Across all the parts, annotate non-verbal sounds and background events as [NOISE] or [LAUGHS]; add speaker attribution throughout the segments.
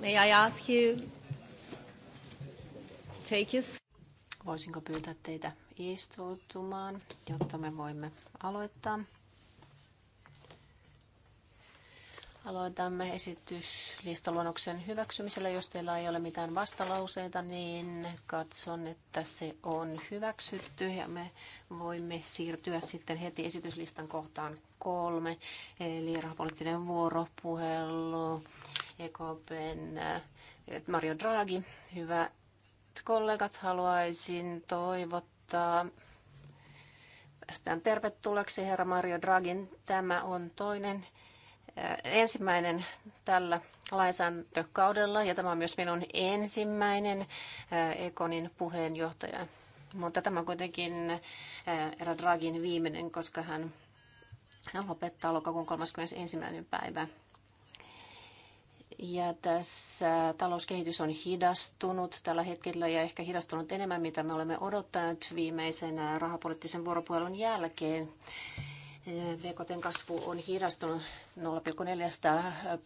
Speaker 1: May I ask you to take your... Voisinko pyytää teitä istuutumaan, jotta me voimme aloittaa? Aloitamme esityslistaluonnoksen hyväksymisellä. Jos teillä ei ole mitään vastalauseita, niin katson, että se on hyväksytty ja me voimme siirtyä sitten heti esityslistan kohtaan kolme, eli rahapoliittinen vuoropuhelu EKPn äh, Mario Draghi. Hyvät kollegat, haluaisin toivottaa tämän tervetulleeksi herra Mario Draghin. Tämä on toinen äh, ensimmäinen tällä lainsäädäntökaudella ja tämä on myös minun ensimmäinen äh, Ekonin puheenjohtaja. Mutta tämä on kuitenkin herra Dragin viimeinen, koska hän lopettaa lokakuun 31. päivä. Ja tässä talouskehitys on hidastunut tällä hetkellä ja ehkä hidastunut enemmän, mitä me olemme odottaneet viimeisen rahapoliittisen vuoropuhelun jälkeen. VKTn kasvu on hidastunut 0,4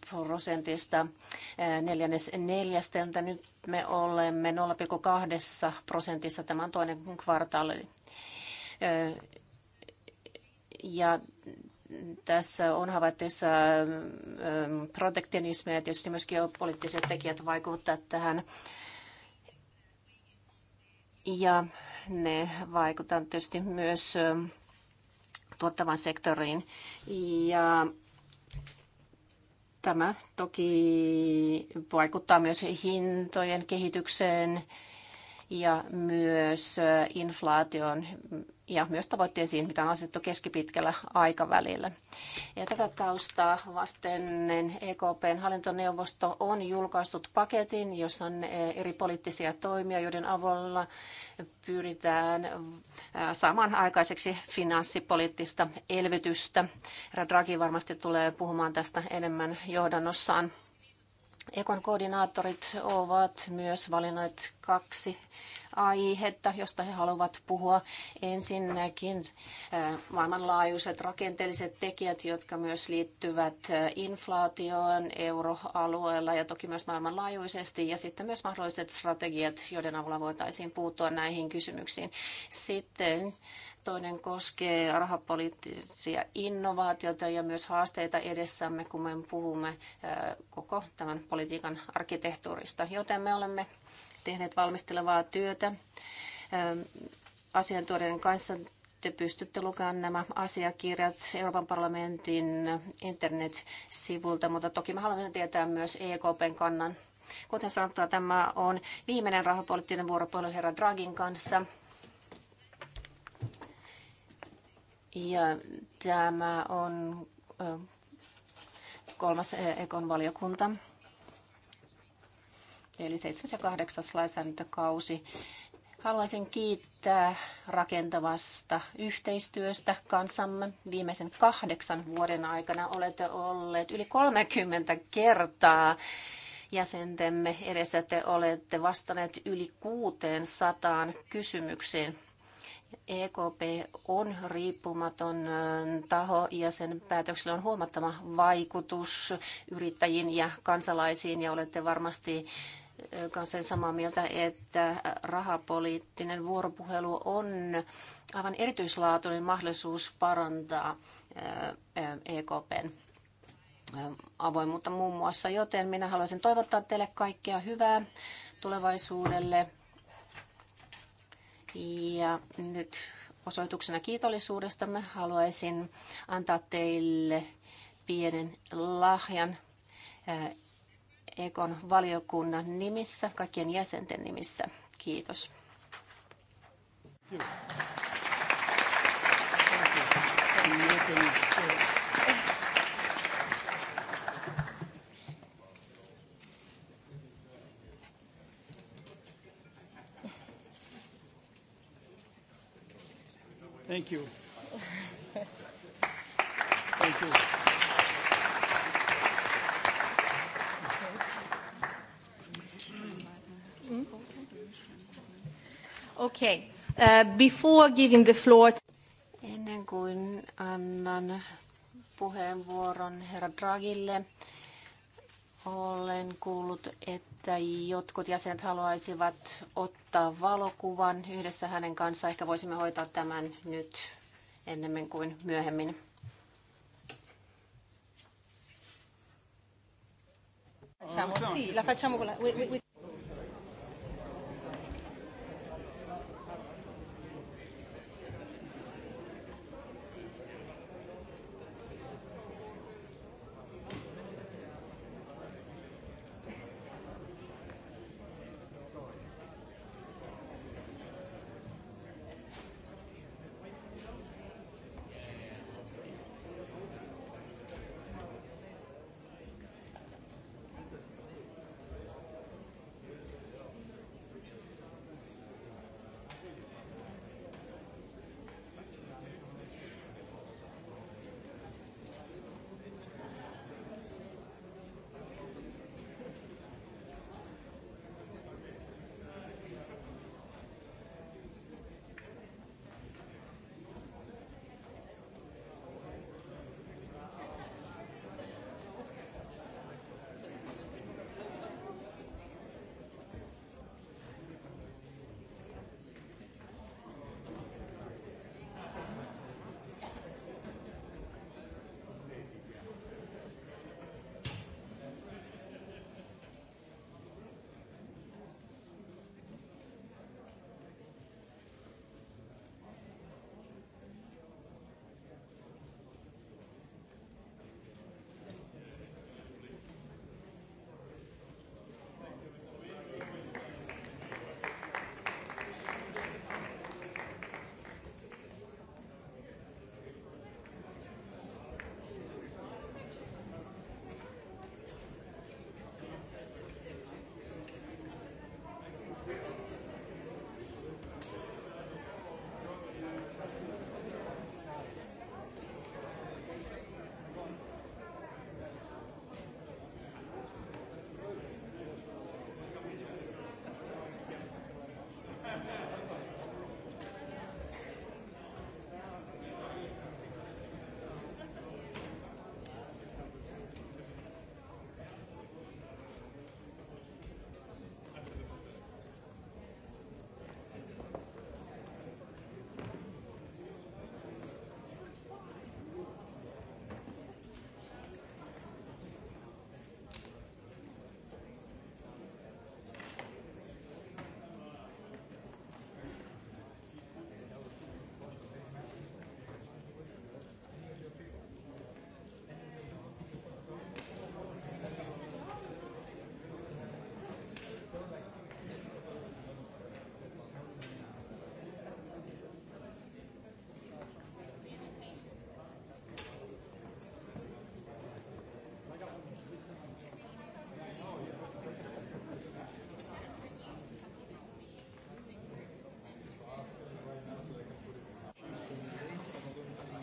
Speaker 1: prosentista neljännes neljästeltä. Nyt me olemme 0,2 prosentissa tämän toinen kvartaali. Ja tässä on havaittavissa ähm, protektionismia ja tietysti myös geopoliittiset tekijät vaikuttavat tähän. Ja ne vaikuttavat tietysti myös ähm, tuottavan sektoriin. Ja tämä toki vaikuttaa myös hintojen kehitykseen ja myös äh, inflaation ja myös tavoitteisiin, mitä on asetettu keskipitkällä aikavälillä. Ja tätä taustaa vasten EKPn hallintoneuvosto on julkaissut paketin, jossa on äh, eri poliittisia toimia, joiden avulla pyritään äh, saamaan aikaiseksi finanssipoliittista elvytystä. Herra Draghi varmasti tulee puhumaan tästä enemmän johdannossaan. Ekon koordinaattorit ovat myös valinneet kaksi aihetta, josta he haluavat puhua. Ensinnäkin maailmanlaajuiset rakenteelliset tekijät, jotka myös liittyvät inflaatioon euroalueella ja toki myös maailmanlaajuisesti, ja sitten myös mahdolliset strategiat, joiden avulla voitaisiin puuttua näihin kysymyksiin. Sitten Toinen koskee rahapoliittisia innovaatioita ja myös haasteita edessämme, kun me puhumme koko tämän politiikan arkkitehtuurista. Joten me olemme tehneet valmistelevaa työtä asiantuntijoiden kanssa. Te pystytte lukemaan nämä asiakirjat Euroopan parlamentin internet-sivulta, mutta toki me haluamme tietää myös EKPn kannan. Kuten sanottua, tämä on viimeinen rahapoliittinen vuoropuhelu herra Dragin kanssa – Ja tämä on kolmas Ekon valiokunta, eli 7. ja 8. lainsäädäntökausi. Haluaisin kiittää rakentavasta yhteistyöstä kanssamme. Viimeisen kahdeksan vuoden aikana olette olleet yli 30 kertaa jäsentemme edessä. Te olette vastanneet yli 600 kysymykseen EKP on riippumaton taho ja sen päätöksellä on huomattava vaikutus yrittäjiin ja kansalaisiin ja olette varmasti kanssa samaa mieltä, että rahapoliittinen vuoropuhelu on aivan erityislaatuinen mahdollisuus parantaa EKPn avoimuutta muun muassa, joten minä haluaisin toivottaa teille kaikkea hyvää tulevaisuudelle ja nyt osoituksena kiitollisuudestamme haluaisin antaa teille pienen lahjan eh, Ekon valiokunnan nimissä, kaikkien jäsenten nimissä. Kiitos.
Speaker 2: Kiitos.
Speaker 3: Thank you. Thank
Speaker 1: you. Okay. Uh, before giving the floor... to- Ennen kuin annan puheenvuoron herra Draghille, olen kuullut, että että jotkut jäsenet haluaisivat ottaa valokuvan yhdessä hänen kanssaan. Ehkä voisimme hoitaa tämän nyt ennemmin kuin myöhemmin. Facciamo, sì, la facciamo
Speaker 2: con la...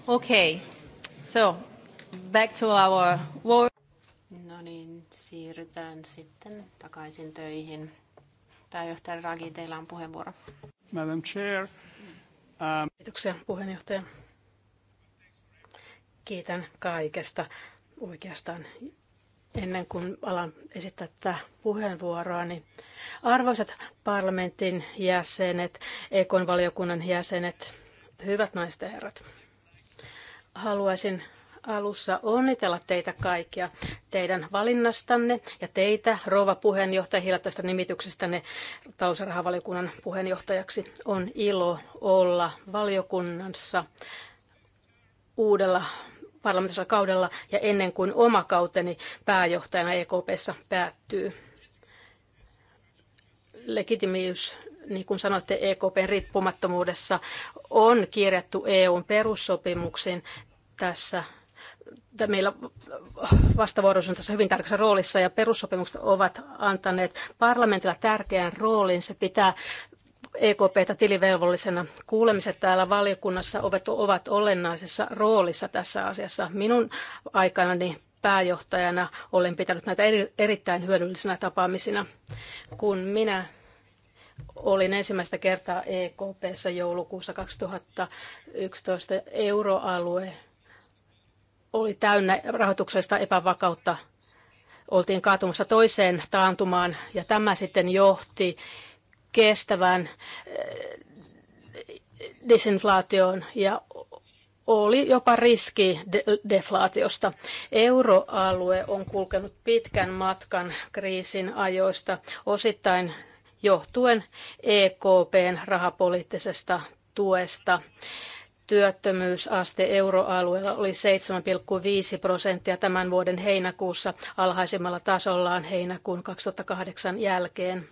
Speaker 2: Okay. So,
Speaker 3: back to our war.
Speaker 1: No niin, siirrytään sitten takaisin töihin. Pääjohtaja Ragi, teillä on puheenvuoro.
Speaker 3: Madam Chair.
Speaker 2: Um... Kiitoksia puheenjohtaja. Kiitän kaikesta oikeastaan ennen kuin alan esittää tätä puheenvuoroa, niin arvoisat parlamentin jäsenet, EKon valiokunnan jäsenet, hyvät naiset ja herrat. Haluaisin alussa onnitella teitä kaikkia teidän valinnastanne ja teitä, rouva puheenjohtaja, tästä nimityksestänne talousrahavaliokunnan puheenjohtajaksi. On ilo olla valiokunnassa uudella parlamentaarisella kaudella ja ennen kuin oma kauteni pääjohtajana EKPssä päättyy. Legitimiys niin kuin sanoitte, EKPn riippumattomuudessa on kirjattu EUn perussopimuksiin tässä meillä vastavuoroisuus on tässä hyvin tärkeässä roolissa ja perussopimukset ovat antaneet parlamentilla tärkeän roolin. Se pitää EKPtä tilivelvollisena. Kuulemiset täällä valiokunnassa ovat, ovat olennaisessa roolissa tässä asiassa. Minun aikanani pääjohtajana olen pitänyt näitä eri, erittäin hyödyllisinä tapaamisina. Kun minä olin ensimmäistä kertaa EKPssä joulukuussa 2011 euroalue oli täynnä rahoituksesta epävakautta. Oltiin kaatumassa toiseen taantumaan ja tämä sitten johti kestävään eh, disinflaatioon ja oli jopa riski deflaatiosta. Euroalue on kulkenut pitkän matkan kriisin ajoista, osittain johtuen EKPn rahapoliittisesta tuesta Työttömyysaste euroalueella oli 7,5 prosenttia tämän vuoden heinäkuussa alhaisimmalla tasollaan heinäkuun 2008 jälkeen.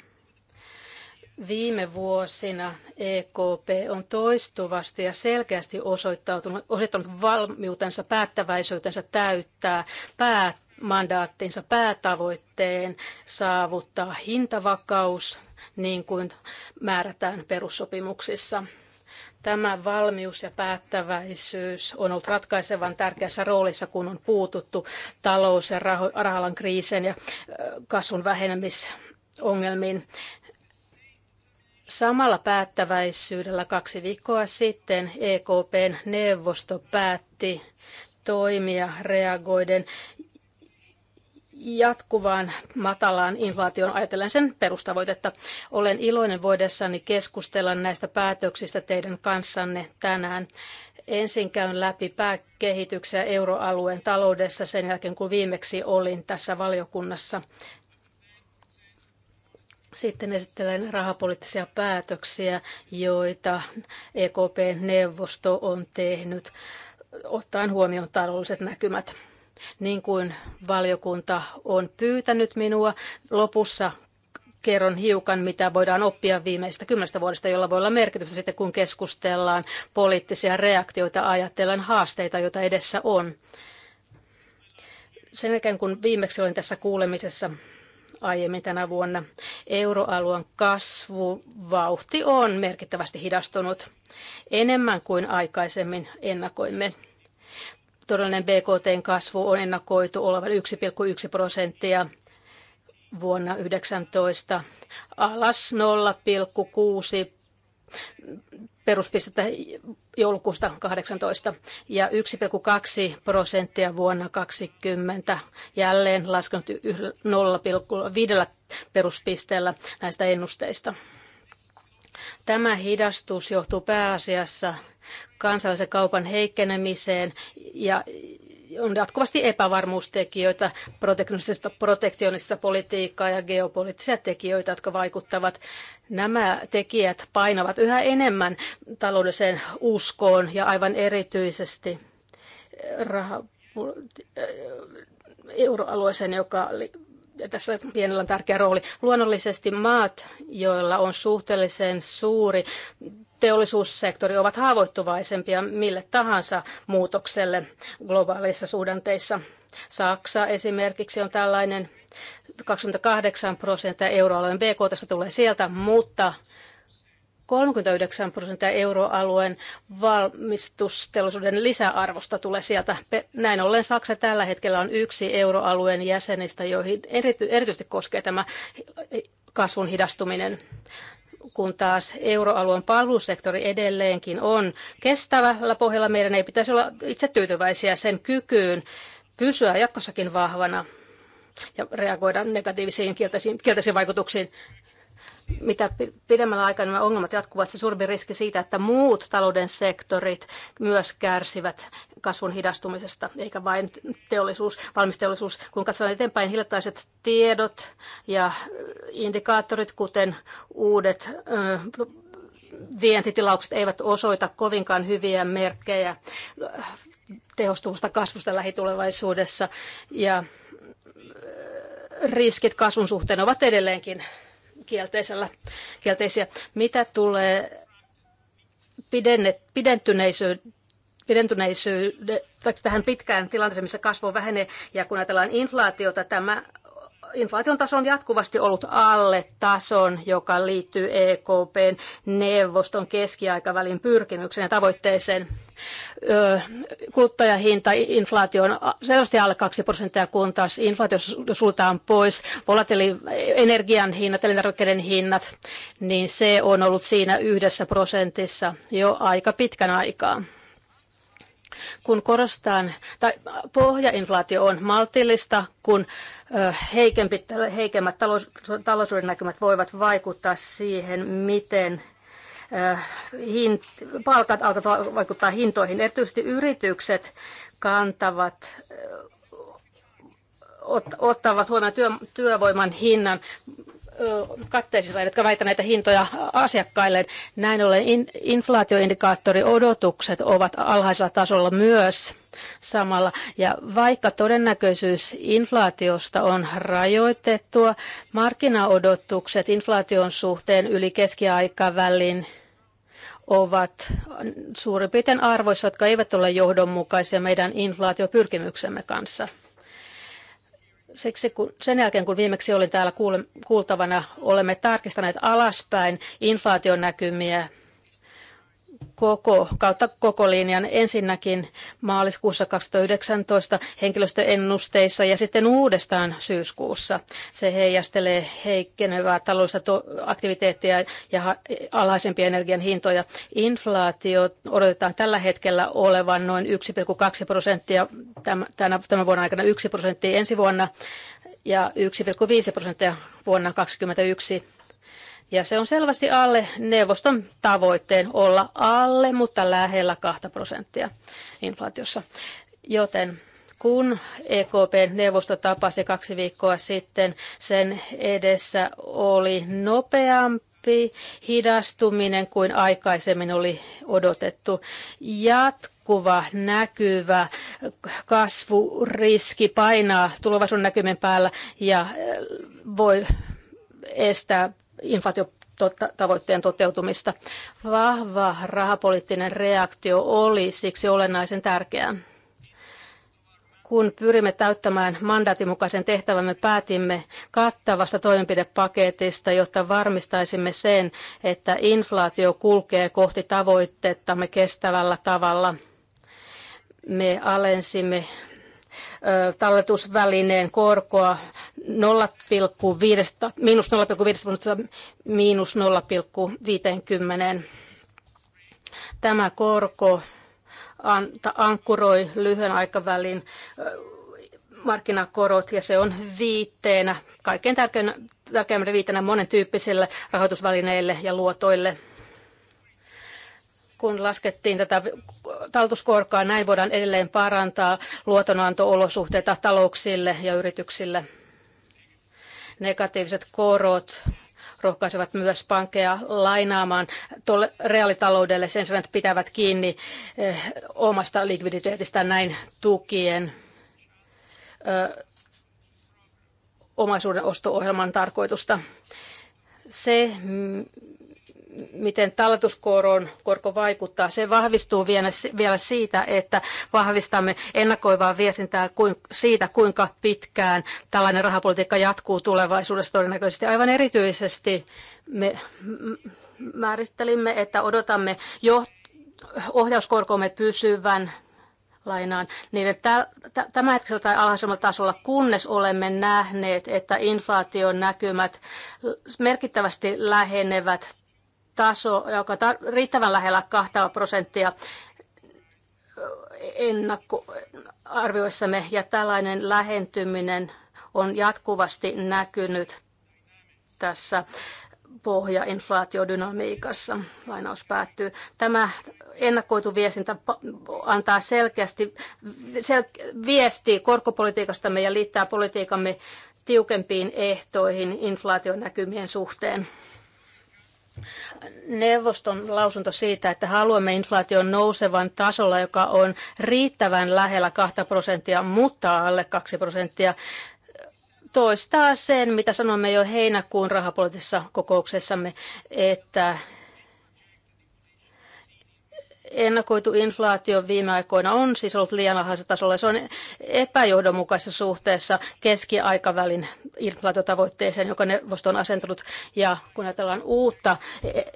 Speaker 2: Viime vuosina EKP on toistuvasti ja selkeästi osoittautunut, osoittanut valmiutensa, päättäväisyytensä täyttää päämandaattinsa päätavoitteen saavuttaa hintavakaus, niin kuin määrätään perussopimuksissa. Tämä valmius ja päättäväisyys on ollut ratkaisevan tärkeässä roolissa, kun on puututtu talous- ja rahalan kriisin ja kasvun vähenemisongelmiin. Samalla päättäväisyydellä kaksi viikkoa sitten EKPn neuvosto päätti toimia reagoiden jatkuvaan matalaan inflaation ajatellen sen perustavoitetta. Olen iloinen voidessani keskustella näistä päätöksistä teidän kanssanne tänään. Ensin käyn läpi pääkehityksiä euroalueen taloudessa sen jälkeen, kun viimeksi olin tässä valiokunnassa. Sitten esittelen rahapoliittisia päätöksiä, joita EKP-neuvosto on tehnyt ottaen huomioon taloudelliset näkymät. Niin kuin valiokunta on pyytänyt minua, lopussa kerron hiukan, mitä voidaan oppia viimeistä kymmenestä vuodesta, jolla voi olla merkitystä sitten, kun keskustellaan poliittisia reaktioita, ajatellen haasteita, joita edessä on. Sen jälkeen, kun viimeksi olin tässä kuulemisessa aiemmin tänä vuonna, euroalueen kasvuvauhti on merkittävästi hidastunut enemmän kuin aikaisemmin ennakoimme todellinen BKTn kasvu on ennakoitu olevan 1,1 prosenttia vuonna 2019 alas 0,6 peruspistettä joulukuusta 18 ja 1,2 prosenttia vuonna 2020 jälleen laskenut 0,5 peruspisteellä näistä ennusteista. Tämä hidastus johtuu pääasiassa kansainvälisen kaupan heikkenemiseen ja on jatkuvasti epävarmuustekijöitä, protektionistista, protektionistista politiikkaa ja geopoliittisia tekijöitä, jotka vaikuttavat. Nämä tekijät painavat yhä enemmän taloudelliseen uskoon ja aivan erityisesti eh, raha, eh, euroalueeseen, joka tässä pienellä on tärkeä rooli. Luonnollisesti maat, joilla on suhteellisen suuri teollisuussektori, ovat haavoittuvaisempia mille tahansa muutokselle globaaleissa suhdanteissa. Saksa esimerkiksi on tällainen 28 prosenttia euroalueen BKT tulee sieltä, mutta 39 prosenttia euroalueen valmistusteollisuuden lisäarvosta tulee sieltä. Näin ollen Saksa tällä hetkellä on yksi euroalueen jäsenistä, joihin erityisesti koskee tämä kasvun hidastuminen kun taas euroalueen palvelusektori edelleenkin on kestävällä pohjalla. Meidän ei pitäisi olla itse tyytyväisiä sen kykyyn pysyä jatkossakin vahvana ja reagoida negatiivisiin kielteisiin, kielteisiin vaikutuksiin mitä pidemmällä aikaa nämä ongelmat jatkuvat, se suurempi riski siitä, että muut talouden sektorit myös kärsivät kasvun hidastumisesta, eikä vain teollisuus, valmisteollisuus. Kun katsotaan eteenpäin, hiljattaiset tiedot ja äh, indikaattorit, kuten uudet ö, äh, vientitilaukset, eivät osoita kovinkaan hyviä merkkejä äh, tehostuvasta kasvusta lähitulevaisuudessa. Ja riskit kasvun suhteen ovat edelleenkin kielteisellä, kielteisiä. Mitä tulee pidentyneisyyteen, pidentyneisyydestä tähän pitkään tilanteeseen, missä kasvu vähenee. Ja kun ajatellaan inflaatiota, tämä inflaation taso on jatkuvasti ollut alle tason, joka liittyy EKPn neuvoston keskiaikavälin pyrkimykseen ja tavoitteeseen. Kuluttajahinta inflaatio on selvästi alle 2 prosenttia, kun taas inflaatio sultaan pois. Volatili energian hinnat, elintarvikkeiden hinnat, niin se on ollut siinä yhdessä prosentissa jo aika pitkän aikaa kun korostaan, tai pohjainflaatio on maltillista, kun heikempi, heikemmät talous, näkymät voivat vaikuttaa siihen, miten hint, palkat alkavat vaikuttaa hintoihin. Erityisesti yritykset kantavat ottavat huomioon työ, työvoiman hinnan katteisissa, jotka väitä näitä hintoja asiakkaille. Näin ollen in, inflaatioindikaattori odotukset ovat alhaisella tasolla myös samalla. Ja vaikka todennäköisyys inflaatiosta on rajoitettua, markkinaodotukset inflaation suhteen yli keskiaikavälin ovat suurin piirtein arvoissa, jotka eivät ole johdonmukaisia meidän inflaatiopyrkimyksemme kanssa. Siksi kun, sen jälkeen, kun viimeksi olin täällä kuultavana, olemme tarkistaneet alaspäin inflaation näkymiä koko, kautta koko linjan. Ensinnäkin maaliskuussa 2019 henkilöstöennusteissa ja sitten uudestaan syyskuussa. Se heijastelee heikkenevää taloudellista aktiviteettia ja alhaisempia energian hintoja. Inflaatio odotetaan tällä hetkellä olevan noin 1,2 prosenttia tämän, tämän vuoden aikana 1 prosenttia ensi vuonna ja 1,5 prosenttia vuonna 2021 ja se on selvästi alle neuvoston tavoitteen olla alle, mutta lähellä 2 prosenttia inflaatiossa. Joten kun ekp neuvosto tapasi kaksi viikkoa sitten, sen edessä oli nopeampi hidastuminen kuin aikaisemmin oli odotettu. Jatkuva näkyvä kasvuriski painaa tulevaisuuden näkymän päällä ja eh, voi estää inflaatio tavoitteen toteutumista. Vahva rahapoliittinen reaktio oli siksi olennaisen tärkeää. Kun pyrimme täyttämään mandaatin mukaisen tehtävämme, päätimme kattavasta toimenpidepaketista, jotta varmistaisimme sen, että inflaatio kulkee kohti tavoitteettamme kestävällä tavalla. Me alensimme talletusvälineen korkoa 0,5, miinus 0,5 miinus 0,50. Tämä korko ankkuroi lyhyen aikavälin markkinakorot ja se on viitteenä, kaikkein tärkeimmänä viitteenä monen tyyppisille rahoitusvälineille ja luotoille kun laskettiin tätä taltuskorkaa, näin voidaan edelleen parantaa luotonanto-olosuhteita talouksille ja yrityksille. Negatiiviset korot rohkaisevat myös pankkeja lainaamaan tuolle reaalitaloudelle sen sijaan, että pitävät kiinni eh, omasta likviditeetistä näin tukien eh, omaisuuden osto-ohjelman tarkoitusta. Se, miten talletuskoron korko vaikuttaa. Se vahvistuu vielä siitä, että vahvistamme ennakoivaa viestintää siitä, kuinka pitkään tällainen rahapolitiikka jatkuu tulevaisuudessa todennäköisesti. Aivan erityisesti me määrittelimme, että odotamme jo ohjauskorkomme pysyvän lainaan niiden tämänhetkisellä tai alhaisemmalla tasolla, kunnes olemme nähneet, että inflaation näkymät merkittävästi lähenevät taso, joka tar- riittävän lähellä 2 prosenttia ennakkoarvioissamme, ja tällainen lähentyminen on jatkuvasti näkynyt tässä pohjainflaatiodynamiikassa. Lainaus päättyy. Tämä ennakoitu viestintä antaa selkeästi sel, viestiä korkopolitiikastamme ja liittää politiikamme tiukempiin ehtoihin inflaationäkymien suhteen neuvoston lausunto siitä, että haluamme inflaation nousevan tasolla, joka on riittävän lähellä 2 prosenttia, mutta alle 2 prosenttia, toistaa sen, mitä sanomme jo heinäkuun rahapoliittisessa kokouksessamme, että ennakoitu inflaatio viime aikoina on siis ollut liian alhaisella tasolla. Se on epäjohdonmukaisessa suhteessa keskiaikavälin inflaatiotavoitteeseen, joka neuvosto on asentanut. Ja kun ajatellaan uutta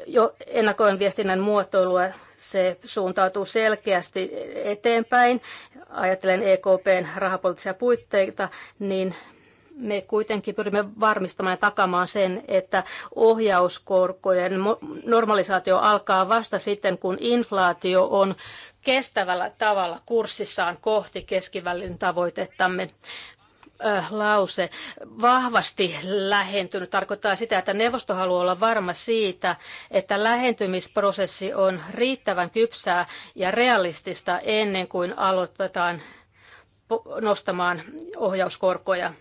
Speaker 2: jo ennakoin viestinnän muotoilua, se suuntautuu selkeästi eteenpäin. Ajattelen EKPn rahapoliittisia puitteita, niin me kuitenkin pyrimme varmistamaan ja takamaan sen, että ohjauskorkojen normalisaatio alkaa vasta sitten, kun inflaatio on kestävällä tavalla kurssissaan kohti keskivälin tavoitettamme äh, lause. Vahvasti lähentynyt tarkoittaa sitä, että neuvosto haluaa olla varma siitä, että lähentymisprosessi on riittävän kypsää ja realistista ennen kuin aloitetaan nostamaan ohjauskorkoja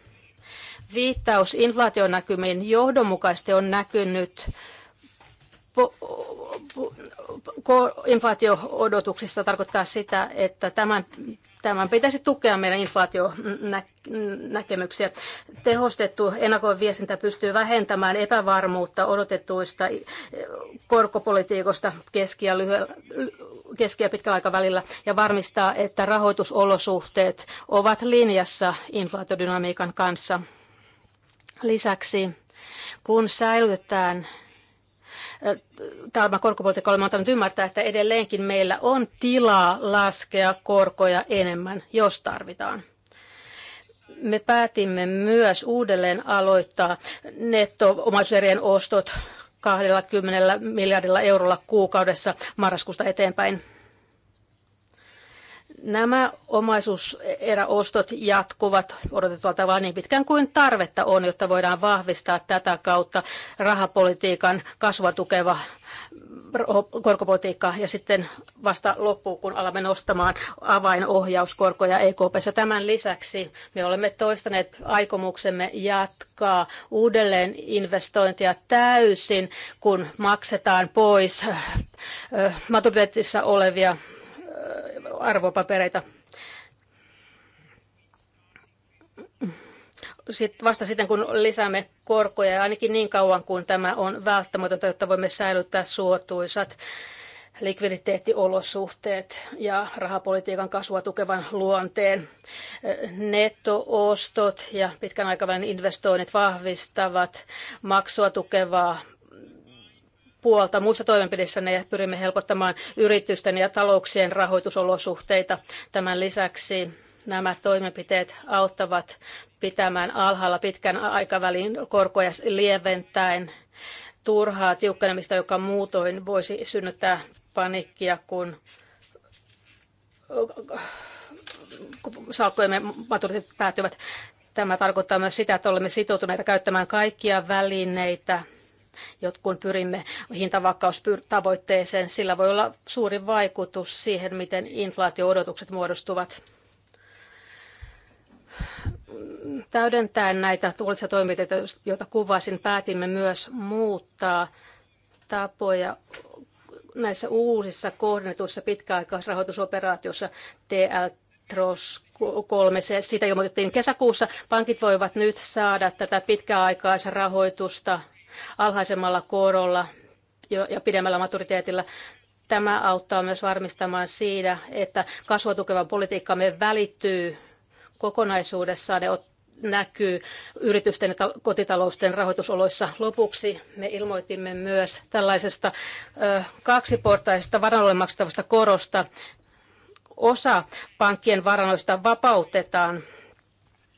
Speaker 2: viittaus inflaationäkymiin johdonmukaisesti on näkynyt inflaatio-odotuksissa tarkoittaa sitä, että tämän, tämän pitäisi tukea meidän inflaationäkemyksiä. Tehostettu ennakoin viestintä pystyy vähentämään epävarmuutta odotetuista korkopolitiikosta keski- ja, lyhy- keski- ja pitkällä aikavälillä ja varmistaa, että rahoitusolosuhteet ovat linjassa inflaatiodynamiikan kanssa. Lisäksi kun säilytetään tämä korkopolitiikka olemme antanut ymmärtää, että edelleenkin meillä on tilaa laskea korkoja enemmän, jos tarvitaan. Me päätimme myös uudelleen aloittaa netto-omaisuuserien ostot 20 miljardilla eurolla kuukaudessa marraskuusta eteenpäin. Nämä omaisuuseräostot jatkuvat odotetulla tavalla niin pitkään kuin tarvetta on, jotta voidaan vahvistaa tätä kautta rahapolitiikan kasvua tukeva korkopolitiikka ja sitten vasta loppuun, kun alamme nostamaan avainohjauskorkoja EKPssä. Tämän lisäksi me olemme toistaneet aikomuksemme jatkaa uudelleen investointia täysin, kun maksetaan pois maturiteetissa olevia arvopapereita. Sitten vasta sitten, kun lisäämme korkoja, ainakin niin kauan kuin tämä on välttämätöntä, jotta voimme säilyttää suotuisat likviditeettiolosuhteet ja rahapolitiikan kasvua tukevan luonteen. Nettoostot ja pitkän aikavälin investoinnit vahvistavat maksua tukevaa puolta muissa toimenpidissänne ja pyrimme helpottamaan yritysten ja talouksien rahoitusolosuhteita. Tämän lisäksi nämä toimenpiteet auttavat pitämään alhaalla pitkän aikavälin korkoja lieventäen turhaa tiukkenemista, joka muutoin voisi synnyttää paniikkia, kun salkkojemme maturiteetit päätyvät. Tämä tarkoittaa myös sitä, että olemme sitoutuneita käyttämään kaikkia välineitä, kun pyrimme hintavakaustavoitteeseen, sillä voi olla suuri vaikutus siihen, miten inflaatio-odotukset muodostuvat. Täydentäen näitä tulisia toimenpiteitä, joita kuvasin, päätimme myös muuttaa tapoja näissä uusissa kohdennetuissa pitkäaikaisrahoitusoperaatioissa TLT Tros 3, siitä ilmoitettiin kesäkuussa. Pankit voivat nyt saada tätä pitkäaikaisrahoitusta alhaisemmalla korolla ja pidemmällä maturiteetilla. Tämä auttaa myös varmistamaan siitä, että kasvua tukeva politiikkamme välittyy kokonaisuudessaan ja näkyy yritysten ja kotitalousten rahoitusoloissa. Lopuksi me ilmoitimme myös tällaisesta kaksiportaisesta varannolle maksettavasta korosta. Osa pankkien varannoista vapautetaan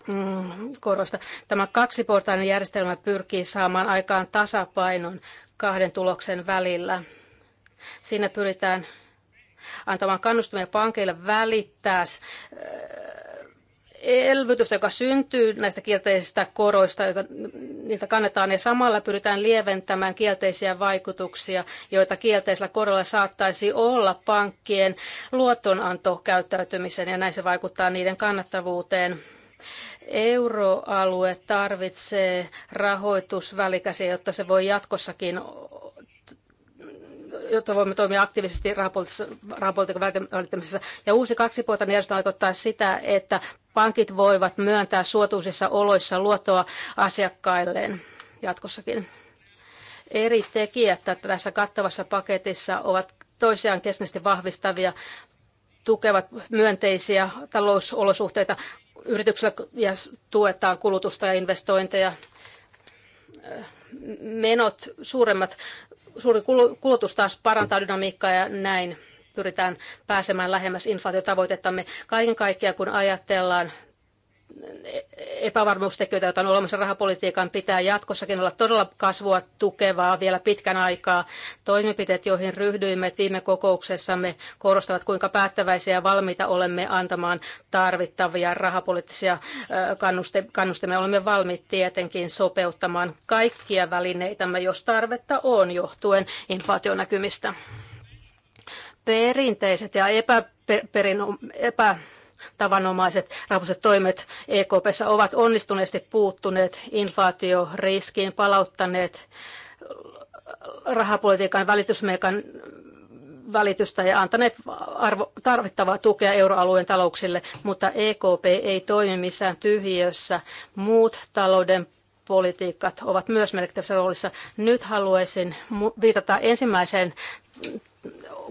Speaker 2: Mm, korosta. Tämä kaksiportainen järjestelmä pyrkii saamaan aikaan tasapainon kahden tuloksen välillä. Siinä pyritään antamaan kannustumia pankeille välittää eh, elvytystä, joka syntyy näistä kielteisistä koroista, joita niitä kannetaan, ja samalla pyritään lieventämään kielteisiä vaikutuksia, joita kielteisellä korolla saattaisi olla pankkien luotonantokäyttäytymiseen, ja näin se vaikuttaa niiden kannattavuuteen Euroalue tarvitsee rahoitusvälikäsiä, jotta se voi jatkossakin jotta voimme toimia aktiivisesti rahapolitiikan välittämisessä. Ja uusi kaksipuolinen niin järjestelmä tarkoittaa sitä, että pankit voivat myöntää suotuisissa oloissa luottoa asiakkailleen jatkossakin. Eri tekijät tässä kattavassa paketissa ovat toisiaan keskeisesti vahvistavia tukevat myönteisiä talousolosuhteita yrityksille ja tuetaan kulutusta ja investointeja. Menot suuremmat, suuri kulutus taas parantaa dynamiikkaa ja näin pyritään pääsemään lähemmäs inflaatiotavoitettamme. Kaiken kaikkiaan kun ajatellaan epävarmuustekijöitä, joita on olemassa rahapolitiikan, pitää jatkossakin olla todella kasvua tukevaa vielä pitkän aikaa. Toimenpiteet, joihin ryhdyimme viime kokouksessamme, korostavat, kuinka päättäväisiä ja valmiita olemme antamaan tarvittavia rahapoliittisia kannustimia. Olemme valmiit tietenkin sopeuttamaan kaikkia välineitämme, jos tarvetta on, johtuen inflaationäkymistä. Perinteiset ja epäperin, epä tavanomaiset rahoitukset toimet EKPssä ovat onnistuneesti puuttuneet inflaatioriskiin, palauttaneet rahapolitiikan välitysmekan välitystä ja antaneet arvo, tarvittavaa tukea euroalueen talouksille, mutta EKP ei toimi missään tyhjiössä. Muut talouden politiikat ovat myös merkittävässä roolissa. Nyt haluaisin viitata ensimmäiseen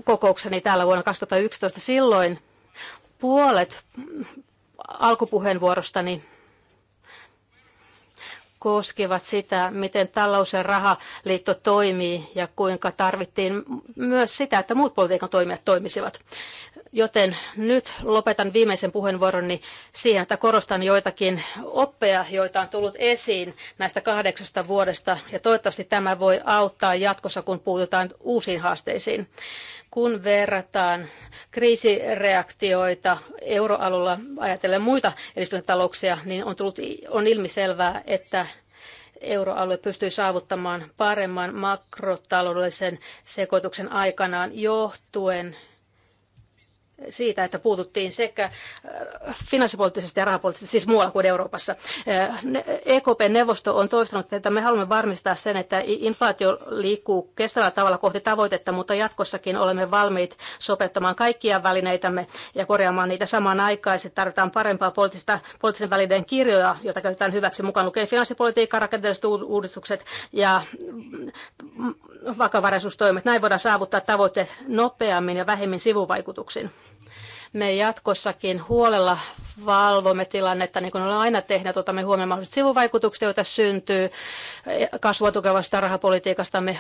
Speaker 2: kokoukseni täällä vuonna 2011. Silloin puolet alkupuheenvuorostani koskivat sitä, miten talous- ja rahaliitto toimii ja kuinka tarvittiin myös sitä, että muut politiikan toimijat toimisivat. Joten nyt lopetan viimeisen puheenvuoroni siihen, että korostan joitakin oppeja, joita on tullut esiin näistä kahdeksasta vuodesta, ja toivottavasti tämä voi auttaa jatkossa, kun puututaan uusiin haasteisiin. Kun verrataan kriisireaktioita euroalueella ajatellen muita edistyneitä talouksia, niin on, tullut, on ilmiselvää, että euroalue pystyy saavuttamaan paremman makrotaloudellisen sekoituksen aikanaan johtuen – siitä, että puututtiin sekä äh, finanssipoliittisesti ja rahapoliittisesti, siis muualla kuin Euroopassa. Äh, EKP-neuvosto e on toistanut, että me haluamme varmistaa sen, että inflaatio liikkuu kestävällä tavalla kohti tavoitetta, mutta jatkossakin olemme valmiit sopeuttamaan kaikkia välineitämme ja korjaamaan niitä samanaikaisesti. Tarvitaan parempaa poliittista, poliittisen välineen kirjoja, jota käytetään hyväksi mukaan lukee finanssipolitiikka, rakenteelliset uudistukset ja mm, vakavaraisuustoimet. Näin voidaan saavuttaa tavoitteet nopeammin ja vähemmin sivuvaikutuksin me jatkossakin huolella valvomme tilannetta, niin kuin olemme aina tehneet, otamme huomioon mahdolliset sivuvaikutukset, joita syntyy kasvua tukevasta rahapolitiikasta. Me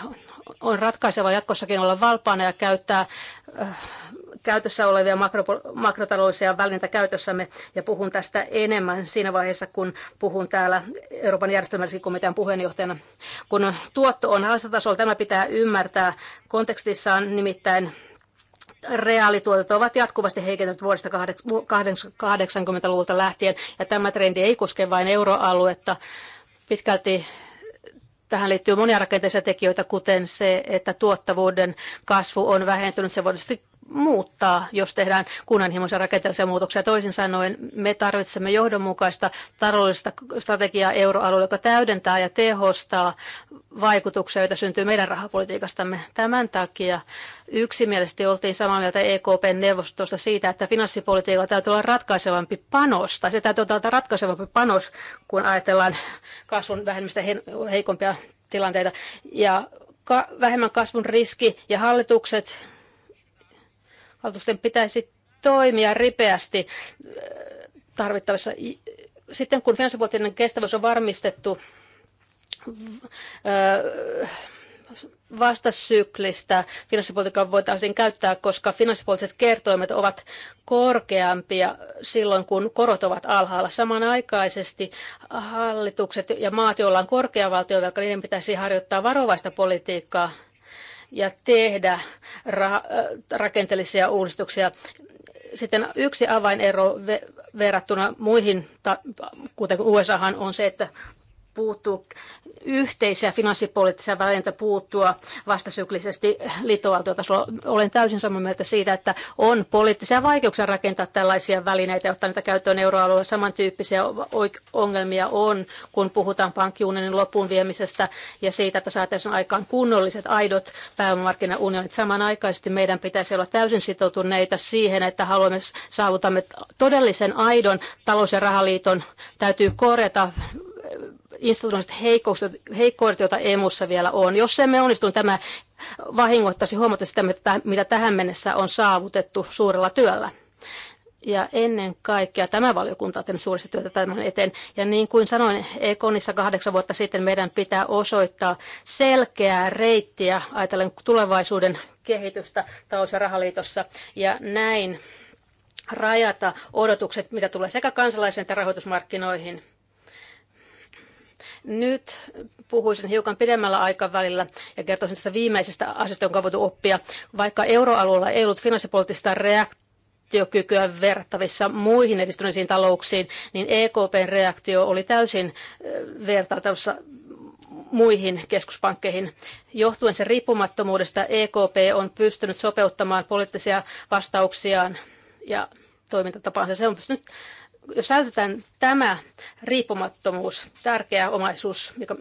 Speaker 2: on ratkaiseva jatkossakin olla valpaana ja käyttää äh, käytössä olevia makro, makrotaloudellisia välineitä käytössämme, ja puhun tästä enemmän siinä vaiheessa, kun puhun täällä Euroopan järjestelmällisen komitean puheenjohtajana. Kun tuotto on alhaisella tasolla, tämä pitää ymmärtää kontekstissaan, nimittäin reaalituotot ovat jatkuvasti heikentyneet vuodesta 80-luvulta lähtien, ja tämä trendi ei koske vain euroaluetta. Pitkälti tähän liittyy monia rakenteisia tekijöitä, kuten se, että tuottavuuden kasvu on vähentynyt. Se voi muuttaa, jos tehdään kunnanhimoisia rakenteellisia muutoksia. Toisin sanoen me tarvitsemme johdonmukaista taloudellista strategiaa euroalueella, joka täydentää ja tehostaa vaikutuksia, joita syntyy meidän rahapolitiikastamme. Tämän takia yksimielisesti oltiin samaa mieltä EKPn neuvostosta siitä, että finanssipolitiikalla täytyy olla ratkaisevampi panos, tai se täytyy olla ratkaisevampi panos, kun ajatellaan kasvun vähemmistä heikompia tilanteita. Ja vähemmän kasvun riski ja hallitukset valtuusten pitäisi toimia ripeästi äh, tarvittavissa. Sitten kun finanssivuotinen kestävyys on varmistettu, äh, vastasyklistä finanssipolitiikkaa voitaisiin käyttää, koska finanssipoliittiset kertoimet ovat korkeampia silloin, kun korot ovat alhaalla. Samanaikaisesti hallitukset ja maat, joilla on korkea valtiovelka, niiden pitäisi harjoittaa varovaista politiikkaa ja tehdä ra- äh, rakenteellisia uudistuksia. Sitten yksi avainero verrattuna muihin, kuten USA on se, että puuttuu yhteisiä finanssipoliittisia välineitä puuttua vastasyklisesti liittovaltiotasolla. Olen täysin samaa mieltä siitä, että on poliittisia vaikeuksia rakentaa tällaisia välineitä, jotta niitä käyttöön euroalueella. Samantyyppisiä ongelmia on, kun puhutaan pankkiunionin loppuun viemisestä ja siitä, että saataisiin aikaan kunnolliset, aidot pääomamarkkinaunionit. Samanaikaisesti meidän pitäisi olla täysin sitoutuneita siihen, että haluamme saavutamme todellisen aidon talous- ja rahaliiton. Täytyy korjata institutionaaliset heikkoudet, joita EMUssa vielä on. Jos emme onnistu, niin tämä vahingoittaisi huomattavasti sitä, mitä tähän mennessä on saavutettu suurella työllä. Ja ennen kaikkea tämä valiokunta on tehnyt suurista työtä tämän eteen. Ja niin kuin sanoin Ekonissa kahdeksan vuotta sitten, meidän pitää osoittaa selkeää reittiä ajatellen tulevaisuuden kehitystä talous- ja rahaliitossa. Ja näin rajata odotukset, mitä tulee sekä kansalaisen että rahoitusmarkkinoihin. Nyt puhuisin hiukan pidemmällä aikavälillä ja kertoisin tästä viimeisestä asiasta, jonka on voitu oppia. Vaikka euroalueella ei ollut finanssipoliittista reaktiota, reaktiokykyä verrattavissa muihin edistyneisiin talouksiin, niin EKPn reaktio oli täysin vertailtavissa muihin keskuspankkeihin. Johtuen sen riippumattomuudesta EKP on pystynyt sopeuttamaan poliittisia vastauksiaan ja toimintatapaansa. Se on pystynyt jos säilytetään tämä riippumattomuus, tärkeä omaisuus, mikä,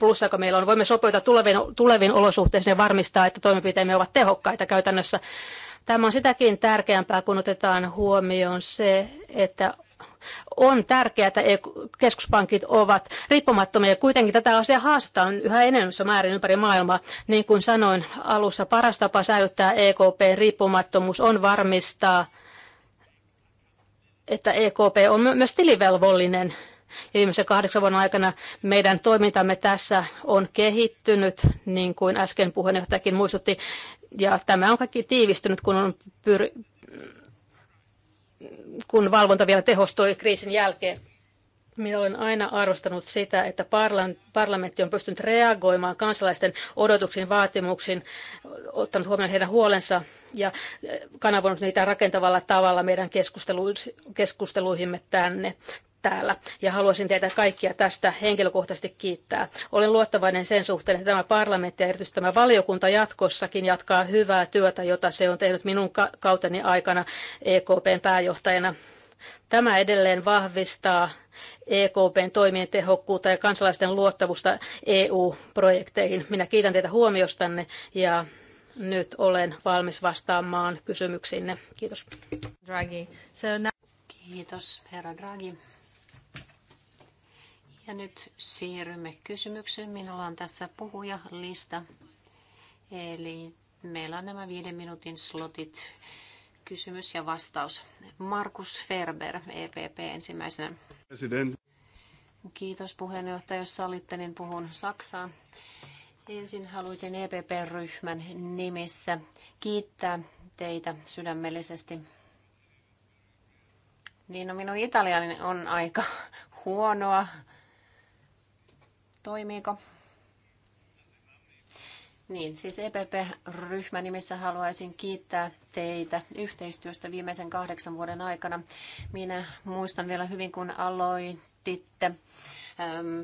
Speaker 2: plussa, äh, joka meillä on, voimme sopeutua tuleviin, tuleviin olosuhteisiin ja varmistaa, että toimenpiteemme ovat tehokkaita käytännössä. Tämä on sitäkin tärkeämpää, kun otetaan huomioon se, että on tärkeää, että e keskuspankit ovat riippumattomia. Kuitenkin tätä asiaa haastaa yhä enemmän määrin ympäri maailmaa. Niin kuin sanoin alussa, paras tapa säilyttää ekp riippumattomuus on varmistaa että EKP on myös tilivelvollinen. Ja viimeisen kahdeksan vuoden aikana meidän toimintamme tässä on kehittynyt, niin kuin äsken puheenjohtajakin muistutti. Ja tämä on kaikki tiivistynyt, kun on pyr- kun valvonta vielä tehostui kriisin jälkeen. Minä olen aina arvostanut sitä, että parlamentti on pystynyt reagoimaan kansalaisten odotuksiin, vaatimuksiin, ottanut huomioon heidän huolensa ja äh, kanavoinut niitä rakentavalla tavalla meidän keskusteluihimme tänne täällä. Ja haluaisin teitä kaikkia tästä henkilökohtaisesti kiittää. Olen luottavainen sen suhteen, että tämä parlamentti ja erityisesti tämä valiokunta jatkossakin jatkaa hyvää työtä, jota se on tehnyt minun kauteni aikana EKPn pääjohtajana Tämä edelleen vahvistaa EKPn toimien tehokkuutta ja kansalaisten luottamusta EU-projekteihin. Minä kiitän teitä huomiostanne ja nyt olen valmis vastaamaan
Speaker 1: kysymyksiinne. Kiitos. Draghi. So now... Kiitos, herra Draghi. Ja nyt siirrymme kysymykseen. Minulla on tässä puhujalista. Eli meillä on nämä viiden minuutin slotit kysymys ja vastaus. Markus Ferber, EPP ensimmäisenä. President. Kiitos puheenjohtaja, jos sallitte, niin puhun Saksaa. Ensin haluaisin EPP-ryhmän nimissä kiittää teitä sydämellisesti. Niin no minun italiani on aika [LAUGHS] huonoa. Toimiiko? Niin, siis epp ryhmä nimissä haluaisin kiittää teitä yhteistyöstä viimeisen kahdeksan vuoden aikana. Minä muistan vielä hyvin, kun aloititte ähm,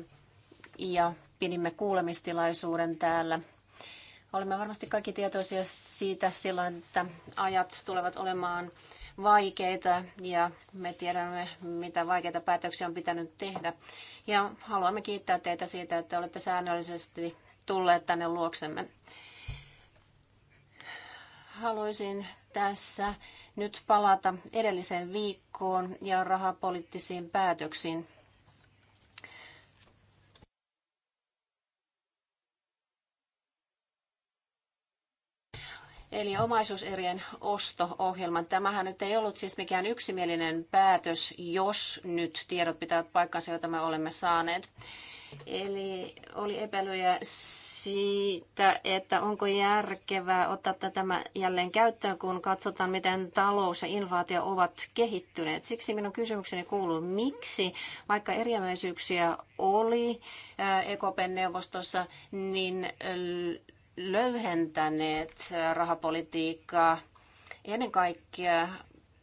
Speaker 1: ja pidimme kuulemistilaisuuden täällä. Olemme varmasti kaikki tietoisia siitä silloin, että ajat tulevat olemaan vaikeita ja me tiedämme, mitä vaikeita päätöksiä on pitänyt tehdä. Ja haluamme kiittää teitä siitä, että olette säännöllisesti tulleet tänne luoksemme. Haluaisin tässä nyt palata edelliseen viikkoon ja rahapoliittisiin päätöksiin. Eli omaisuuserien osto-ohjelman. Tämähän nyt ei ollut siis mikään yksimielinen päätös, jos nyt tiedot pitävät paikkansa, joita me olemme saaneet. Eli oli epäilyjä siitä, että onko järkevää ottaa tämä jälleen käyttöön, kun katsotaan, miten talous ja inflaatio ovat kehittyneet. Siksi minun kysymykseni kuuluu, miksi, vaikka eriäväisyyksiä oli äh, EKPn neuvostossa, niin äh, löyhentäneet äh, rahapolitiikkaa ennen kaikkea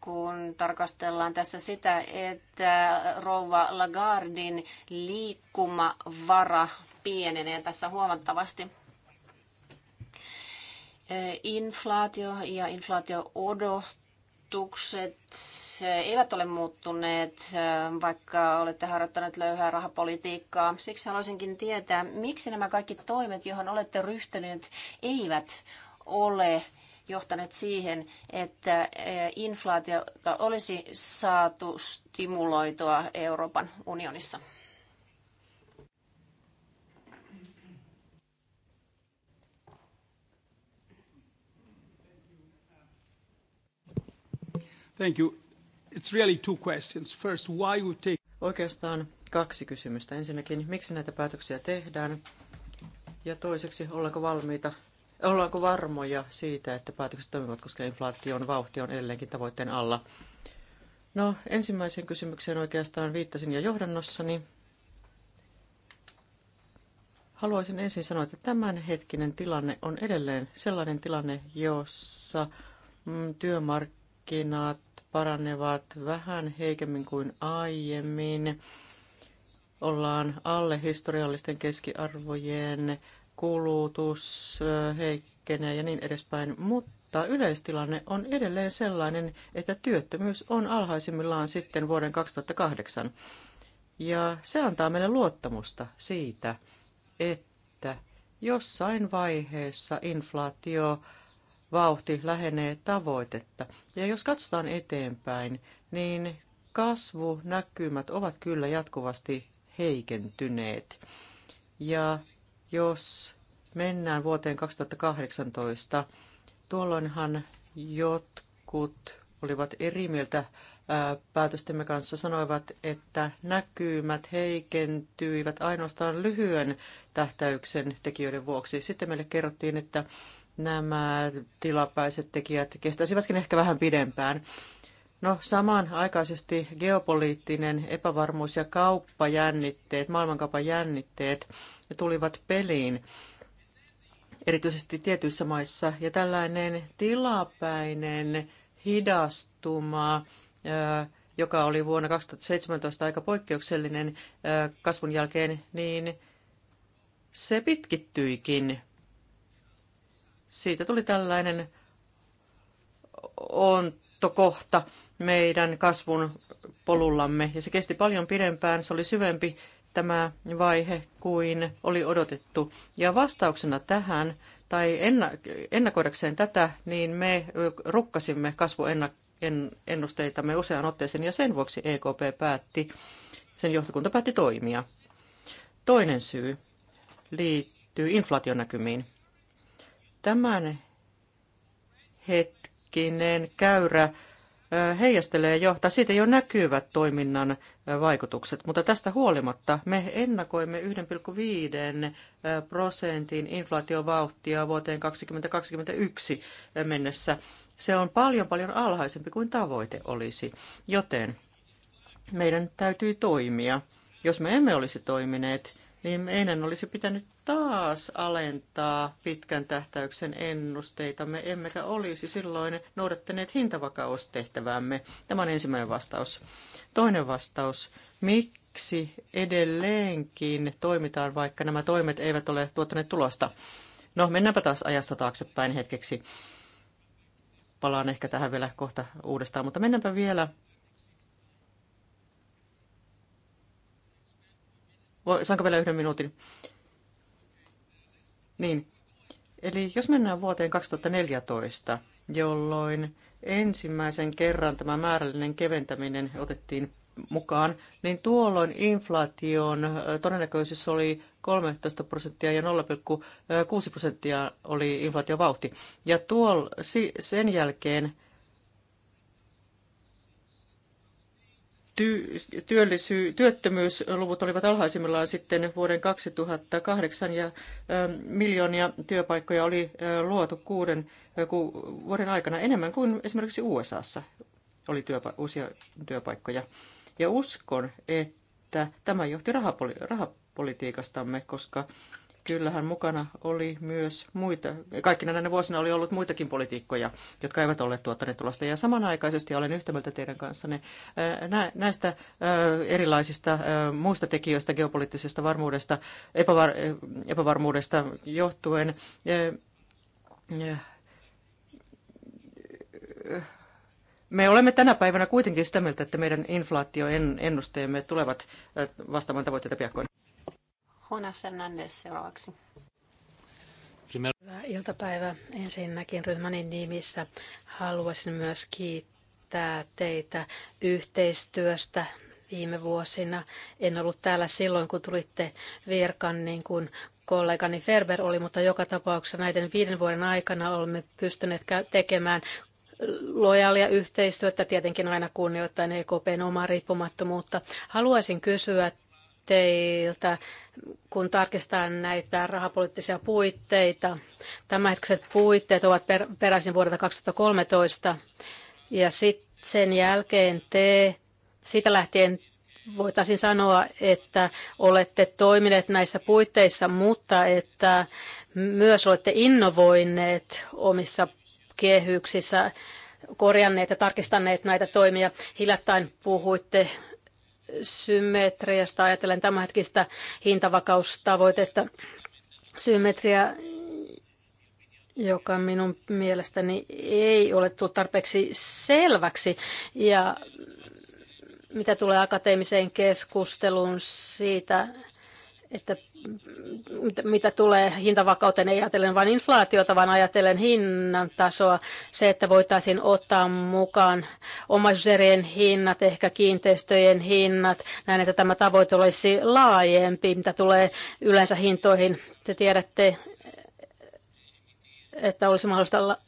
Speaker 1: kun tarkastellaan tässä sitä, että rouva Lagardin liikkumavara pienenee tässä huomattavasti. Inflaatio ja inflaatio-odotukset eivät ole muuttuneet, vaikka olette harjoittaneet löyhää rahapolitiikkaa. Siksi haluaisinkin tietää, miksi nämä kaikki toimet, johon olette ryhtyneet, eivät ole johtaneet siihen, että inflaatiota olisi saatu stimuloitua Euroopan unionissa?
Speaker 4: Thank you. It's really two questions. First, why would take... Oikeastaan kaksi kysymystä. Ensinnäkin, miksi näitä päätöksiä tehdään? Ja toiseksi, ollaanko valmiita Ollaanko varmoja siitä, että päätökset toimivat, koska inflaation vauhti on edelleenkin tavoitteen alla? No, ensimmäiseen kysymykseen oikeastaan viittasin jo johdannossani. Haluaisin ensin sanoa, että tämänhetkinen tilanne on edelleen sellainen tilanne, jossa mm, työmarkkinat paranevat vähän heikemmin kuin aiemmin. Ollaan alle historiallisten keskiarvojen kulutus heikkenee ja niin edespäin, mutta yleistilanne on edelleen sellainen, että työttömyys on alhaisimmillaan sitten vuoden 2008. Ja se antaa meille luottamusta siitä, että jossain vaiheessa inflaatio vauhti lähenee tavoitetta. Ja jos katsotaan eteenpäin, niin kasvunäkymät ovat kyllä jatkuvasti heikentyneet. Ja jos mennään vuoteen 2018, tuolloinhan jotkut olivat eri mieltä päätöstemme kanssa sanoivat, että näkymät heikentyivät ainoastaan lyhyen tähtäyksen tekijöiden vuoksi. Sitten meille kerrottiin, että nämä tilapäiset tekijät kestäisivätkin ehkä vähän pidempään. No samanaikaisesti geopoliittinen epävarmuus ja kauppajännitteet, maailmankaupan jännitteet tulivat peliin erityisesti tietyissä maissa. Ja tällainen tilapäinen hidastuma, joka oli vuonna 2017 aika poikkeuksellinen kasvun jälkeen, niin se pitkittyikin. Siitä tuli tällainen on lähtökohta meidän kasvun polullamme. Ja se kesti paljon pidempään, se oli syvempi tämä vaihe kuin oli odotettu. Ja vastauksena tähän, tai ennakoidakseen tätä, niin me rukkasimme kasvuennusteitamme useaan otteeseen, ja sen vuoksi EKP päätti, sen johtokunta päätti toimia. Toinen syy liittyy inflaationäkymiin. Tämän hetken tämänhetkinen käyrä heijastelee ja johtaa. Siitä jo näkyvät toiminnan vaikutukset, mutta tästä huolimatta me ennakoimme 1,5 prosentin inflaatiovauhtia vuoteen 2021 mennessä. Se on paljon paljon alhaisempi kuin tavoite olisi, joten meidän täytyy toimia. Jos me emme olisi toimineet, niin meidän olisi pitänyt taas alentaa pitkän tähtäyksen ennusteita. Me emmekä olisi silloin noudattaneet hintavakaustehtäväämme. Tämä on ensimmäinen vastaus. Toinen vastaus. Miksi edelleenkin toimitaan, vaikka nämä toimet eivät ole tuottaneet tulosta? No, mennäänpä taas ajassa taaksepäin hetkeksi. Palaan ehkä tähän vielä kohta uudestaan, mutta mennäänpä vielä Saanko vielä yhden minuutin? Niin. Eli jos mennään vuoteen 2014, jolloin ensimmäisen kerran tämä määrällinen keventäminen otettiin mukaan, niin tuolloin inflaation todennäköisyys oli 13 prosenttia ja 0,6 prosenttia oli inflaatiovauhti. Ja tuol, sen jälkeen työllisy- työttömyysluvut olivat alhaisimmillaan sitten vuoden 2008 ja miljoonia työpaikkoja oli luotu kuuden vuoden aikana enemmän kuin esimerkiksi USAssa oli työpa- uusia työpaikkoja. Ja uskon, että tämä johti rahapoli- rahapolitiikastamme, koska kyllähän mukana oli myös muita, kaikkina näinä vuosina oli ollut muitakin politiikkoja, jotka eivät olleet tuottaneet tulosta. Ja samanaikaisesti olen yhtä mieltä teidän kanssanne näistä erilaisista muista tekijöistä, geopoliittisesta varmuudesta, epävar- epävarmuudesta johtuen. Me olemme tänä päivänä kuitenkin sitä mieltä, että meidän inflaatioennusteemme tulevat vastaamaan tavoitteita piakkoin.
Speaker 1: Jonas Fernandes seuraavaksi.
Speaker 4: Hyvää
Speaker 2: iltapäivää. Ensinnäkin ryhmäni nimissä haluaisin myös kiittää teitä yhteistyöstä viime vuosina. En ollut täällä silloin, kun tulitte virkan niin kuin kollegani Ferber oli, mutta joka tapauksessa näiden viiden vuoden aikana olemme pystyneet tekemään lojaalia yhteistyötä, tietenkin aina kunnioittain EKPn omaa riippumattomuutta. Haluaisin kysyä teiltä, kun tarkistetaan näitä rahapoliittisia puitteita. Tämänhetkiset puitteet ovat peräisin vuodelta 2013 ja sitten sen jälkeen te, siitä lähtien voitaisiin sanoa, että olette toimineet näissä puitteissa, mutta että myös olette innovoineet omissa kehyksissä, korjanneet ja tarkistaneet näitä toimia. Hiljattain puhuitte symmetriasta ajatellen tämänhetkistä hintavakaustavoitetta. Symmetria, joka minun mielestäni ei ole tullut tarpeeksi selväksi ja mitä tulee akateemiseen keskusteluun siitä, että mitä tulee hintavakauteen, ei ajatellen vain inflaatiota, vaan ajatellen hinnan tasoa. Se, että voitaisiin ottaa mukaan omaisuuserien hinnat, ehkä kiinteistöjen hinnat, näin, että tämä tavoite olisi laajempi, mitä tulee yleensä hintoihin. Te tiedätte, että olisi mahdollista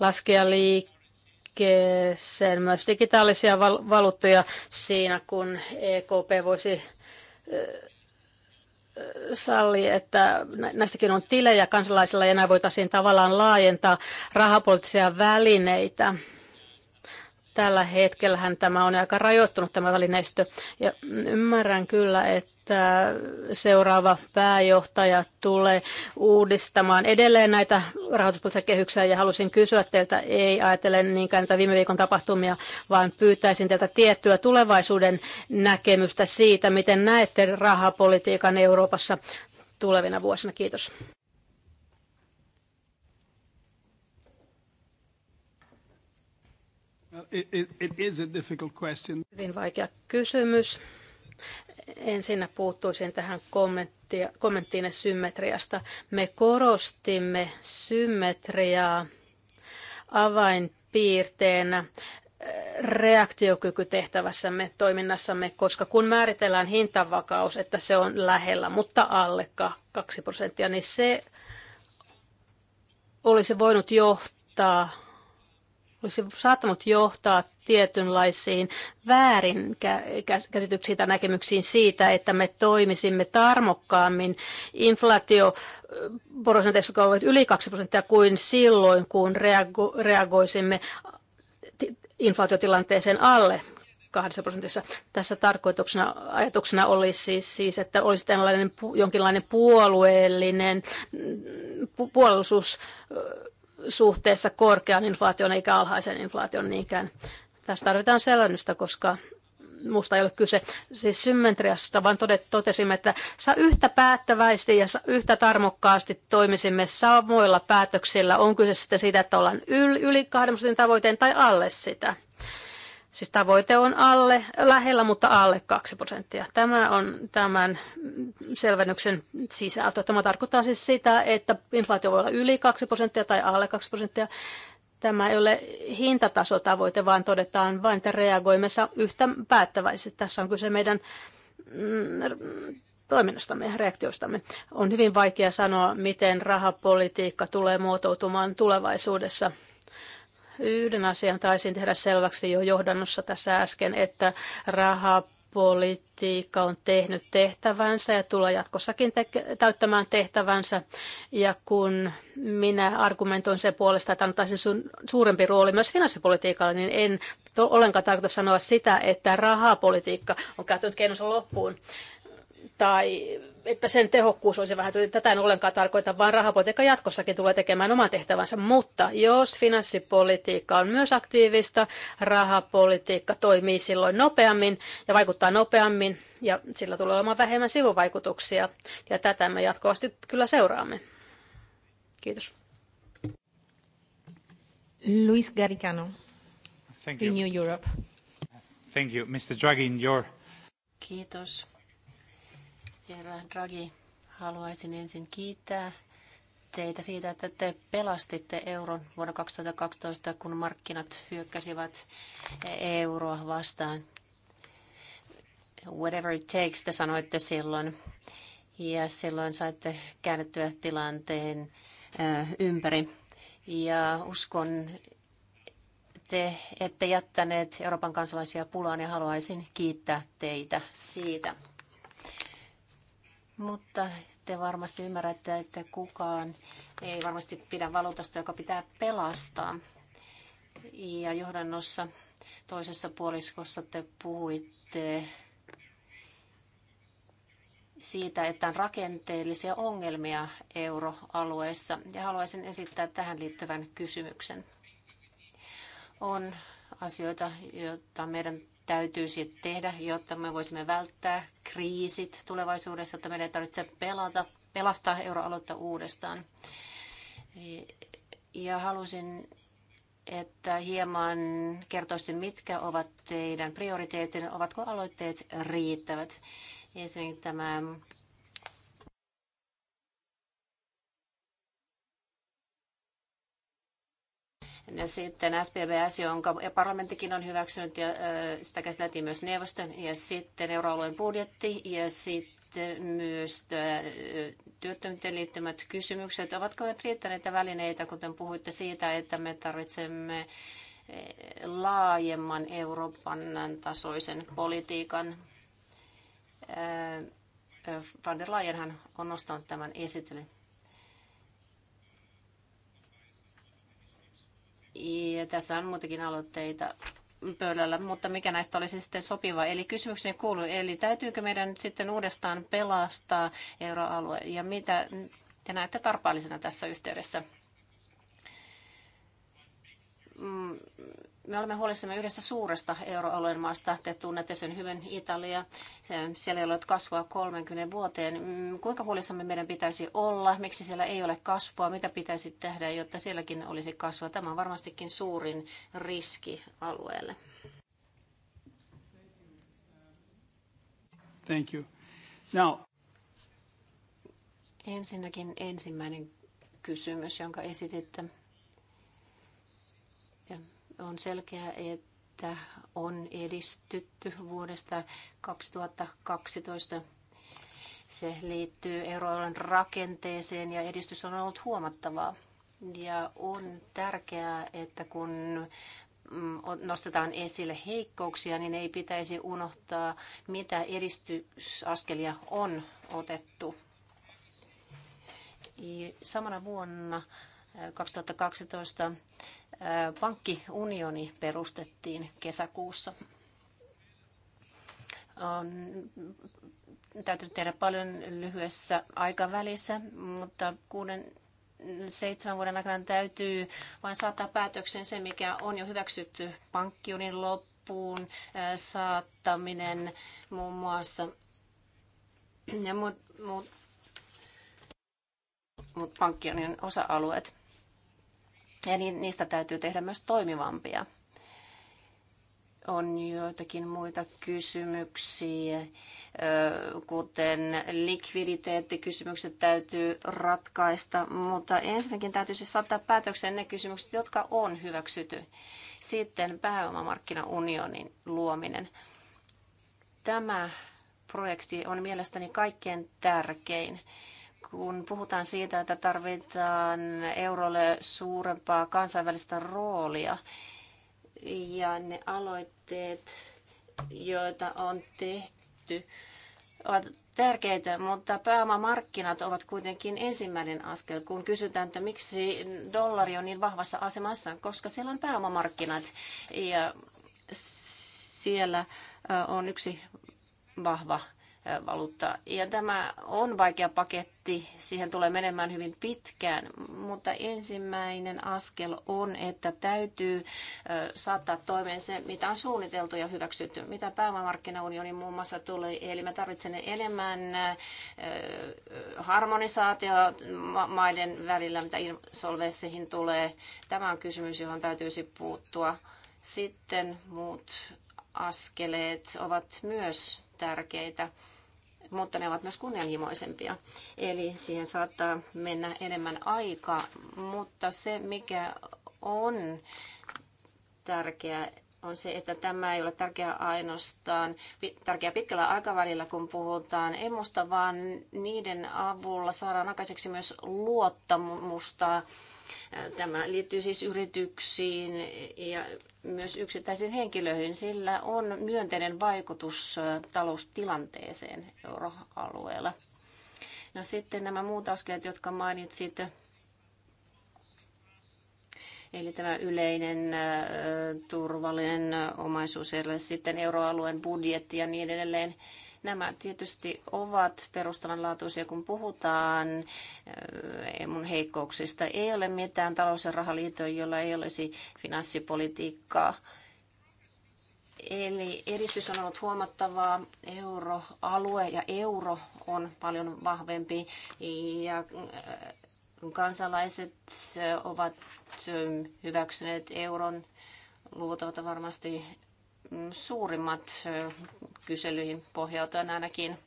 Speaker 2: laskea liikkeeseen myös digitaalisia valuuttoja siinä, kun EKP voisi salli, että näistäkin on tilejä kansalaisilla ja näin voitaisiin tavallaan laajentaa rahapoliittisia välineitä. Tällä hetkellähän tämä on aika rajoittunut tämä välineistö ja ymmärrän kyllä, että että seuraava pääjohtaja tulee uudistamaan edelleen näitä rahoituspoliittisia kehyksiä ja halusin kysyä teiltä, ei ajatellen niinkään näitä viime viikon tapahtumia, vaan pyytäisin teiltä tiettyä tulevaisuuden näkemystä siitä, miten näette rahapolitiikan Euroopassa tulevina vuosina. Kiitos.
Speaker 3: It, it, it is a difficult question.
Speaker 2: Hyvin vaikea kysymys. Ensinnä puuttuisin tähän kommenttiin symmetriasta. Me korostimme symmetriaa avainpiirteenä äh, reaktiokykytehtävässämme toiminnassamme, koska kun määritellään hintavakaus, että se on lähellä, mutta alle 2 prosenttia, niin se olisi voinut johtaa olisi saattanut johtaa tietynlaisiin käsityksiin tai näkemyksiin siitä, että me toimisimme tarmokkaammin äh, prosenteissa, jotka ovat yli 2 prosenttia kuin silloin, kun reago- reagoisimme inflaatiotilanteeseen alle 2 prosentissa. Tässä tarkoituksena ajatuksena oli siis, siis että olisi tällainen jonkinlainen puolueellinen mm, pu- puolustus äh, suhteessa korkean inflaation eikä alhaisen inflaation niinkään. Tässä tarvitaan selvennystä, koska muusta ei ole kyse. Siis symmetriassa vaan totesimme, että yhtä päättäväisesti ja yhtä tarmokkaasti toimisimme samoilla päätöksillä. On kyse sitten siitä, että ollaan yli, 2 kahden tavoitteen tai alle sitä. Siis tavoite on alle, lähellä, mutta alle 2 prosenttia. Tämä on tämän selvennyksen sisältö. Tämä tarkoittaa siis sitä, että inflaatio voi olla yli 2 prosenttia tai alle 2 prosenttia. Tämä ei ole hintatasotavoite, vaan todetaan vain, että reagoimme yhtä päättäväisesti. Tässä on kyse meidän mm, toiminnastamme ja reaktioistamme. On hyvin vaikea sanoa, miten rahapolitiikka tulee muotoutumaan tulevaisuudessa – Yhden asian taisin tehdä selväksi jo johdannossa tässä äsken, että rahapolitiikka on tehnyt tehtävänsä ja tulee jatkossakin te- täyttämään tehtävänsä. Ja kun minä argumentoin sen puolesta, että antaisin su- suurempi rooli myös finanssipolitiikalle, niin en ollenkaan tarkoita sanoa sitä, että rahapolitiikka on käyttänyt keinonsa loppuun tai että sen tehokkuus olisi että Tätä en ollenkaan tarkoita, vaan rahapolitiikka jatkossakin tulee tekemään oman tehtävänsä. Mutta jos finanssipolitiikka on myös aktiivista, rahapolitiikka toimii silloin nopeammin ja vaikuttaa nopeammin ja sillä tulee olemaan vähemmän sivuvaikutuksia. Ja tätä me jatkuvasti kyllä seuraamme. Kiitos.
Speaker 1: Luis Garicano.
Speaker 3: Thank
Speaker 2: you. New
Speaker 1: Europe.
Speaker 3: Thank you. Mr. Draghi, your...
Speaker 1: Kiitos Herra Draghi, haluaisin ensin kiittää teitä siitä, että te pelastitte euron vuonna 2012, kun markkinat hyökkäsivät euroa vastaan. Whatever it takes, te sanoitte silloin. Ja silloin saitte käännettyä tilanteen äh, ympäri. Ja uskon, te ette jättäneet Euroopan kansalaisia pulaan ja haluaisin kiittää teitä siitä. Mutta te varmasti ymmärrätte, että kukaan ei varmasti pidä valuutasta, joka pitää pelastaa. Ja johdannossa toisessa puoliskossa te puhuitte siitä, että on rakenteellisia ongelmia euroalueessa. Ja haluaisin esittää tähän liittyvän kysymyksen. On asioita, joita meidän täytyisi tehdä, jotta me voisimme välttää kriisit tulevaisuudessa, jotta meidän ei tarvitse pelata, pelastaa euroaluetta uudestaan. Ja halusin, että hieman kertoisin, mitkä ovat teidän prioriteetin, ovatko aloitteet riittävät. Ensinnäkin tämä ja sitten SPBS, jonka parlamenttikin on hyväksynyt ja sitä käsiteltiin myös neuvoston ja sitten euroalueen budjetti ja sitten myös työttömyyteen liittymät kysymykset. Ovatko ne riittäneitä välineitä, kuten puhuitte siitä, että me tarvitsemme laajemman Euroopan tasoisen politiikan? Van der Leyenhan on nostanut tämän esitellen. Ja tässä on muutakin aloitteita pöydällä, mutta mikä näistä olisi sitten sopiva. Eli kysymykseni kuuluu, eli täytyykö meidän sitten uudestaan pelastaa euroalue ja mitä te näette tarpeellisena tässä yhteydessä? Mm, me olemme huolissamme yhdestä suuresta euroalueen maasta. Te tunnette sen hyvin, Italia. Siellä ei ole kasvua 30 vuoteen. Mm, kuinka huolissamme meidän pitäisi olla? Miksi siellä ei ole kasvua? Mitä pitäisi tehdä, jotta sielläkin olisi kasvua? Tämä on varmastikin suurin riski alueelle.
Speaker 3: Thank you. Now.
Speaker 1: Ensinnäkin ensimmäinen kysymys, jonka esititte. Yeah. On selkeää, että on edistytty vuodesta 2012. Se liittyy euroalueen rakenteeseen ja edistys on ollut huomattavaa. Ja on tärkeää, että kun mm, nostetaan esille heikkouksia, niin ei pitäisi unohtaa, mitä edistysaskelia on otettu. Samana vuonna 2012 äh, pankkiunioni perustettiin kesäkuussa. On täytyy tehdä paljon lyhyessä aikavälissä, mutta kuuden seitsemän vuoden aikana täytyy vain saattaa päätöksen se, mikä on jo hyväksytty pankkiunin loppuun äh, saattaminen muun muassa. Ja muut, muut, mut pankkiunin osa-alueet. Ja niistä täytyy tehdä myös toimivampia. On joitakin muita kysymyksiä, kuten likviditeettikysymykset täytyy ratkaista, mutta ensinnäkin täytyy siis saattaa päätökseen ne kysymykset, jotka on hyväksytty. Sitten pääomamarkkinaunionin luominen. Tämä projekti on mielestäni kaikkein tärkein kun puhutaan siitä, että tarvitaan eurolle suurempaa kansainvälistä roolia ja ne aloitteet, joita on tehty, ovat tärkeitä, mutta pääomamarkkinat ovat kuitenkin ensimmäinen askel, kun kysytään, että miksi dollari on niin vahvassa asemassa, koska siellä on pääomamarkkinat ja siellä on yksi vahva valuutta. Ja tämä on vaikea paketti, siihen tulee menemään hyvin pitkään, mutta ensimmäinen askel on, että täytyy saattaa toimeen se, mitä on suunniteltu ja hyväksytty, mitä pääomamarkkinaunioni muun muassa tulee, Eli me tarvitsemme enemmän harmonisaatio maiden välillä, mitä insolveissiin tulee. Tämä on kysymys, johon täytyisi puuttua. Sitten muut askeleet ovat myös tärkeitä mutta ne ovat myös kunnianhimoisempia. Eli siihen saattaa mennä enemmän aikaa, mutta se mikä on tärkeää, on se, että tämä ei ole tärkeää ainoastaan, tärkeää pitkällä aikavälillä, kun puhutaan emusta, vaan niiden avulla saadaan aikaiseksi myös luottamusta Tämä liittyy siis yrityksiin ja myös yksittäisiin henkilöihin. Sillä on myönteinen vaikutus taloustilanteeseen euroalueella. No sitten nämä muut askeleet, jotka mainitsit, eli tämä yleinen turvallinen omaisuus, sitten euroalueen budjetti ja niin edelleen Nämä tietysti ovat perustavanlaatuisia, kun puhutaan eh, mun heikkouksista. Ei ole mitään talous- ja rahaliittoa, jolla ei olisi finanssipolitiikkaa. Eli edistys on ollut huomattavaa. Euroalue ja euro on paljon vahvempi ja eh, kansalaiset eh, ovat hyväksyneet euron. Luvut ovat varmasti suurimmat kyselyihin pohjautuen ainakin.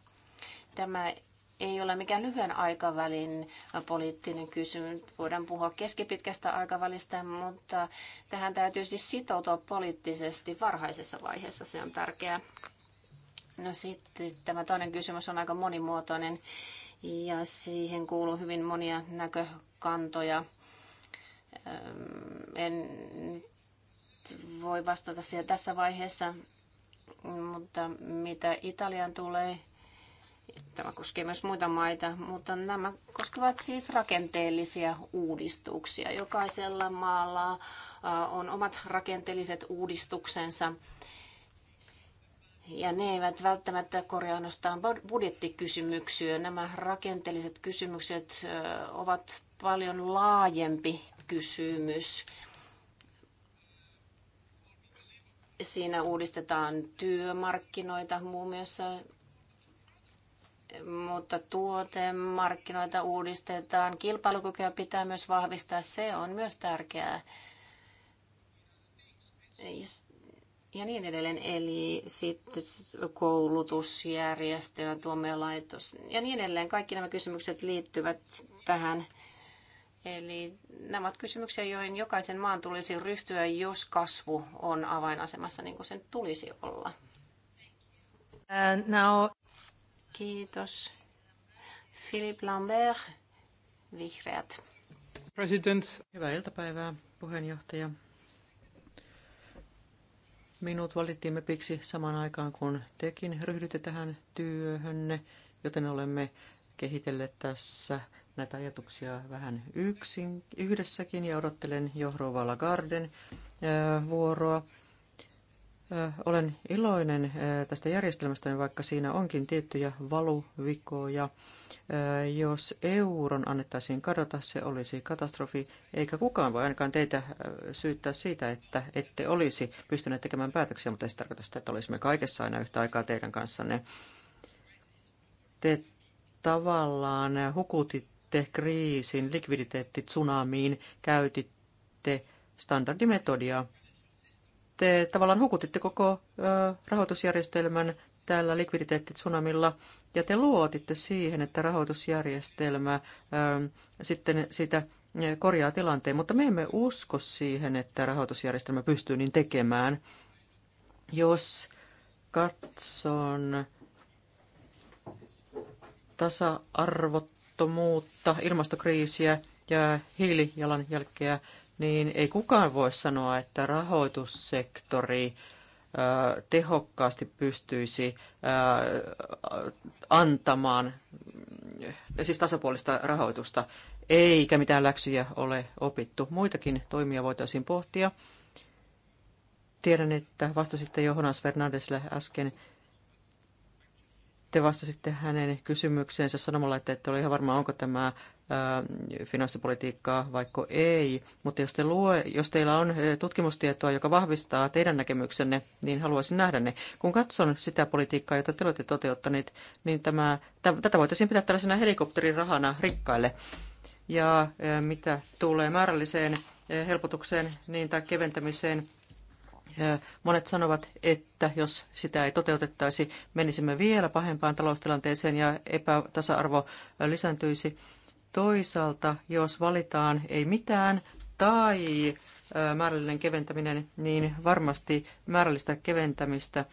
Speaker 1: Tämä ei ole mikään lyhyen aikavälin poliittinen kysymys. Voidaan puhua keskipitkästä aikavälistä, mutta tähän täytyy siis sitoutua poliittisesti varhaisessa vaiheessa. Se on tärkeää. No sitten tämä toinen kysymys on aika monimuotoinen ja siihen kuuluu hyvin monia näkökantoja. En voi vastata siihen tässä vaiheessa, mutta mitä Italian tulee, tämä koskee myös muita maita, mutta nämä koskevat siis rakenteellisia uudistuksia. Jokaisella maalla on omat rakenteelliset uudistuksensa. Ja ne eivät välttämättä korjaa ainoastaan budjettikysymyksiä. Nämä rakenteelliset kysymykset ovat paljon laajempi kysymys. Siinä uudistetaan työmarkkinoita muun muassa, mutta tuotemarkkinoita uudistetaan. Kilpailukykyä pitää myös vahvistaa, se on myös tärkeää. Ja niin edelleen, eli sitten koulutusjärjestelmä, tuomioon laitos ja niin edelleen. Kaikki nämä kysymykset liittyvät tähän Eli nämä ovat kysymyksiä, joihin jokaisen maan tulisi ryhtyä, jos kasvu on avainasemassa niin kuin sen tulisi olla. Uh, now... Kiitos. Philippe Lambert, Vihreät.
Speaker 4: President. Hyvää iltapäivää, puheenjohtaja. Minut valittiin mepiksi samaan aikaan, kun tekin ryhdytte tähän työhönne, joten olemme kehitelleet tässä näitä ajatuksia vähän yksin, yhdessäkin ja odottelen Johrova garden vuoroa. Olen iloinen tästä järjestelmästä, vaikka siinä onkin tiettyjä valuvikoja. Jos euron annettaisiin kadota, se olisi katastrofi, eikä kukaan voi ainakaan teitä syyttää siitä, että ette olisi pystyneet tekemään päätöksiä, mutta ei se tarkoita sitä, että olisimme kaikessa aina yhtä aikaa teidän kanssanne. Te tavallaan hukutitte reagoitte kriisin likviditeettitsunamiin, käytitte standardimetodia. Te tavallaan hukutitte koko ö, rahoitusjärjestelmän tällä likviditeettitsunamilla ja te luotitte siihen, että rahoitusjärjestelmä ö, sitten sitä korjaa tilanteen, mutta me emme usko siihen, että rahoitusjärjestelmä pystyy niin tekemään. Jos katson tasa-arvot ilmastonmuuttomuutta, ilmastokriisiä ja hiilijalanjälkeä, niin ei kukaan voi sanoa, että rahoitussektori tehokkaasti pystyisi antamaan mm, siis tasapuolista rahoitusta, eikä mitään läksyjä ole opittu. Muitakin toimia voitaisiin pohtia. Tiedän, että vastasitte Johannes Fernandesille äsken te vastasitte hänen kysymykseensä sanomalla, että ette ole ihan varma, onko tämä finanssipolitiikkaa vaikka ei. Mutta jos, te lue, jos teillä on tutkimustietoa, joka vahvistaa teidän näkemyksenne, niin haluaisin nähdä ne. Kun katson sitä politiikkaa, jota te olette toteuttaneet, niin tämä, tätä voitaisiin pitää tällaisena helikopterin rahana rikkaille. Ja mitä tulee määrälliseen helpotukseen niin tai keventämiseen, Monet sanovat, että jos sitä ei toteutettaisi, menisimme vielä pahempaan taloustilanteeseen ja epätasa-arvo lisääntyisi. Toisaalta, jos valitaan ei mitään tai määrällinen keventäminen, niin varmasti määrällistä keventämistä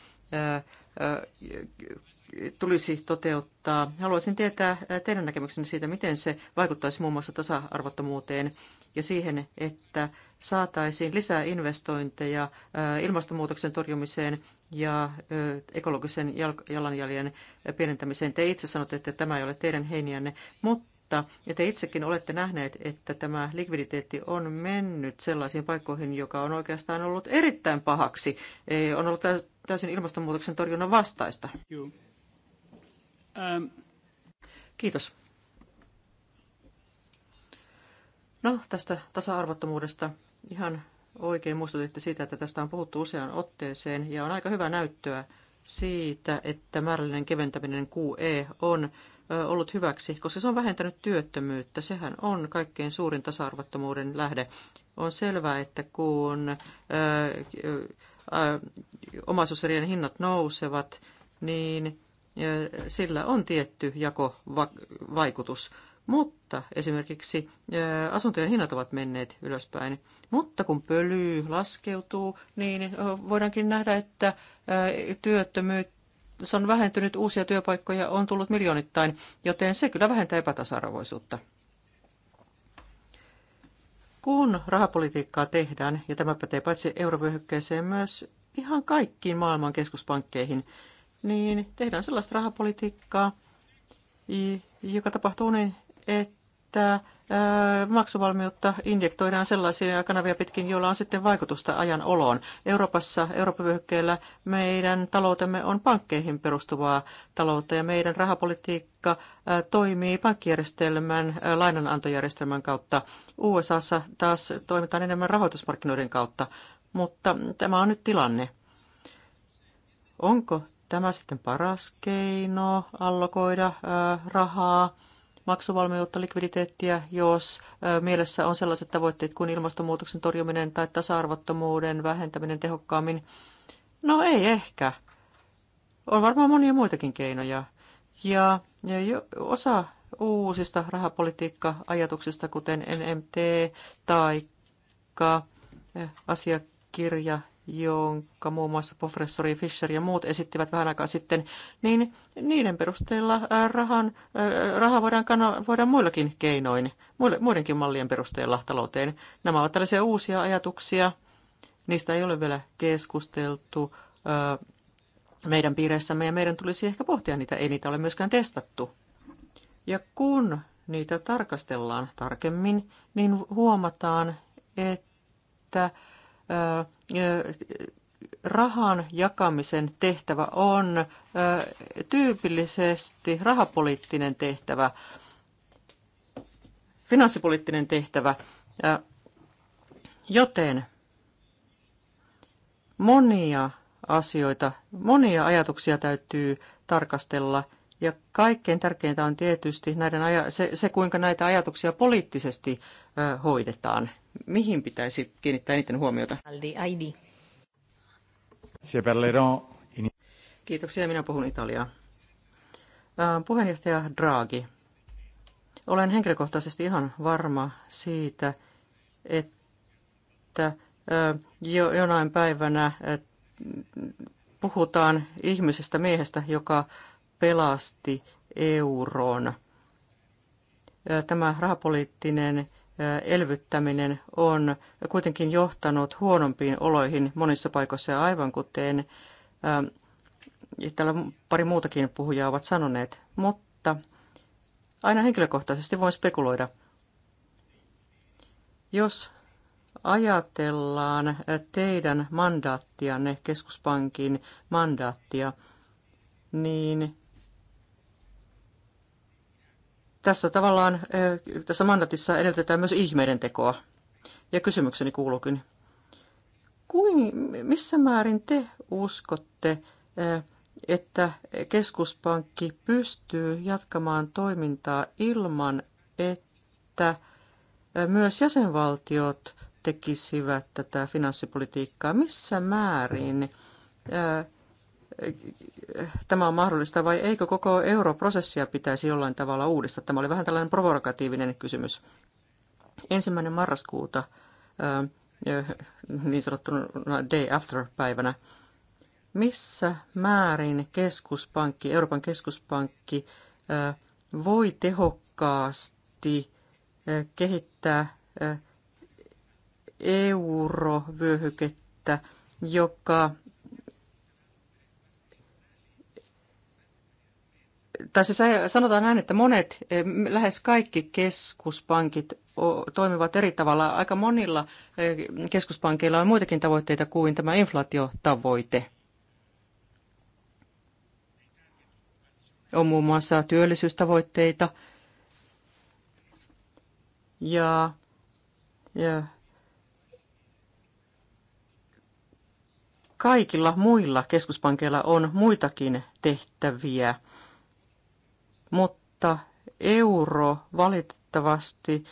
Speaker 4: tulisi toteuttaa. Haluaisin tietää teidän näkemyksenne siitä, miten se vaikuttaisi muun muassa tasa-arvottomuuteen ja siihen, että saataisiin lisää investointeja ilmastonmuutoksen torjumiseen ja ekologisen jalanjäljen pienentämiseen. Te itse sanotte, että tämä ei ole teidän heiniänne, mutta te itsekin olette nähneet, että tämä likviditeetti on mennyt sellaisiin paikkoihin, joka on oikeastaan ollut erittäin pahaksi. E, on ollut täysin ilmastonmuutoksen torjunnan vastaista. Um, Kiitos. No, tästä tasa-arvottomuudesta Ihan oikein muistutitte siitä, että tästä on puhuttu useaan otteeseen ja on aika hyvä näyttöä siitä, että määrällinen keventäminen QE on ollut hyväksi, koska se on vähentänyt työttömyyttä. Sehän on kaikkein suurin tasa-arvottomuuden lähde. On selvää, että kun omaisuuserien hinnat nousevat, niin sillä on tietty jakovaikutus. Mutta esimerkiksi asuntojen hinnat ovat menneet ylöspäin. Mutta kun pöly laskeutuu, niin voidaankin nähdä, että työttömyys on vähentynyt, uusia työpaikkoja on tullut miljoonittain, joten se kyllä vähentää epätasa-arvoisuutta. Kun rahapolitiikkaa tehdään, ja tämä pätee paitsi eurovyöhykkeeseen myös ihan kaikkiin maailman keskuspankkeihin, niin tehdään sellaista rahapolitiikkaa, joka tapahtuu niin, että maksuvalmiutta injektoidaan sellaisia kanavia pitkin, joilla on sitten vaikutusta ajan oloon. Euroopassa, Euroopan vyöhykkeellä meidän taloutemme on pankkeihin perustuvaa taloutta ja meidän rahapolitiikka toimii pankkijärjestelmän, lainanantojärjestelmän kautta. USAssa taas toimitaan enemmän rahoitusmarkkinoiden kautta, mutta tämä on nyt tilanne. Onko tämä sitten paras keino allokoida rahaa? maksuvalmiutta, likviditeettiä, jos mielessä on sellaiset tavoitteet kuin ilmastonmuutoksen torjuminen tai tasa-arvottomuuden vähentäminen tehokkaammin. No ei ehkä. On varmaan monia muitakin keinoja. Ja, ja osa uusista rahapolitiikka-ajatuksista, kuten NMT tai asiakirja jonka muun muassa professori Fischer ja muut esittivät vähän aikaa sitten, niin niiden perusteella äh, rahan, äh, rahaa voidaan voidaan muillakin keinoin, muidenkin mallien perusteella talouteen. Nämä ovat tällaisia uusia ajatuksia. Niistä ei ole vielä keskusteltu äh, meidän piireissämme ja meidän tulisi ehkä pohtia niitä. Ei niitä ole myöskään testattu. Ja kun niitä tarkastellaan tarkemmin, niin huomataan, että rahan jakamisen tehtävä on tyypillisesti rahapoliittinen tehtävä, finanssipoliittinen tehtävä, joten monia asioita, monia ajatuksia täytyy tarkastella ja kaikkein tärkeintä on tietysti näiden aja- se, se, kuinka näitä ajatuksia poliittisesti ö, hoidetaan mihin pitäisi kiinnittää eniten huomiota? Aldi, Kiitoksia, minä puhun italiaa. Puheenjohtaja Draghi, olen henkilökohtaisesti ihan varma siitä, että jo, jonain päivänä puhutaan ihmisestä miehestä, joka pelasti euron. Tämä rahapoliittinen elvyttäminen on kuitenkin johtanut huonompiin oloihin monissa paikoissa ja aivan kuten täällä pari muutakin puhujaa ovat sanoneet, mutta aina henkilökohtaisesti voin spekuloida. Jos ajatellaan teidän mandaattianne, keskuspankin mandaattia, niin tässä tavallaan, tässä mandatissa edellytetään myös ihmeiden tekoa. Ja kysymykseni kuuluukin, kuin, missä määrin te uskotte, että keskuspankki pystyy jatkamaan toimintaa ilman, että myös jäsenvaltiot tekisivät tätä finanssipolitiikkaa? Missä määrin tämä on mahdollista vai eikö koko europrosessia pitäisi jollain tavalla uudistaa? Tämä oli vähän tällainen provokatiivinen kysymys. Ensimmäinen marraskuuta niin sanottuna day after päivänä. Missä määrin keskuspankki, Euroopan keskuspankki voi tehokkaasti kehittää eurovyöhykettä, joka tai se sanotaan näin, että monet, eh, lähes kaikki keskuspankit toimivat eri tavalla. Aika monilla eh, keskuspankeilla on muitakin tavoitteita kuin tämä inflaatiotavoite. On muun muassa työllisyystavoitteita ja, ja kaikilla muilla keskuspankeilla on muitakin tehtäviä – mutta euro valitettavasti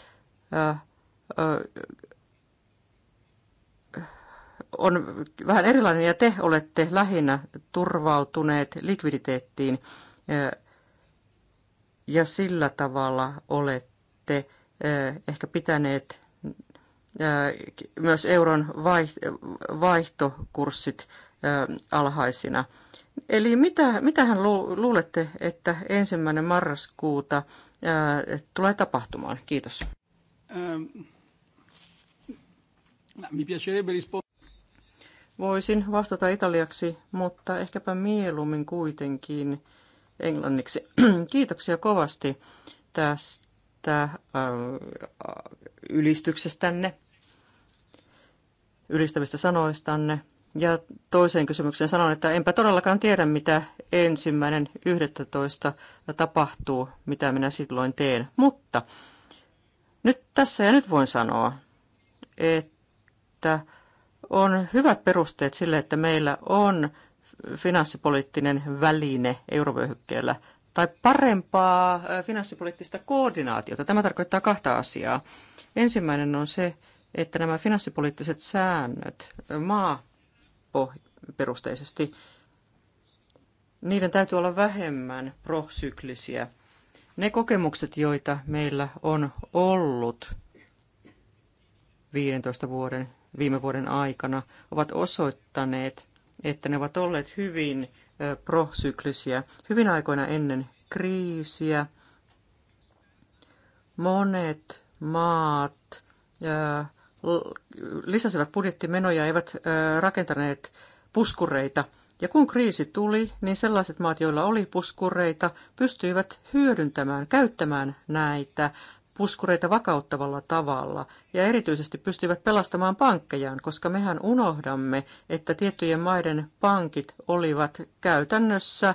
Speaker 4: on vähän erilainen ja te olette lähinnä turvautuneet likviditeettiin ja sillä tavalla olette ehkä pitäneet myös euron vaihtokurssit alhaisina. Eli mitä, mitähän luulette, että ensimmäinen marraskuuta tulee tapahtumaan? Kiitos. Ehm, Voisin vastata italiaksi, mutta ehkäpä mieluummin kuitenkin englanniksi. [CLEARS THROAT] Kiitoksia kovasti tästä ylistyksestänne, ylistävistä sanoistanne. Ja toiseen kysymykseen sanon, että enpä todellakaan tiedä, mitä ensimmäinen 11. tapahtuu, mitä minä silloin teen. Mutta nyt tässä ja nyt voin sanoa, että on hyvät perusteet sille, että meillä on finanssipoliittinen väline eurovyöhykkeellä tai parempaa finanssipoliittista koordinaatiota. Tämä tarkoittaa kahta asiaa. Ensimmäinen on se, että nämä finanssipoliittiset säännöt maa perusteisesti. Niiden täytyy olla vähemmän prosyklisiä. Ne kokemukset, joita meillä on ollut 15 vuoden, viime vuoden aikana, ovat osoittaneet, että ne ovat olleet hyvin prosyklisiä. Hyvin aikoina ennen kriisiä monet maat lisäsivät budjettimenoja, eivät rakentaneet puskureita. Ja kun kriisi tuli, niin sellaiset maat, joilla oli puskureita, pystyivät hyödyntämään, käyttämään näitä puskureita vakauttavalla tavalla ja erityisesti pystyivät pelastamaan pankkejaan, koska mehän unohdamme, että tiettyjen maiden pankit olivat käytännössä äm,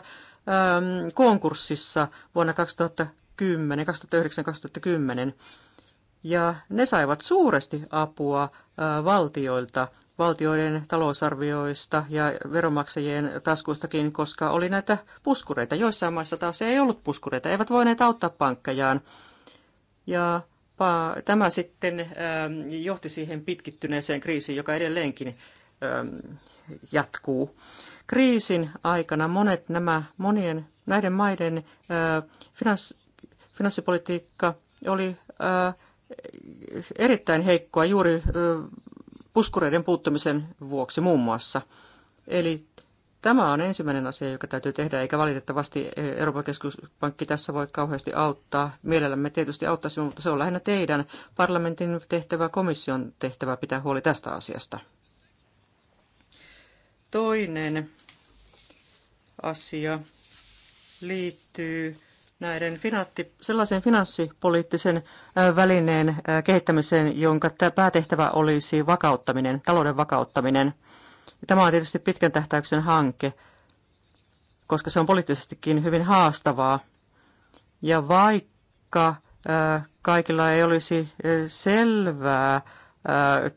Speaker 4: konkurssissa vuonna 2010, 2009-2010 ja ne saivat suuresti apua valtioilta, valtioiden talousarvioista ja veromaksajien taskuistakin, koska oli näitä puskureita. Joissain maissa taas ei ollut puskureita, eivät voineet auttaa pankkejaan. Ja tämä sitten johti siihen pitkittyneeseen kriisiin, joka edelleenkin jatkuu. Kriisin aikana monet nämä monien näiden maiden finanssipolitiikka oli äh, erittäin heikkoa juuri puskureiden puuttumisen vuoksi muun muassa. Eli tämä on ensimmäinen asia, joka täytyy tehdä, eikä valitettavasti Euroopan keskuspankki tässä voi kauheasti auttaa. Mielellämme tietysti auttaisimme, mutta se on lähinnä teidän parlamentin tehtävä, komission tehtävä pitää huoli tästä asiasta. Toinen asia liittyy näiden finanssi, sellaisen finanssipoliittisen välineen kehittämiseen, jonka päätehtävä olisi vakauttaminen, talouden vakauttaminen. Tämä on tietysti pitkän tähtäyksen hanke, koska se on poliittisestikin hyvin haastavaa. Ja vaikka kaikilla ei olisi selvää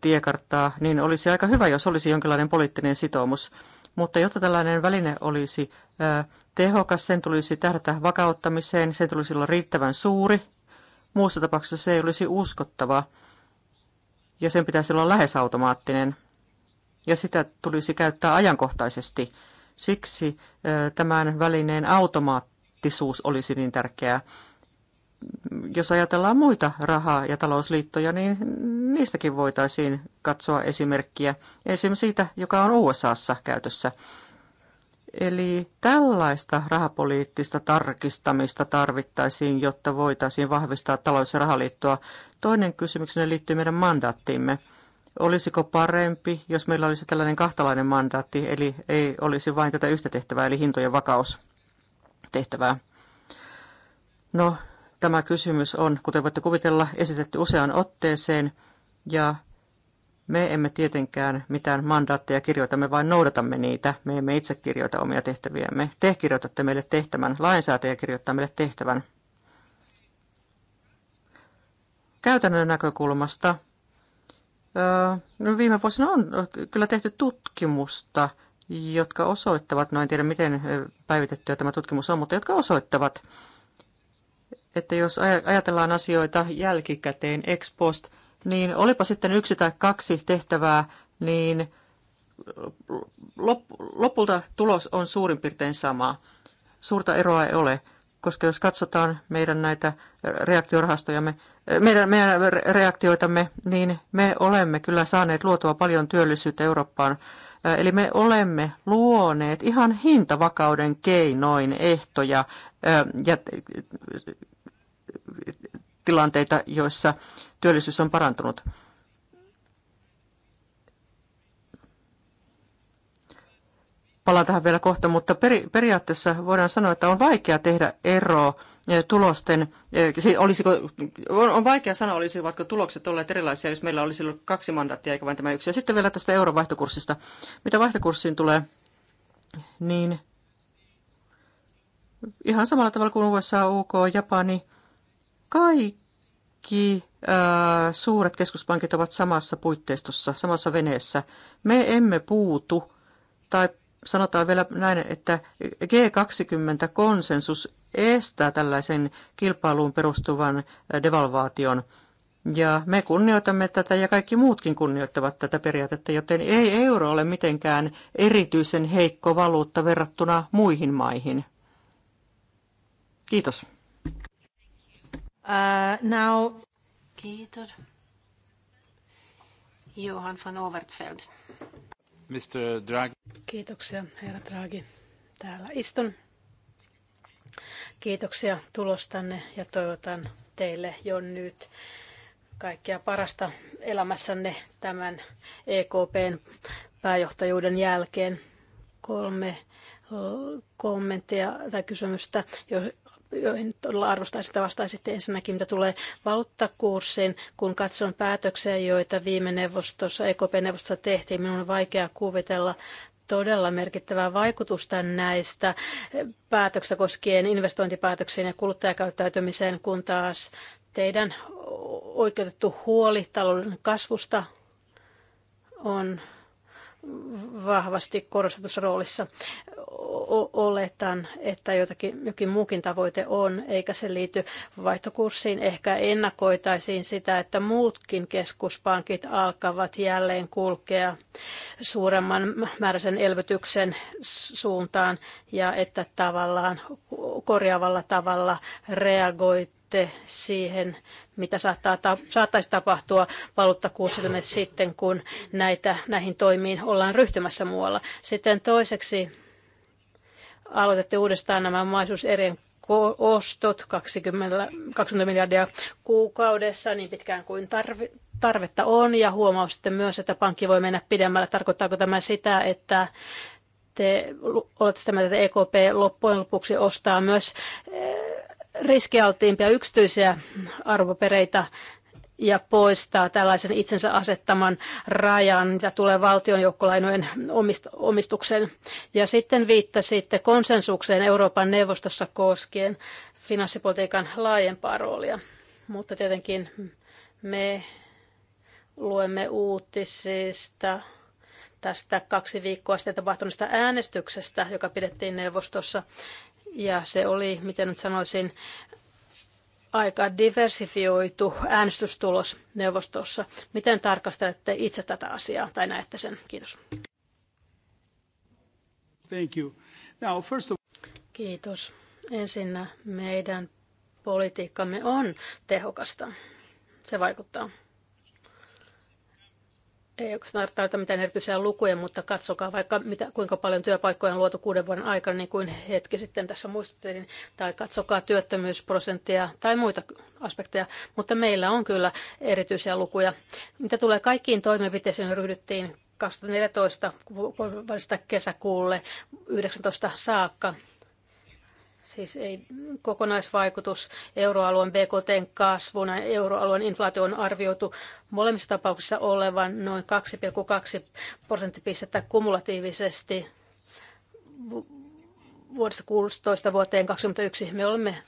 Speaker 4: tiekarttaa, niin olisi aika hyvä, jos olisi jonkinlainen poliittinen sitoumus. Mutta jotta tällainen väline olisi tehokas, sen tulisi tähdätä vakauttamiseen, sen tulisi olla riittävän suuri. Muussa tapauksessa se ei olisi uskottava ja sen pitäisi olla lähes automaattinen. Ja sitä tulisi käyttää ajankohtaisesti. Siksi tämän välineen automaattisuus olisi niin tärkeää jos ajatellaan muita rahaa- ja talousliittoja, niin niistäkin voitaisiin katsoa esimerkkiä. Esim. siitä, joka on USAssa käytössä. Eli tällaista rahapoliittista tarkistamista tarvittaisiin, jotta voitaisiin vahvistaa talous- ja rahaliittoa. Toinen kysymyksenne liittyy meidän mandaattiimme. Olisiko parempi, jos meillä olisi tällainen kahtalainen mandaatti, eli ei olisi vain tätä yhtä tehtävää, eli hintojen vakaus tehtävää? No, Tämä kysymys on, kuten voitte kuvitella, esitetty useaan otteeseen ja me emme tietenkään mitään mandaatteja kirjoita, me vain noudatamme niitä. Me emme itse kirjoita omia tehtäviämme. Te kirjoitatte meille tehtävän, lainsäätäjä kirjoittaa meille tehtävän. Käytännön näkökulmasta no viime vuosina on kyllä tehty tutkimusta, jotka osoittavat, no en tiedä miten päivitettyä tämä tutkimus on, mutta jotka osoittavat, että jos ajatellaan asioita jälkikäteen ex post, niin olipa sitten yksi tai kaksi tehtävää, niin lopulta tulos on suurin piirtein sama. Suurta eroa ei ole, koska jos katsotaan meidän näitä reaktiorahastojamme, meidän, meidän reaktioitamme, niin me olemme kyllä saaneet luotua paljon työllisyyttä Eurooppaan. Äh, eli me olemme luoneet ihan hintavakauden keinoin ehtoja äh, ja tilanteita, joissa työllisyys on parantunut. palaan tähän vielä kohta, mutta peri, periaatteessa voidaan sanoa, että on vaikea tehdä ero eh, tulosten, eh, olisiko, on, on vaikea sanoa, olisivatko tulokset olleet erilaisia, jos meillä olisi ollut kaksi mandaattia eikä vain tämä yksi. Ja sitten vielä tästä euron vaihtokurssista. Mitä vaihtokurssiin tulee, niin ihan samalla tavalla kuin USA, UK, Japani, kaikki suuret keskuspankit ovat samassa puitteistossa, samassa veneessä. Me emme puutu, tai sanotaan vielä näin, että G20-konsensus estää tällaisen kilpailuun perustuvan devalvaation. Ja me kunnioitamme tätä ja kaikki muutkin kunnioittavat tätä periaatetta, joten ei euro ole mitenkään erityisen heikko valuutta verrattuna muihin maihin. Kiitos.
Speaker 1: Uh, now... Kiitos. Johan van Overtfeld.
Speaker 3: Mr. Draghi.
Speaker 2: Kiitoksia, herra Draghi. Täällä istun. Kiitoksia tulostanne ja toivotan teille jo nyt kaikkea parasta elämässänne tämän EKPn pääjohtajuuden jälkeen. Kolme kommenttia tai kysymystä, joihin todella arvostaisin sitä vastaisitte ensinnäkin, mitä tulee valuuttakurssiin. Kun katson päätöksiä, joita viime neuvostossa, EKP-neuvostossa tehtiin, minun on vaikea kuvitella todella merkittävää vaikutusta näistä päätöksistä koskien investointipäätöksiin ja kuluttajakäyttäytymiseen, kun taas teidän oikeutettu huoli talouden kasvusta on vahvasti korostetussa roolissa. O- oletan, että jotakin, jokin muukin tavoite on, eikä se liity vaihtokurssiin. Ehkä ennakoitaisiin sitä, että muutkin keskuspankit alkavat jälleen kulkea suuremman määräisen elvytyksen suuntaan ja että tavallaan korjaavalla tavalla reagoit sitten siihen, mitä saattaa, ta, saattaisi tapahtua valuuttakurssille sitten, kun näitä, näihin toimiin ollaan ryhtymässä muualla. Sitten toiseksi aloitettiin uudestaan nämä omaisuuserien ostot 20, 20 miljardia kuukaudessa niin pitkään kuin tarvi, tarvetta on ja sitten myös, että pankki voi mennä pidemmälle. Tarkoittaako tämä sitä, että te olette sitä mieltä, että EKP loppujen lopuksi ostaa myös riskialttiimpia yksityisiä arvopereitä ja poistaa tällaisen itsensä asettaman rajan, mitä tulee valtion joukkolainojen omistukseen. Ja sitten viittasitte konsensukseen Euroopan neuvostossa koskien finanssipolitiikan laajempaa roolia. Mutta tietenkin me luemme uutisista tästä kaksi viikkoa sitten tapahtuneesta äänestyksestä, joka pidettiin neuvostossa. Ja se oli, miten nyt sanoisin, aika diversifioitu äänestystulos neuvostossa. Miten tarkastelette itse tätä asiaa tai näette sen? Kiitos. Thank you. Now, first of... Kiitos. Ensinnä meidän politiikkamme on tehokasta. Se vaikuttaa ei tarvita mitään erityisiä lukuja, mutta katsokaa vaikka mitä, kuinka paljon työpaikkoja on luotu kuuden vuoden aikana, niin kuin hetki sitten tässä muistutin tai katsokaa työttömyysprosenttia tai muita aspekteja, mutta meillä on kyllä erityisiä lukuja. Mitä tulee kaikkiin toimenpiteisiin, niin ryhdyttiin 2014 vuodesta kesäkuulle 19 saakka. Siis ei kokonaisvaikutus euroalueen BKTn kasvuun ja euroalueen inflaatio on arvioitu molemmissa tapauksissa olevan noin 2,2 prosenttipistettä kumulatiivisesti vuodesta 16 vuoteen 2021 me olemme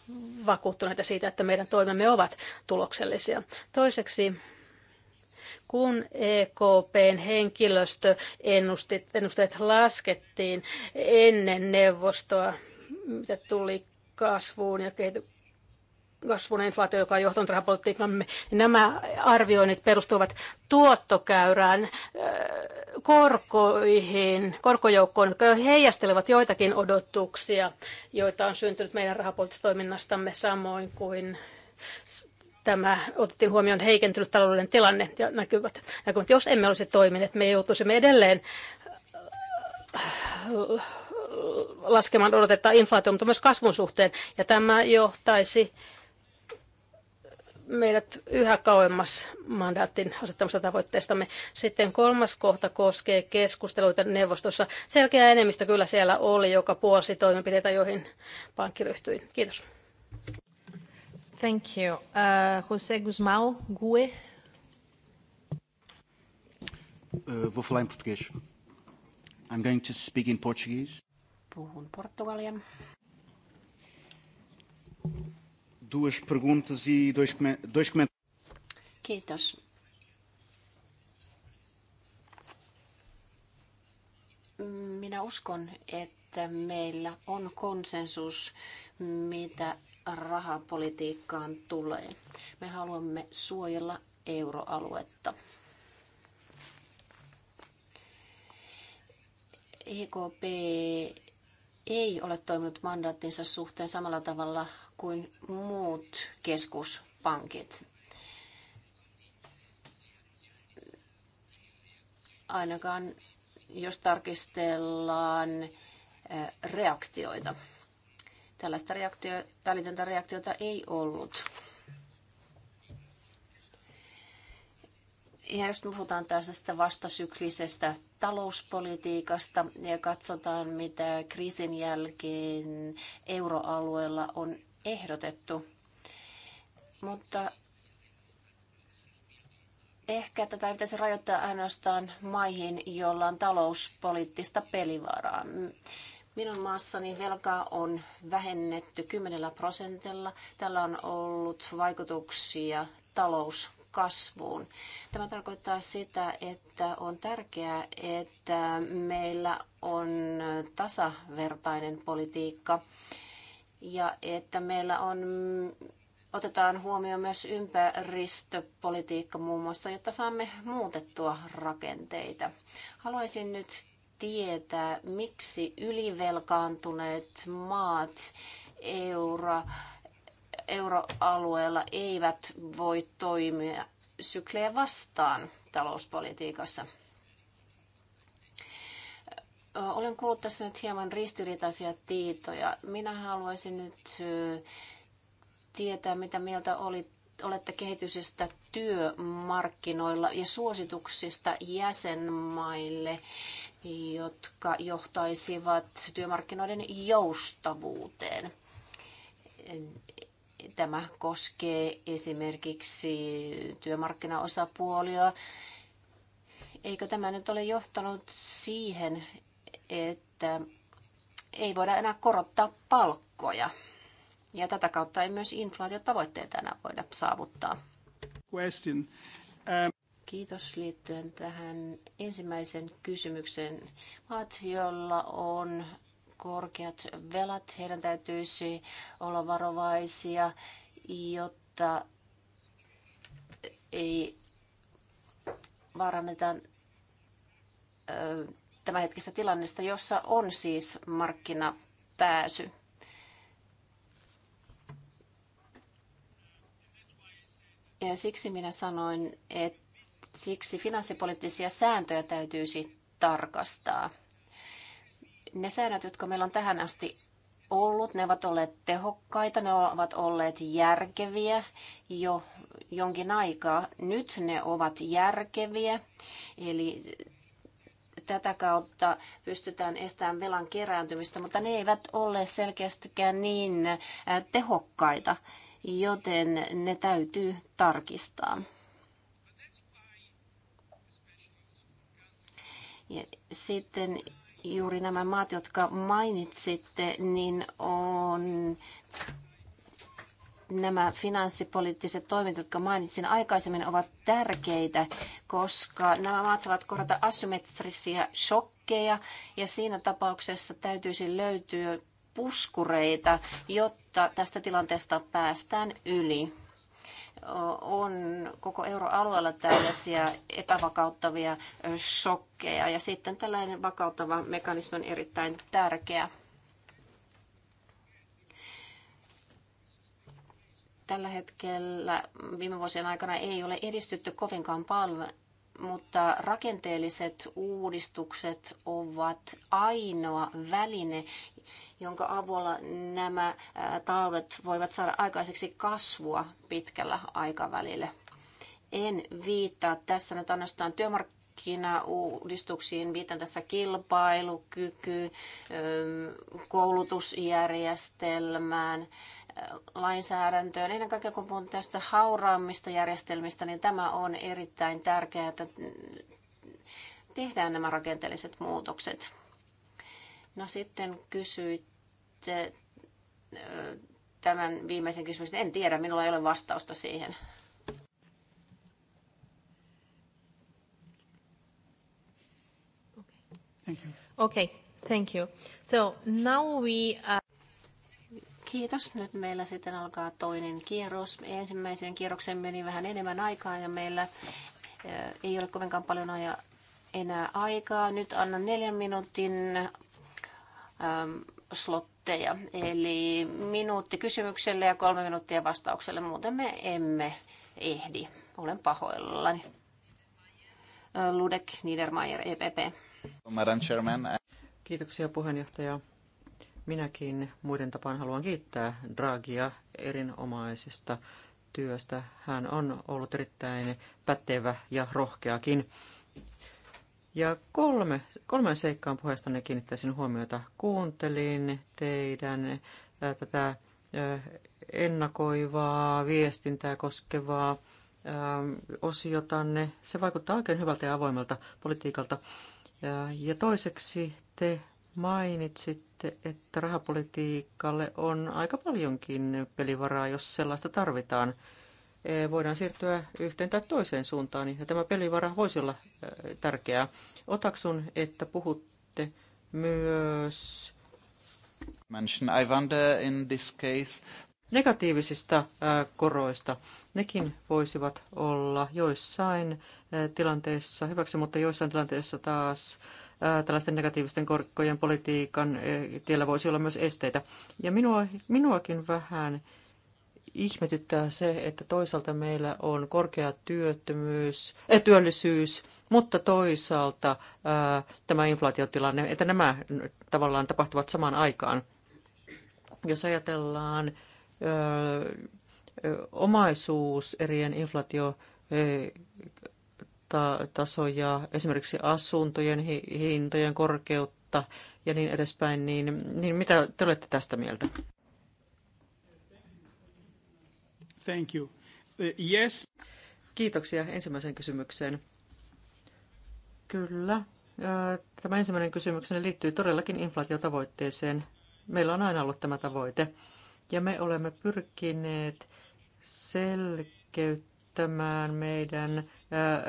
Speaker 2: vakuuttuneita siitä, että meidän toimemme ovat tuloksellisia. Toiseksi, kun EKPn henkilöstöennusteet laskettiin ennen neuvostoa mitä tuli kasvuun ja kehity- kasvun inflaatio, joka on johtanut rahapolitiikkamme, niin nämä arvioinnit perustuvat tuottokäyrään, äh, korkoihin, korkojoukkoon, jotka heijastelevat joitakin odotuksia, joita on syntynyt meidän rahapoliittisesta toiminnastamme samoin kuin tämä otettiin huomioon heikentynyt taloudellinen tilanne ja näkyvät, näkyvät. Jos emme olisi toimineet, me joutuisimme edelleen äh, laskemaan odotetta inflaatio, mutta myös kasvun suhteen. Ja tämä johtaisi meidät yhä kauemmas mandaatin asettamista tavoitteestamme. Sitten kolmas kohta koskee keskusteluita neuvostossa. Selkeä enemmistö kyllä siellä oli, joka puolsi toimenpiteitä, joihin pankki ryhtyi. Kiitos. Thank you. Uh, José Guzmão, GUE.
Speaker 3: Uh, vou falar em português. I'm going to speak in Portuguese
Speaker 1: puhun portugalia.
Speaker 3: Duas perguntas e dois, comentários.
Speaker 1: Kiitos. Minä uskon, että meillä on konsensus, mitä rahapolitiikkaan tulee. Me haluamme suojella euroaluetta. EKP ei ole toiminut mandaattinsa suhteen samalla tavalla kuin muut keskuspankit. Ainakaan jos tarkistellaan reaktioita. Tällaista reaktio, välitöntä reaktiota ei ollut. Ja jos me puhutaan tästä vastasyklisestä talouspolitiikasta ja katsotaan, mitä kriisin jälkeen euroalueella on ehdotettu. Mutta ehkä tätä pitäisi rajoittaa ainoastaan maihin, joilla on talouspoliittista pelivaraa. Minun maassani velkaa on vähennetty 10 prosentilla. Tällä on ollut vaikutuksia talous kasvuun. Tämä tarkoittaa sitä, että on tärkeää, että meillä on tasavertainen politiikka ja että meillä on otetaan huomioon myös ympäristöpolitiikka muun muassa, jotta saamme muutettua rakenteita. Haluaisin nyt tietää, miksi ylivelkaantuneet maat, euro, euroalueella eivät voi toimia syklejä vastaan talouspolitiikassa. Olen kuullut tässä nyt hieman ristiriitaisia tietoja. Minä haluaisin nyt tietää, mitä mieltä olit, olette kehityksestä työmarkkinoilla ja suosituksista jäsenmaille, jotka johtaisivat työmarkkinoiden joustavuuteen Tämä koskee esimerkiksi työmarkkinaosapuolia. Eikö tämä nyt ole johtanut siihen, että ei voida enää korottaa palkkoja? Ja tätä kautta ei myös inflaatiotavoitteita enää voida saavuttaa. Question. Kiitos liittyen tähän ensimmäisen kysymyksen. Maat, joilla on korkeat velat. Heidän täytyisi olla varovaisia, jotta ei varannetaan tämänhetkistä tilannesta, jossa on siis markkinapääsy. Ja siksi minä sanoin, että siksi finanssipoliittisia sääntöjä täytyisi tarkastaa. Ne säännöt, jotka meillä on tähän asti ollut, ne ovat olleet tehokkaita, ne ovat olleet järkeviä jo jonkin aikaa. Nyt ne ovat järkeviä, eli tätä kautta pystytään estämään velan kerääntymistä, mutta ne eivät ole selkeästikään niin äh, tehokkaita, joten ne täytyy tarkistaa. Ja sitten juuri nämä maat, jotka mainitsitte, niin on nämä finanssipoliittiset toimet, jotka mainitsin aikaisemmin, ovat tärkeitä, koska nämä maat saavat korota asymmetrisiä shokkeja ja siinä tapauksessa täytyisi löytyä puskureita, jotta tästä tilanteesta päästään yli on koko euroalueella tällaisia epävakauttavia shokkeja ja sitten tällainen vakauttava mekanismi on erittäin tärkeä. Tällä hetkellä viime vuosien aikana ei ole edistytty kovinkaan paljon mutta rakenteelliset uudistukset ovat ainoa väline, jonka avulla nämä taloudet voivat saada aikaiseksi kasvua pitkällä aikavälillä. En viittaa tässä nyt ainoastaan työmarkkinauudistuksiin, viitan tässä kilpailukykyyn, koulutusjärjestelmään, lainsäädäntöön. Ennen kaikkea kun puhun tästä hauraammista järjestelmistä, niin tämä on erittäin tärkeää, että tehdään nämä rakenteelliset muutokset. No sitten kysyitte tämän viimeisen kysymyksen. En tiedä, minulla ei ole vastausta siihen. Okei, okay. thank you. So now we are... Uh, Kiitos. Nyt meillä sitten alkaa toinen kierros. Ensimmäiseen kierrokseen meni vähän enemmän aikaa ja meillä eh, ei ole kovinkaan paljon aja, enää aikaa. Nyt annan neljän minuutin ähm, slotteja, eli minuutti kysymykselle ja kolme minuuttia vastaukselle. Muuten me emme ehdi. Olen pahoillani. Ludek Niedermayer, EPP.
Speaker 4: Madam Chairman. Kiitoksia puheenjohtaja. Minäkin muiden tapaan haluan kiittää Dragia erinomaisesta työstä. Hän on ollut erittäin pätevä ja rohkeakin. Ja kolme, kolmeen seikkaan puheestanne kiinnittäisin huomiota. Kuuntelin teidän ää, äh, tätä ää, äh, ennakoivaa viestintää koskevaa ää, äh, osiotanne. Se vaikuttaa oikein hyvältä ja avoimelta politiikalta. ja toiseksi te Mainitsitte, että rahapolitiikalle on aika paljonkin pelivaraa, jos sellaista tarvitaan. E, voidaan siirtyä yhteen tai toiseen suuntaan, ja tämä pelivara voisi olla e, tärkeää. Otaksun, että puhutte myös in this case negatiivisista e, koroista. Nekin voisivat olla joissain tilanteissa hyväksi, mutta joissain tilanteissa taas tällaisten negatiivisten korkojen politiikan tiellä voisi olla myös esteitä. Ja minua, minuakin vähän ihmetyttää se, että toisaalta meillä on korkea työttömyys, äh, työllisyys, mutta toisaalta äh, tämä inflaatiotilanne, että nämä tavallaan tapahtuvat samaan aikaan. Jos ajatellaan äh, omaisuuserien inflaatio ta- tasoja, esimerkiksi asuntojen hintojen korkeutta ja niin edespäin, niin, niin mitä te olette tästä mieltä? Thank you. Uh, yes. Kiitoksia ensimmäiseen kysymykseen. Kyllä. Tämä ensimmäinen kysymykseni liittyy todellakin inflaatiotavoitteeseen. Meillä on aina ollut tämä tavoite. Ja me olemme pyrkineet selkeyttämään meidän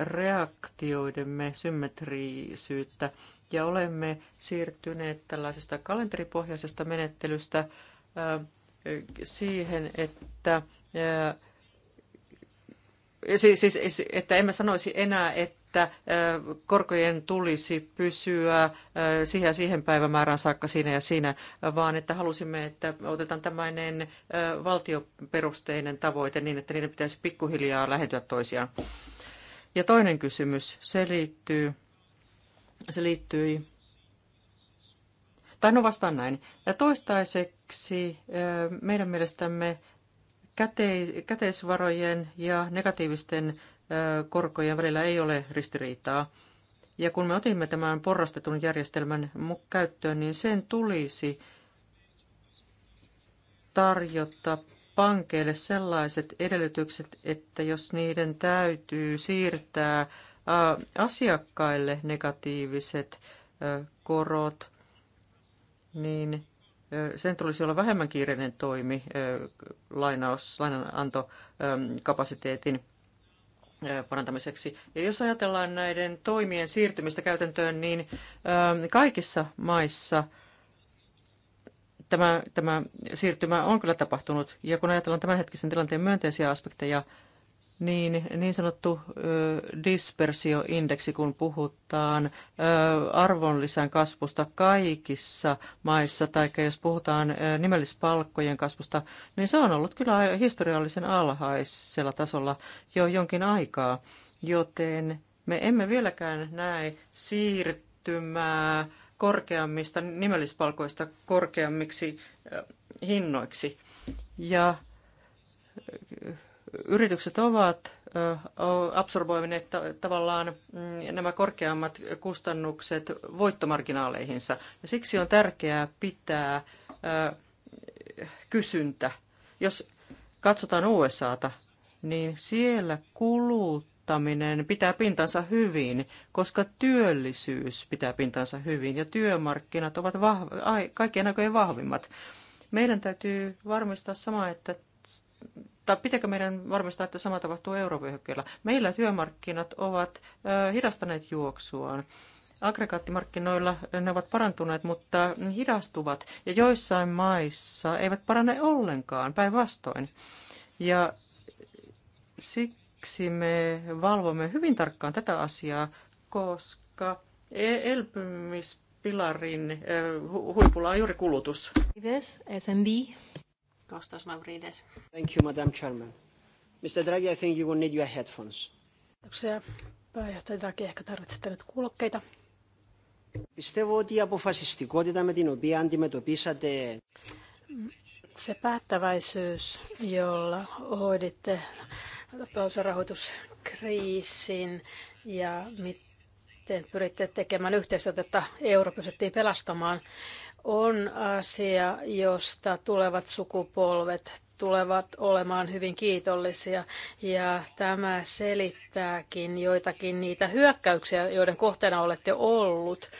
Speaker 4: reaktioidemme symmetriisyyttä ja olemme siirtyneet tällaisesta kalenteripohjaisesta menettelystä siihen, että Siis, siis, että emme sanoisi enää, että korkojen tulisi pysyä siihen ja siihen päivämäärään saakka siinä ja siinä, vaan että halusimme, että otetaan tämmöinen valtioperusteinen tavoite niin, että niiden pitäisi pikkuhiljaa lähentyä toisiaan. Ja toinen kysymys, se liittyy, se liittyi, tai no vastaan näin. Ja toistaiseksi meidän mielestämme käteisvarojen ja negatiivisten korkojen välillä ei ole ristiriitaa. Ja kun me otimme tämän porrastetun järjestelmän käyttöön, niin sen tulisi tarjota pankeille sellaiset edellytykset, että jos niiden täytyy siirtää asiakkaille negatiiviset korot, niin sen tulisi olla vähemmän kiireinen toimi lainaus, lainanantokapasiteetin parantamiseksi. Ja jos ajatellaan näiden toimien siirtymistä käytäntöön, niin kaikissa maissa – tämä, tämä siirtymä on kyllä tapahtunut. Ja kun ajatellaan tämänhetkisen tilanteen myönteisiä aspekteja, niin, niin sanottu ö, dispersioindeksi, kun puhutaan ö, arvonlisän kasvusta kaikissa maissa, tai jos puhutaan ö, nimellispalkkojen kasvusta, niin se on ollut kyllä historiallisen alhaisella tasolla jo jonkin aikaa. Joten me emme vieläkään näe siirtymää korkeammista nimellispalkoista korkeammiksi hinnoiksi. Ja yritykset ovat absorboineet tavallaan mm, nämä korkeammat kustannukset voittomarginaaleihinsa. Ja siksi on tärkeää pitää kysyntä. Jos katsotaan USAta, niin siellä kulut muuttaminen pitää pintansa hyvin, koska työllisyys pitää pintansa hyvin ja työmarkkinat ovat vahv- ai, kaikkien aikojen vahvimmat. Meidän täytyy varmistaa sama, että tai pitääkö meidän varmistaa, että sama tapahtuu eurovyöhykkeellä? Meillä työmarkkinat ovat ö, hidastaneet juoksuaan. Aggregaattimarkkinoilla ne ovat parantuneet, mutta hidastuvat ja joissain maissa eivät parane ollenkaan, päinvastoin. Ja sit, Siksi me valvomme hyvin tarkkaan tätä asiaa, koska elpymispilarin huipulla on juuri kulutus.
Speaker 2: Kiitos, SMB. Kostas Mavrides.
Speaker 4: Thank you, Madam Chairman. Mr. Draghi, I think you will need your headphones.
Speaker 2: Kiitoksia. Pääjohtaja Draghi, ehkä tarvitsette nyt kuulokkeita.
Speaker 1: Πιστεύω ότι η αποφασιστικότητα με την οποία αντιμετωπίσατε
Speaker 2: se päättäväisyys, jolla hoiditte rahoituskriisin ja miten pyritte tekemään yhteistyötä, että euro pystyttiin pelastamaan, on asia, josta tulevat sukupolvet tulevat olemaan hyvin kiitollisia. Ja tämä selittääkin joitakin niitä hyökkäyksiä, joiden kohteena olette ollut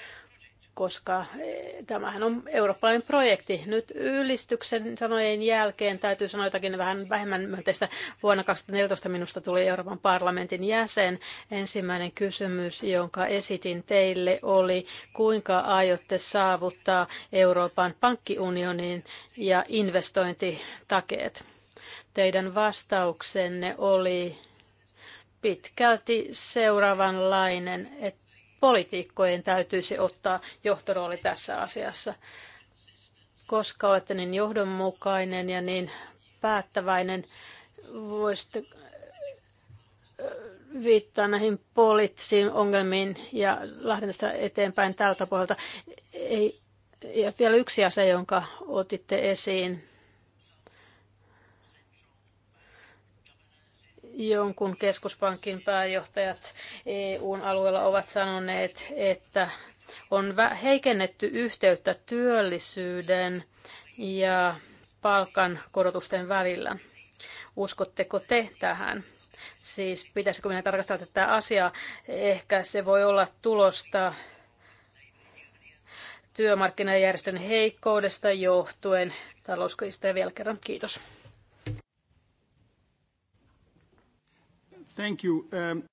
Speaker 2: koska eh, tämähän on eurooppalainen projekti. Nyt ylistyksen sanojen jälkeen täytyy sanoa jotakin vähän vähemmän myönteistä. Vuonna 2014 minusta tuli Euroopan parlamentin jäsen. Ensimmäinen kysymys, jonka esitin teille, oli kuinka aiotte saavuttaa Euroopan pankkiunionin ja investointitakeet. Teidän vastauksenne oli pitkälti seuraavanlainen, että poliitikkojen täytyisi ottaa johtorooli tässä asiassa. Koska olette niin johdonmukainen ja niin päättäväinen, voisitte viittaa näihin poliittisiin ongelmiin ja lähden tästä eteenpäin tältä puolelta. Ei, ja vielä yksi asia, jonka otitte esiin jonkun keskuspankin pääjohtajat EUn alueella ovat sanoneet, että on heikennetty yhteyttä työllisyyden ja palkankorotusten välillä. Uskotteko te tähän? Siis pitäisikö meidän tarkastella tätä asiaa? Ehkä se voi olla tulosta työmarkkinajärjestön heikkoudesta johtuen talouskriisistä vielä kerran kiitos.
Speaker 3: Thank you. Um...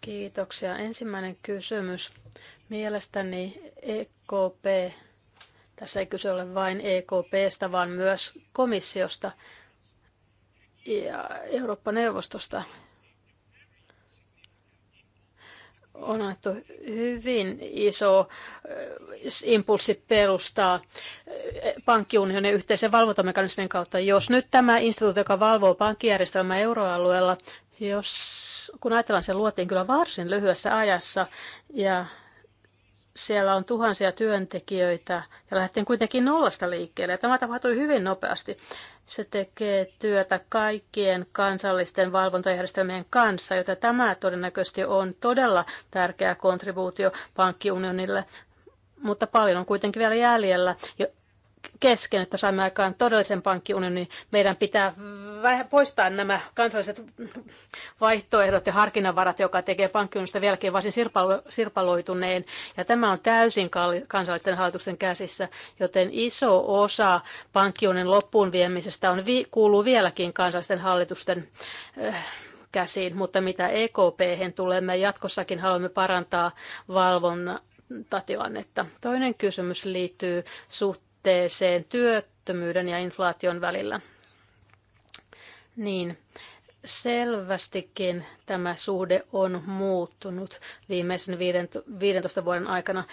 Speaker 3: Kiitoksia.
Speaker 2: Ensimmäinen kysymys. Mielestäni EKP, tässä ei kyse ole vain EKPstä, vaan myös komissiosta ja Eurooppa-neuvostosta on annettu hyvin iso äh, impulssi perustaa äh, pankkiunionin yhteisen valvontamekanismin kautta. Jos nyt tämä instituutio, joka valvoo pankkijärjestelmää euroalueella, jos, kun ajatellaan, se luotiin kyllä varsin lyhyessä ajassa ja siellä on tuhansia työntekijöitä ja lähdettiin kuitenkin nollasta liikkeelle. Tämä tapahtui hyvin nopeasti. Se tekee työtä kaikkien kansallisten valvontajärjestelmien kanssa, jota tämä todennäköisesti on todella tärkeä kontribuutio pankkiunionille. Mutta paljon on kuitenkin vielä jäljellä, kesken, että saimme aikaan todellisen pankkiunionin, niin meidän pitää poistaa nämä kansalliset vaihtoehdot ja harkinnanvarat, joka tekee pankkiunionista vieläkin varsin sirpaloituneen. Ja tämä on täysin kansallisten hallitusten käsissä, joten iso osa pankkiunin loppuun viemisestä on, kuuluu vieläkin kansallisten hallitusten eh, käsiin, mutta mitä EKP-hen tulee, me jatkossakin haluamme parantaa valvonnan tilannetta. Toinen kysymys liittyy suht suhteeseen työttömyyden ja inflaation välillä. Niin, selvästikin tämä suhde on muuttunut viimeisen 15 vuoden aikana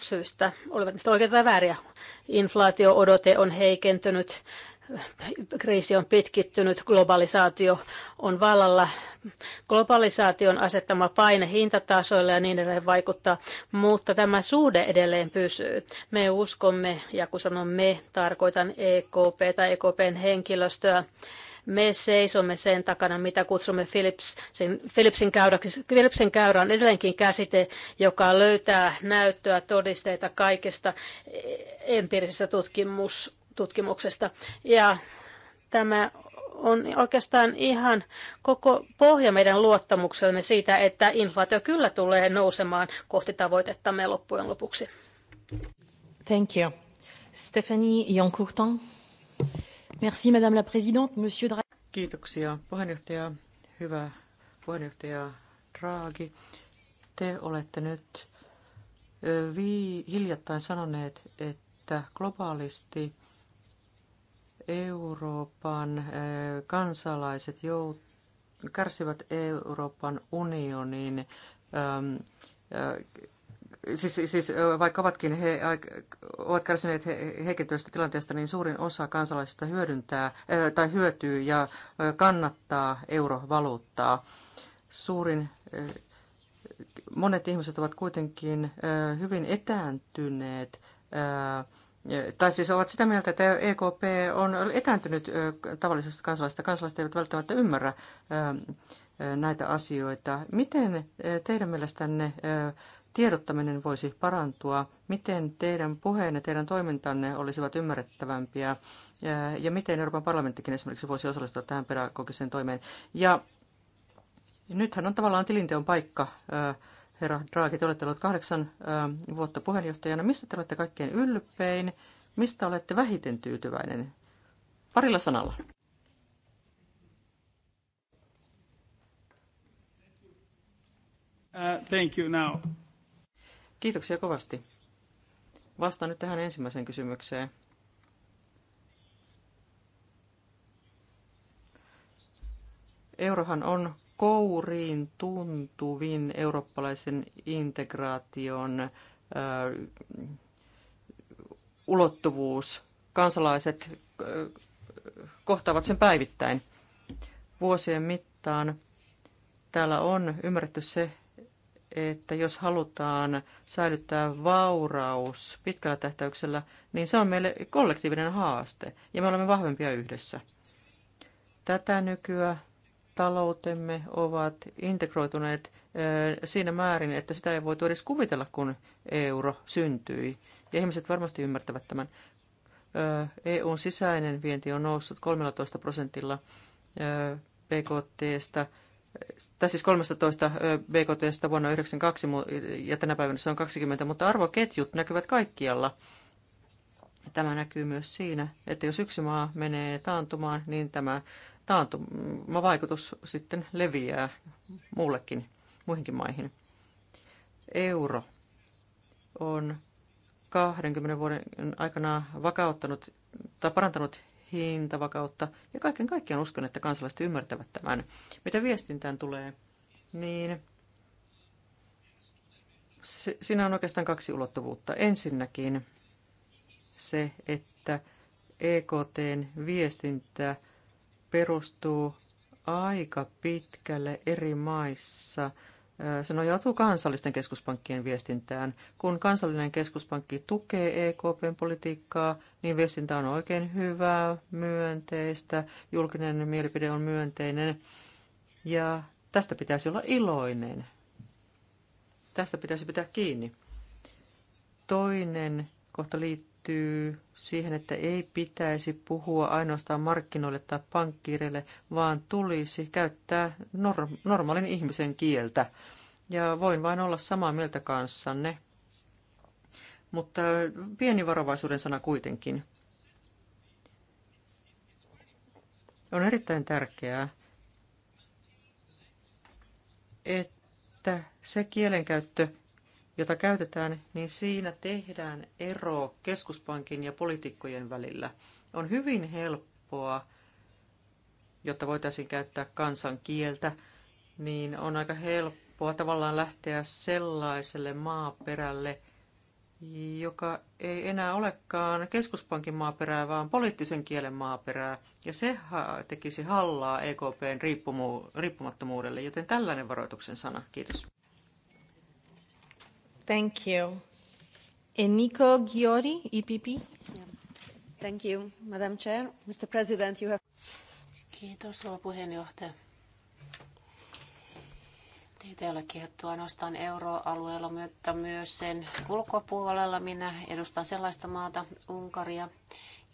Speaker 2: syystä. Olivat niistä oikeita tai vääriä. Inflaatio-odote on heikentynyt kriisi on pitkittynyt, globalisaatio on vallalla. Globalisaation asettama paine hintatasoille ja niin edelleen vaikuttaa, mutta tämä suhde edelleen pysyy. Me uskomme, ja kun sanon me, tarkoitan EKP tai EKPn henkilöstöä, me seisomme sen takana, mitä kutsumme Philipsin, Philipsin, käyräksi. Philipsin käyrä on edelleenkin käsite, joka löytää näyttöä, todisteita kaikesta e- empiirisestä tutkimus tutkimuksesta. Ja tämä on oikeastaan ihan koko pohja meidän luottamuksellemme siitä, että inflaatio kyllä tulee nousemaan kohti tavoitettamme loppujen lopuksi. Thank you.
Speaker 4: Stephanie Joncourton. Merci Madame la Présidente, Monsieur Draghi. Kiitoksia puheenjohtaja, hyvä puheenjohtaja Draghi. Te olette nyt vi- hiljattain sanoneet, että globaalisti Euroopan kansalaiset jout, kärsivät Euroopan unionin, äm, ä, siis, siis vaikka ovatkin he ovat kärsineet he, heikentyneestä tilanteesta, niin suurin osa kansalaisista hyödyntää ä, tai hyötyy ja kannattaa eurovaluuttaa. Suurin ä, Monet ihmiset ovat kuitenkin hyvin etääntyneet Ä, tai siis ovat sitä mieltä, että EKP on etääntynyt tavallisesta kansalaisesta. Kansalaiset eivät välttämättä ymmärrä näitä asioita. Miten teidän mielestänne tiedottaminen voisi parantua? Miten teidän puheenne, teidän toimintanne olisivat ymmärrettävämpiä? Ja miten Euroopan parlamenttikin esimerkiksi voisi osallistua tähän pedagogiseen toimeen? Ja nythän on tavallaan tilinteon paikka Herra Draghi, te olette ollut kahdeksan vuotta puheenjohtajana. Mistä te olette kaikkein ylpein? Mistä olette vähiten tyytyväinen? Parilla sanalla. Uh, thank you now. Kiitoksia kovasti. Vastaan nyt tähän ensimmäiseen kysymykseen. Eurohan on kouriin tuntuvin eurooppalaisen integraation ö, ulottuvuus. Kansalaiset ö, kohtaavat sen päivittäin. Vuosien mittaan täällä on ymmärretty se, että jos halutaan säilyttää vauraus pitkällä tähtäyksellä, niin se on meille kollektiivinen haaste ja me olemme vahvempia yhdessä. Tätä nykyä taloutemme ovat integroituneet siinä määrin, että sitä ei voitu edes kuvitella, kun euro syntyi. Ja ihmiset varmasti ymmärtävät tämän. EUn sisäinen vienti on noussut 13 prosentilla BKTstä, tai siis 13 BKTstä vuonna 1992 ja tänä päivänä se on 20, mutta arvoketjut näkyvät kaikkialla. Tämä näkyy myös siinä, että jos yksi maa menee taantumaan, niin tämä taantumavaikutus mm, sitten leviää muullekin, muihinkin maihin. Euro on 20 vuoden aikana vakauttanut tai parantanut hintavakautta. Ja kaiken kaikkiaan uskon, että kansalaiset ymmärtävät tämän. Mitä viestintään tulee, niin siinä on oikeastaan kaksi ulottuvuutta. Ensinnäkin se, että EKTn viestintä perustuu aika pitkälle eri maissa. Se nojautuu kansallisten keskuspankkien viestintään. Kun kansallinen keskuspankki tukee EKPn politiikkaa, niin viestintä on oikein hyvää, myönteistä, julkinen mielipide on myönteinen ja tästä pitäisi olla iloinen. Tästä pitäisi pitää kiinni. Toinen kohta liittyy liittyy siihen, että ei pitäisi puhua ainoastaan markkinoille tai pankkiireille, vaan tulisi käyttää norm- normaalin ihmisen kieltä. Ja voin vain olla samaa mieltä kanssanne. Mutta pieni varovaisuuden sana kuitenkin. On erittäin tärkeää, että se kielenkäyttö, jota käytetään, niin siinä tehdään ero keskuspankin ja poliitikkojen välillä. On hyvin helppoa, jotta voitaisiin käyttää kansan kieltä, niin on aika helppoa tavallaan lähteä sellaiselle maaperälle, joka ei enää olekaan keskuspankin maaperää, vaan poliittisen kielen maaperää. Ja se tekisi hallaa EKPn riippumattomuudelle, joten tällainen varoituksen sana. Kiitos.
Speaker 1: Thank you. Eniko Giori, EPP. Thank you, Madam Chair. Mr. President, you have... Kiitos, rouva puheenjohtaja. Teitä ei ole kehottu ainoastaan euroalueella, mutta myös sen ulkopuolella. Minä edustan sellaista maata, Unkaria,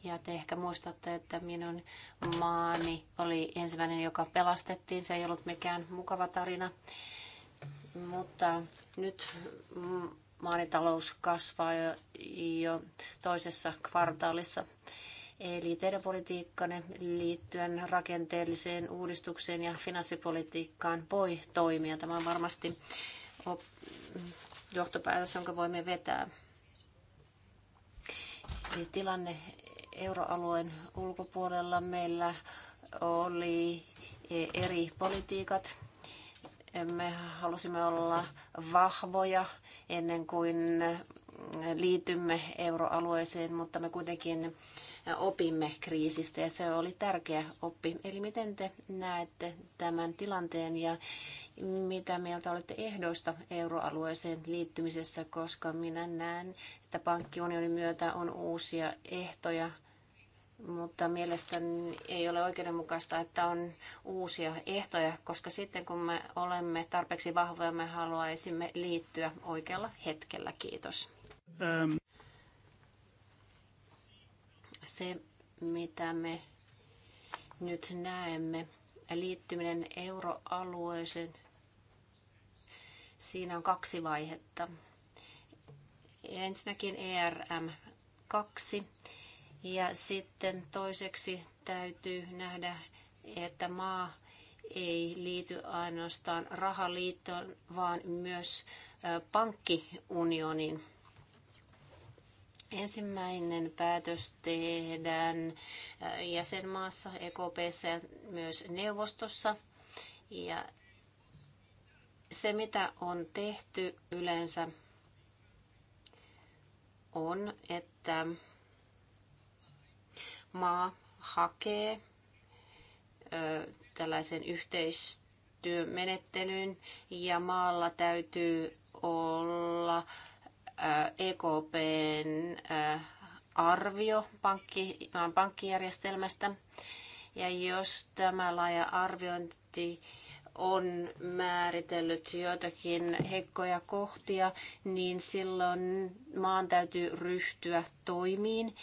Speaker 1: ja te ehkä muistatte, että minun maani oli ensimmäinen, joka pelastettiin. Se ei ollut mikään mukava tarina, mutta nyt maanitalous kasvaa jo, jo toisessa kvartaalissa. Eli teidän politiikkanne liittyen rakenteelliseen uudistukseen ja finanssipolitiikkaan voi toimia. Tämä on varmasti johtopäätös, jonka voimme vetää. Eli tilanne euroalueen ulkopuolella meillä oli e- eri politiikat me halusimme olla vahvoja ennen kuin liitymme euroalueeseen, mutta me kuitenkin opimme kriisistä ja se oli tärkeä oppi. Eli miten te näette tämän tilanteen ja mitä mieltä olette ehdoista euroalueeseen liittymisessä, koska minä näen, että pankkiunionin myötä on uusia ehtoja mutta mielestäni ei ole oikeudenmukaista, että on uusia ehtoja, koska sitten kun me olemme tarpeeksi vahvoja, me haluaisimme liittyä oikealla hetkellä. Kiitos. Ähm. Se, mitä me nyt näemme, liittyminen euroalueeseen, siinä on kaksi vaihetta. Ensinnäkin ERM 2 ja sitten toiseksi täytyy nähdä, että maa ei liity ainoastaan rahaliittoon, vaan myös pankkiunioniin. Ensimmäinen päätös tehdään jäsenmaassa, EKPssä ja myös neuvostossa. Ja se, mitä on tehty yleensä, on, että maa hakee tällaisen yhteistyömenettelyn ja maalla täytyy olla EKPn arvio pankki, maan pankkijärjestelmästä. Ja jos tämä laaja arviointi on määritellyt joitakin heikkoja kohtia, niin silloin maan täytyy ryhtyä toimiin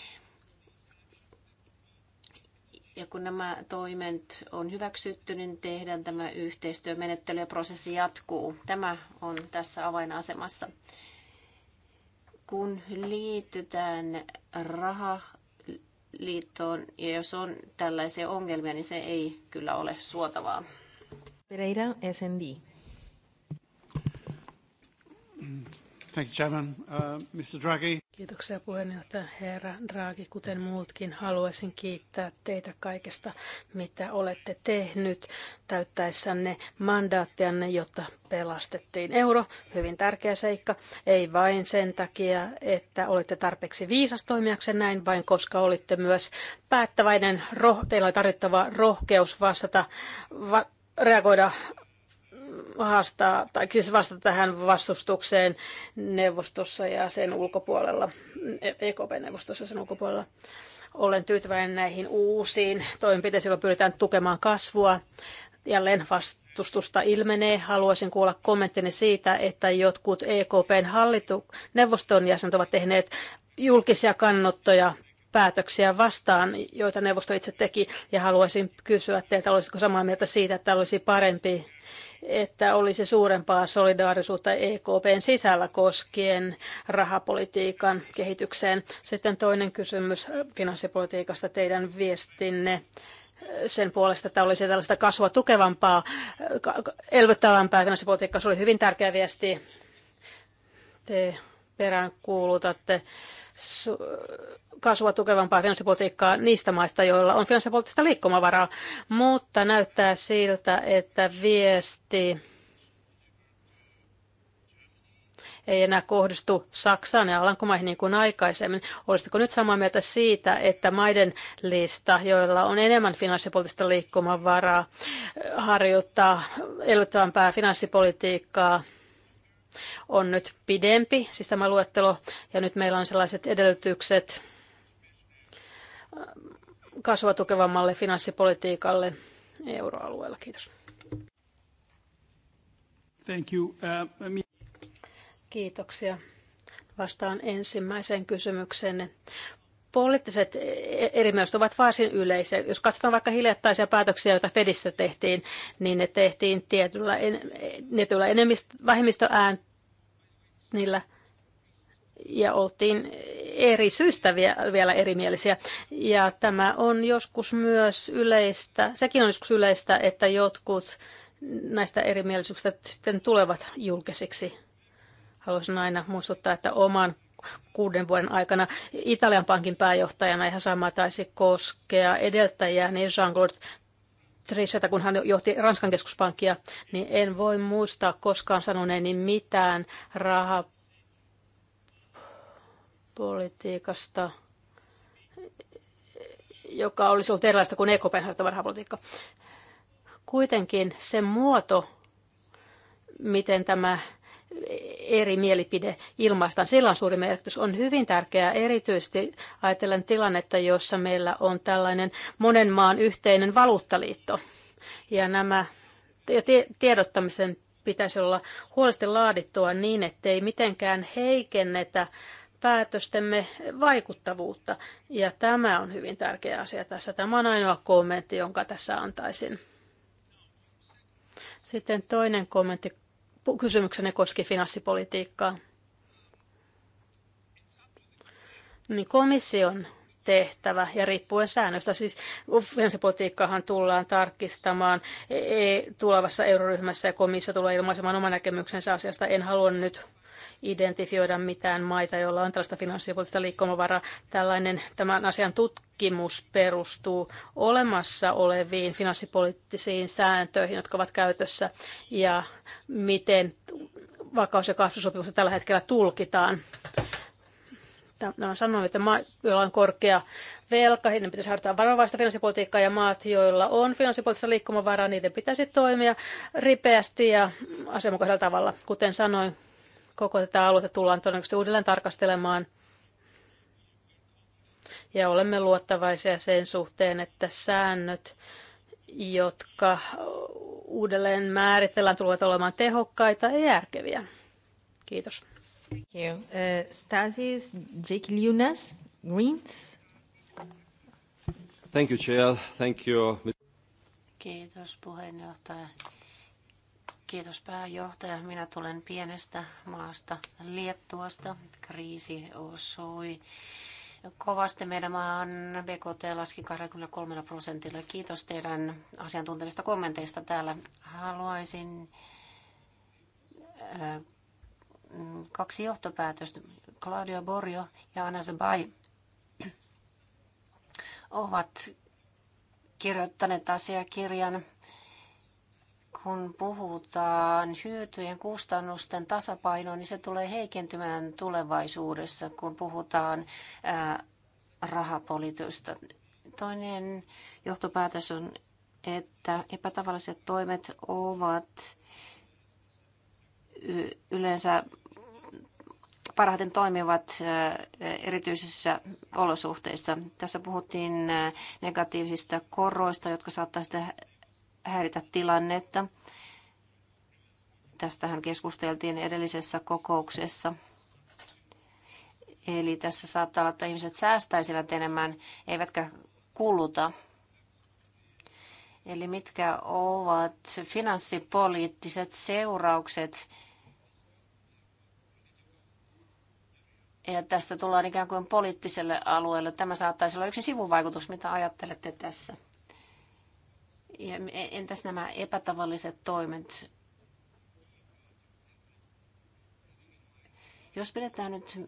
Speaker 1: ja kun nämä toimet on hyväksytty, niin tehdään tämä yhteistyömenettely ja prosessi jatkuu. Tämä on tässä avainasemassa. Kun liitytään rahaliittoon, ja jos on tällaisia ongelmia, niin se ei kyllä ole suotavaa.
Speaker 2: Pereira, SND.
Speaker 3: Thank you, Chairman. Uh, Mr. Draghi.
Speaker 2: Kiitoksia puheenjohtaja herra Draghi. Kuten muutkin, haluaisin kiittää teitä kaikesta, mitä olette tehnyt täyttäessänne mandaattianne, jotta pelastettiin euro. Hyvin tärkeä seikka. Ei vain sen takia, että olette tarpeeksi viisas toimijaksi näin, vaan koska olitte myös päättäväinen, teillä oli tarvittava rohkeus vastata, va- reagoida haastaa, tai siis vastata tähän vastustukseen neuvostossa ja sen ulkopuolella, EKP-neuvostossa sen ulkopuolella. Olen tyytyväinen näihin uusiin toimenpiteisiin, joilla pyritään tukemaan kasvua. Jälleen vastustusta ilmenee. Haluaisin kuulla kommenttini siitä, että jotkut EKPn hallitu- neuvoston jäsenet ovat tehneet julkisia kannottoja päätöksiä vastaan, joita neuvosto itse teki, ja haluaisin kysyä teiltä, olisiko samaa mieltä siitä, että olisi parempi, että olisi suurempaa solidaarisuutta EKPn sisällä koskien rahapolitiikan kehitykseen. Sitten toinen kysymys finanssipolitiikasta, teidän viestinne sen puolesta, että olisi tällaista kasvua tukevampaa, elvyttävämpää finanssipolitiikkaa. Se oli hyvin tärkeä viesti. Te peräänkuulutatte kasvua tukevampaa finanssipolitiikkaa niistä maista, joilla on finanssipoliittista liikkumavaraa, mutta näyttää siltä, että viesti ei enää kohdistu Saksaan ja Alankomaihin niin kuin aikaisemmin. Olisitko nyt samaa mieltä siitä, että maiden lista, joilla on enemmän finanssipoliittista liikkumavaraa, harjoittaa elvyttävämpää finanssipolitiikkaa, on nyt pidempi, siis tämä luettelo, ja nyt meillä on sellaiset edellytykset, kasvua tukevammalle finanssipolitiikalle euroalueella. Kiitos.
Speaker 3: Thank you. Uh, me...
Speaker 2: Kiitoksia. Vastaan ensimmäiseen kysymykseen. Poliittiset e- erimielisyydet ovat varsin yleisiä. Jos katsotaan vaikka hiljattaisia päätöksiä, joita Fedissä tehtiin, niin ne tehtiin tietyllä, en, tietyllä enemmistö, vähemmistöään niillä – ja oltiin eri syistä vielä erimielisiä. Ja tämä on joskus myös yleistä, sekin on joskus yleistä, että jotkut näistä erimielisyyksistä sitten tulevat julkisiksi. Haluaisin aina muistuttaa, että oman kuuden vuoden aikana Italian pankin pääjohtajana ihan sama taisi koskea edeltäjää, niin Jean-Claude kun hän johti Ranskan keskuspankkia, niin en voi muistaa koskaan sanoneeni mitään rahaa politiikasta, joka olisi ollut erilaista kuin EKPn harjoittava rahapolitiikka. Kuitenkin se muoto, miten tämä eri mielipide ilmaistaan. Sillä on suuri merkitys. On hyvin tärkeää erityisesti ajatellen tilannetta, jossa meillä on tällainen monen maan yhteinen valuuttaliitto. Ja nämä ja tiedottamisen pitäisi olla huolesti laadittua niin, ettei mitenkään heikennetä päätöstemme vaikuttavuutta. Ja tämä on hyvin tärkeä asia tässä. Tämä on ainoa kommentti, jonka tässä antaisin. Sitten toinen kommentti. Kysymyksenne koski finanssipolitiikkaa. Niin komission tehtävä ja riippuen säännöstä. Siis finanssipolitiikkaahan tullaan tarkistamaan e- e- tulevassa euroryhmässä ja komissio tulee ilmaisemaan oman näkemyksensä asiasta. En halua nyt identifioida mitään maita, joilla on tällaista finanssipoliittista liikkumavaraa. Tällainen tämän asian tutkimus perustuu olemassa oleviin finanssipoliittisiin sääntöihin, jotka ovat käytössä, ja miten vakaus- ja kasvusopimusta tällä hetkellä tulkitaan nämä sanoivat, että maat, joilla on korkea velka, niiden pitäisi harjoittaa varovaista finanssipolitiikkaa ja maat, joilla on finanssipoliittista liikkumavaraa, niiden pitäisi toimia ripeästi ja asianmukaisella tavalla. Kuten sanoin, Koko tätä aluetta tullaan todennäköisesti uudelleen tarkastelemaan. Ja olemme luottavaisia sen suhteen, että säännöt, jotka uudelleen määritellään, tulevat olemaan tehokkaita ja järkeviä. Kiitos. Thank you. Uh, Stasis, Jake Lunas, Greens.
Speaker 1: Thank you, Chair. Thank you. Kiitos puheenjohtaja. Kiitos pääjohtaja. Minä tulen pienestä maasta Liettuasta. Kriisi osui kovasti. Meidän maan BKT laski 23 prosentilla. Kiitos teidän asiantuntevista kommenteista täällä. Haluaisin äh, kaksi johtopäätöstä. Claudio Borjo ja Anna Zabai ovat kirjoittaneet asiakirjan kun puhutaan hyötyjen kustannusten tasapainoon, niin se tulee heikentymään tulevaisuudessa, kun puhutaan rahapolitiikasta. Toinen johtopäätös on, että epätavalliset toimet ovat yleensä parhaiten toimivat erityisissä olosuhteissa. Tässä puhuttiin negatiivisista koroista, jotka saattaisivat häiritä tilannetta. Tästähän keskusteltiin edellisessä kokouksessa. Eli tässä saattaa olla, että ihmiset säästäisivät enemmän, eivätkä kuluta. Eli mitkä ovat finanssipoliittiset seuraukset? Ja tästä tullaan ikään kuin poliittiselle alueelle. Tämä saattaisi olla yksi sivuvaikutus, mitä ajattelette tässä. Ja entäs nämä epätavalliset toimet? Jos pidetään nyt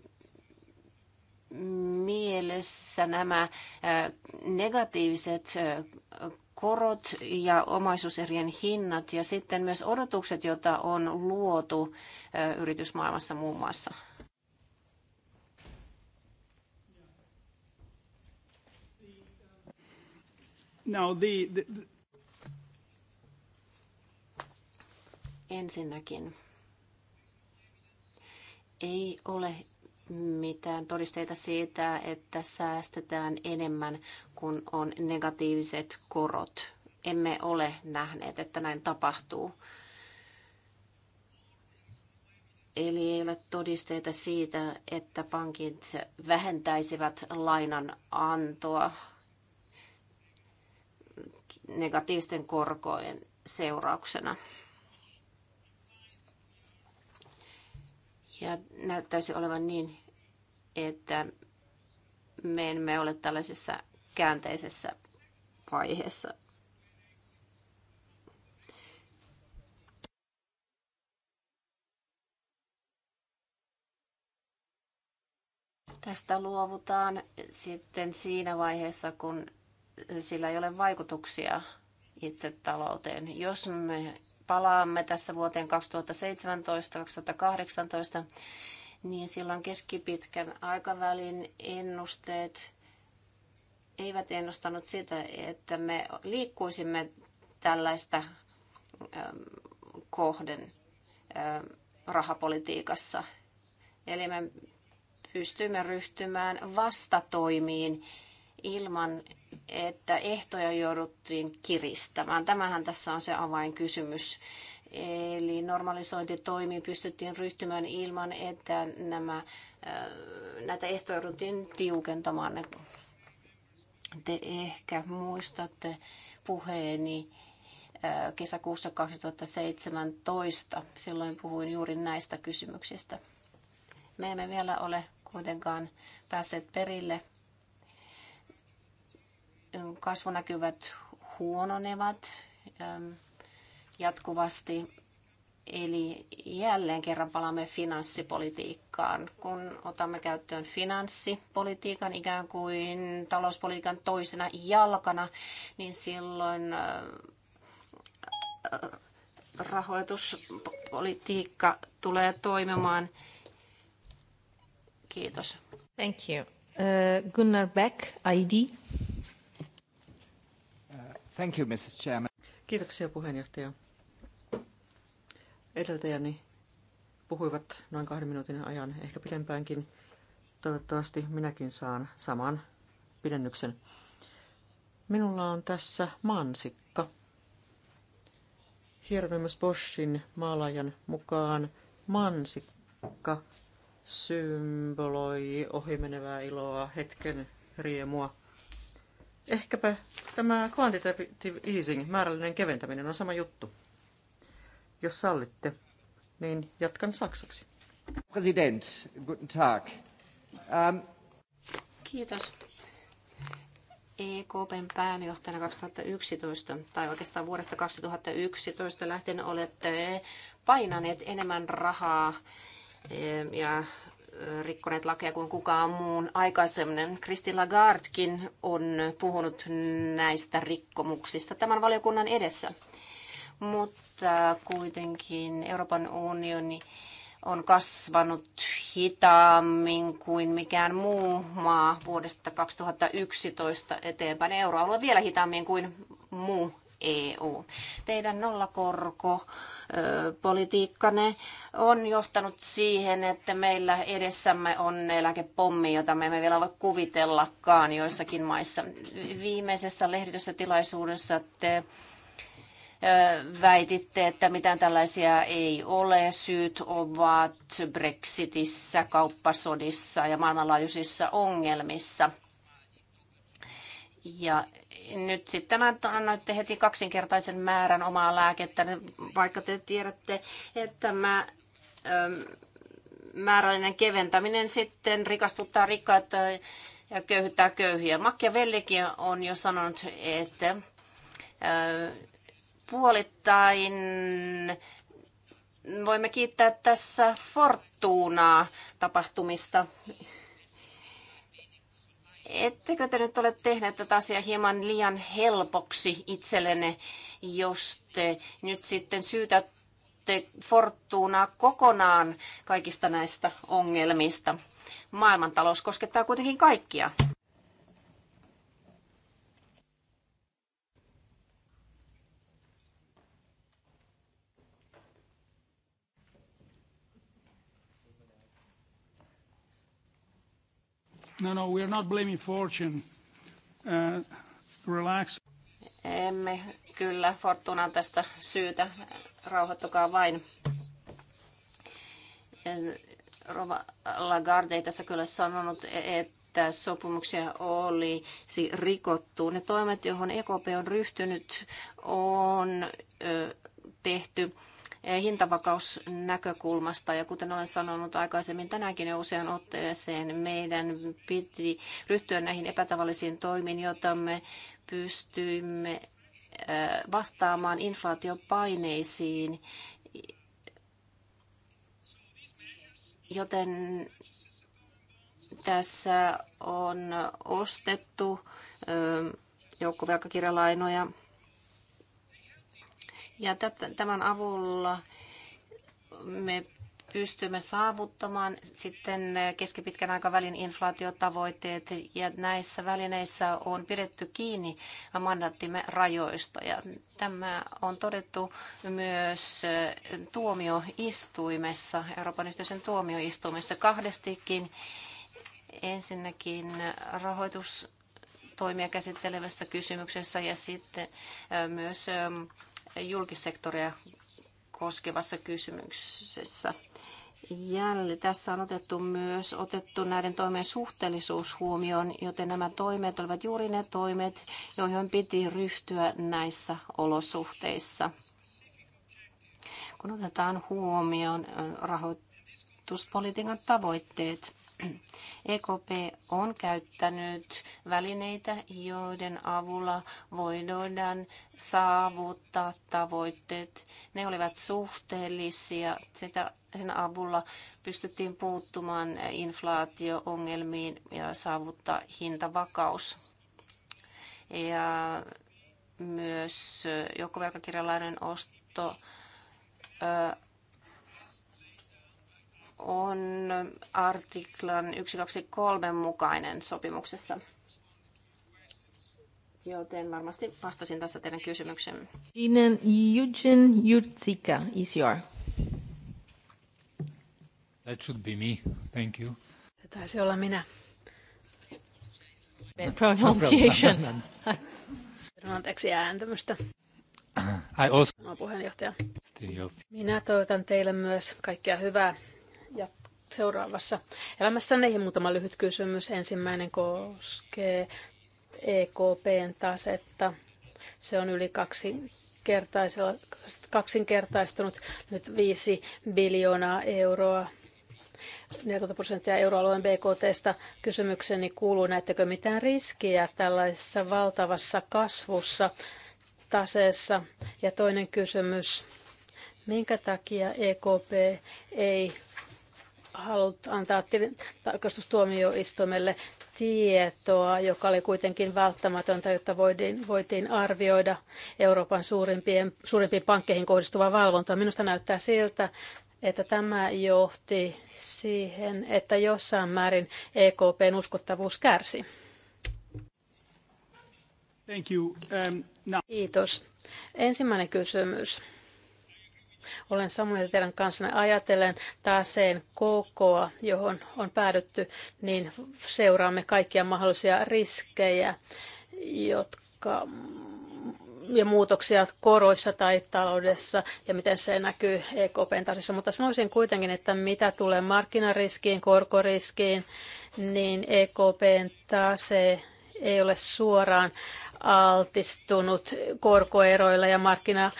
Speaker 1: mielessä nämä negatiiviset korot ja omaisuuserien hinnat ja sitten myös odotukset, joita on luotu yritysmaailmassa muun muassa? Now the, the, Ensinnäkin ei ole mitään todisteita siitä, että säästetään enemmän kuin on negatiiviset korot. Emme ole nähneet, että näin tapahtuu. Eli ei ole todisteita siitä, että pankit vähentäisivät lainan antoa negatiivisten korkojen seurauksena. Ja näyttäisi olevan niin, että me emme ole tällaisessa käänteisessä vaiheessa. Tästä luovutaan sitten siinä vaiheessa, kun sillä ei ole vaikutuksia itse talouteen. Jos me palaamme tässä vuoteen 2017-2018, niin silloin keskipitkän aikavälin ennusteet eivät ennustanut sitä, että me liikkuisimme tällaista ähm, kohden ähm, rahapolitiikassa. Eli me pystymme ryhtymään vastatoimiin ilman, että ehtoja jouduttiin kiristämään. Tämähän tässä on se avainkysymys. Eli normalisointitoimiin pystyttiin ryhtymään ilman, että nämä, äh, näitä ehtoja jouduttiin tiukentamaan. Te ehkä muistatte puheeni äh, kesäkuussa 2017. Silloin puhuin juuri näistä kysymyksistä. Me emme vielä ole kuitenkaan päässeet perille kasvunäkyvät huononevat jatkuvasti. Eli jälleen kerran palaamme finanssipolitiikkaan, kun otamme käyttöön finanssipolitiikan ikään kuin talouspolitiikan toisena jalkana, niin silloin rahoituspolitiikka tulee toimimaan. Kiitos. Thank you. Uh, Gunnar
Speaker 4: Beck, ID. Thank you, Mrs. Chairman. Kiitoksia puheenjohtaja. Edeltäjäni puhuivat noin kahden minuutin ajan, ehkä pidempäänkin. Toivottavasti minäkin saan saman pidennyksen. Minulla on tässä mansikka. Hieronymus Boschin maalajan mukaan mansikka symboloi ohimenevää iloa, hetken riemua – Ehkäpä tämä quantitative easing, määrällinen keventäminen, on sama juttu. Jos sallitte, niin jatkan saksaksi. President, guten Tag. Um... Kiitos.
Speaker 1: EKPn pääjohtajana 2011, tai oikeastaan vuodesta 2011 lähtien olette painaneet enemmän rahaa ja rikkoneet lakeja kuin kukaan muun aikaisemmin. Kristi Lagardkin on puhunut näistä rikkomuksista tämän valiokunnan edessä. Mutta kuitenkin Euroopan unioni on kasvanut hitaammin kuin mikään muu maa vuodesta 2011 eteenpäin. Euroalue vielä hitaammin kuin muu EU. Teidän nollakorko politiikkane on johtanut siihen, että meillä edessämme on eläkepommi, jota me emme vielä voi kuvitellakaan joissakin maissa. Viimeisessä tilaisuudessa te väititte, että mitään tällaisia ei ole. Syyt ovat Brexitissä, kauppasodissa ja maailmanlaajuisissa ongelmissa. Ja nyt sitten annoitte heti kaksinkertaisen määrän omaa lääkettä, vaikka te tiedätte, että mä ähm, määrällinen keventäminen sitten rikastuttaa rikkaat ja köyhyttää köyhiä. Machiavellikin on jo sanonut, että äh, puolittain voimme kiittää tässä Fortunaa tapahtumista Ettekö te nyt ole tehneet tätä asiaa hieman liian helpoksi itsellenne, jos te nyt sitten syytätte Fortunaa kokonaan kaikista näistä ongelmista? Maailmantalous koskettaa kuitenkin kaikkia.
Speaker 3: No, no, we are not blaming fortune. Uh, relax.
Speaker 1: Emme kyllä Fortuna tästä syytä. Rauhoittukaa vain. Rova Lagarde ei tässä kyllä sanonut, että sopimuksia olisi rikottu. Ne toimet, johon EKP on ryhtynyt, on tehty Eh, hintavakausnäkökulmasta. Ja kuten olen sanonut aikaisemmin tänäänkin jo usean otteeseen, meidän piti ryhtyä näihin epätavallisiin toimiin, jotta me pystyimme eh, vastaamaan inflaatiopaineisiin. Joten tässä on ostettu eh, joukkovelkakirjalainoja ja tämän avulla me pystymme saavuttamaan sitten keskipitkän aikavälin inflaatiotavoitteet ja näissä välineissä on pidetty kiinni mandaattimme rajoista. Ja tämä on todettu myös tuomioistuimessa, Euroopan yhteisen tuomioistuimessa kahdestikin. Ensinnäkin rahoitustoimia käsittelevässä kysymyksessä ja sitten myös julkissektoria koskevassa kysymyksessä. Jälleen tässä on otettu myös otettu näiden toimeen suhteellisuus huomioon, joten nämä toimet olivat juuri ne toimet, joihin piti ryhtyä näissä olosuhteissa. Kun otetaan huomioon äh, rahoituspolitiikan tavoitteet, EKP on käyttänyt välineitä, joiden avulla voidaan saavuttaa tavoitteet. Ne olivat suhteellisia. Sitä, sen avulla pystyttiin puuttumaan inflaatioongelmiin ja saavuttaa hintavakaus. Ja myös joukkovelkakirjalainen osto on artiklan 123 mukainen sopimuksessa. Joten varmasti vastasin tässä teidän kysymykseen. Jinen
Speaker 2: Eugen Jutsika is your.
Speaker 3: That should be me. Thank you.
Speaker 2: Se taisi olla minä.
Speaker 4: Pronunciation.
Speaker 2: No [LAUGHS] anteeksi ääntämystä. I also... Minä toivotan teille myös kaikkea hyvää ja seuraavassa elämässänne. Ja muutama lyhyt kysymys. Ensimmäinen koskee EKPn tasetta. Se on yli kaksi kaksinkertaistunut nyt 5 biljoonaa euroa 40 prosenttia euroalueen BKTstä. Kysymykseni kuuluu, näettekö mitään riskiä tällaisessa valtavassa kasvussa taseessa? Ja toinen kysymys, minkä takia EKP ei halut antaa tarkastustuomioistuimelle tietoa, joka oli kuitenkin välttämätöntä, jotta voitiin, voitiin arvioida Euroopan suurimpien, suurimpiin pankkeihin kohdistuvaa valvontaa. Minusta näyttää siltä, että tämä johti siihen, että jossain määrin EKPn uskottavuus kärsi. Thank you. Um, no. Kiitos. Ensimmäinen kysymys. Olen samoin teidän kanssanne ajatellen taseen kokoa, johon on päädytty, niin seuraamme kaikkia mahdollisia riskejä, jotka ja muutoksia koroissa tai taloudessa ja miten se näkyy EKPn tasissa. Mutta sanoisin kuitenkin, että mitä tulee markkinariskiin, korkoriskiin, niin EKPn tase ei ole suoraan altistunut korkoeroilla ja markkina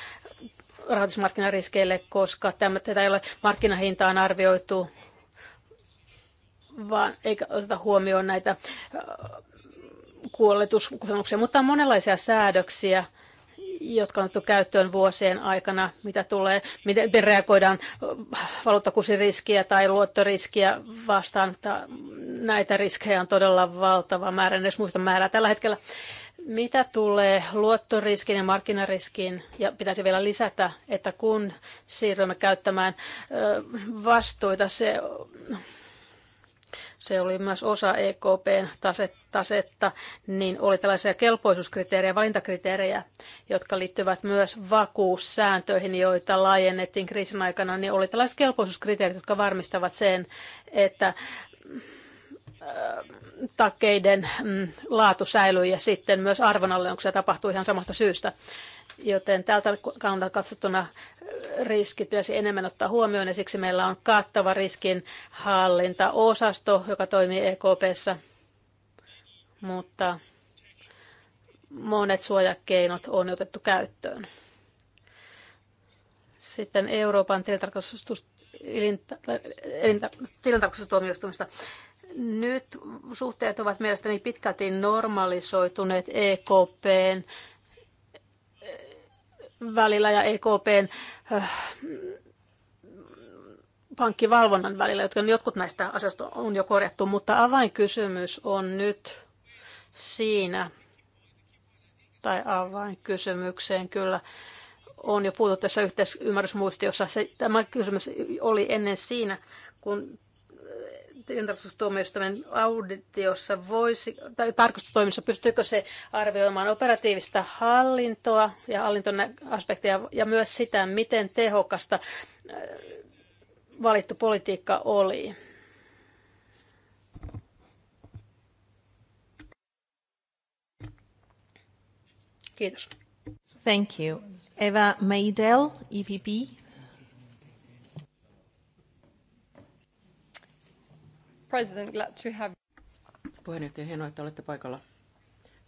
Speaker 2: rahoitusmarkkinariskeille, koska tämä, tätä ei ole markkinahintaan arvioitu, vaan eikä oteta huomioon näitä äh, kuolletuskustannuksia, mutta on monenlaisia säädöksiä, jotka on otettu käyttöön vuosien aikana, mitä tulee, miten reagoidaan äh, valuuttakursiriskiä tai luottoriskiä vastaan. Näitä riskejä on todella valtava määrä, en edes muista määrää tällä hetkellä. Mitä tulee luottoriskiin ja markkinariskiin, ja pitäisi vielä lisätä, että kun siirrymme käyttämään vastuita, se, se oli myös osa EKPn tasetta, niin oli tällaisia kelpoisuuskriteerejä, valintakriteerejä, jotka liittyvät myös vakuussääntöihin, joita laajennettiin kriisin aikana, niin oli tällaiset kelpoisuuskriteerit, jotka varmistavat sen, että takkeiden mm, laatu säilyi ja sitten myös arvonallennuksia tapahtui ihan samasta syystä. Joten tältä kannalta katsottuna riski pitäisi enemmän ottaa huomioon ja siksi meillä on kattava riskinhallintaosasto, joka toimii EKPssä. Mutta monet suojakeinot on otettu käyttöön. Sitten Euroopan tilintarkastustuomioistumista. Tilintarkastus nyt suhteet ovat mielestäni pitkälti normalisoituneet EKPn eh, välillä ja EKPn eh, pankkivalvonnan välillä, jotka jotkut näistä asioista on jo korjattu, mutta avainkysymys on nyt siinä, tai avainkysymykseen kyllä on jo puhuttu tässä yhteisymmärrysmuistiossa. Se, tämä kysymys oli ennen siinä, kun tilintarkastustuomioistuimen auditiossa voisi, tai tarkastustoimissa pystyykö se arvioimaan operatiivista hallintoa ja aspekteja ja myös sitä, miten tehokasta äh, valittu politiikka oli.
Speaker 1: Kiitos. Thank you. Eva Meidel, EPP.
Speaker 4: President, glad to have... Puheenjohtaja, hienoa, että olette paikalla.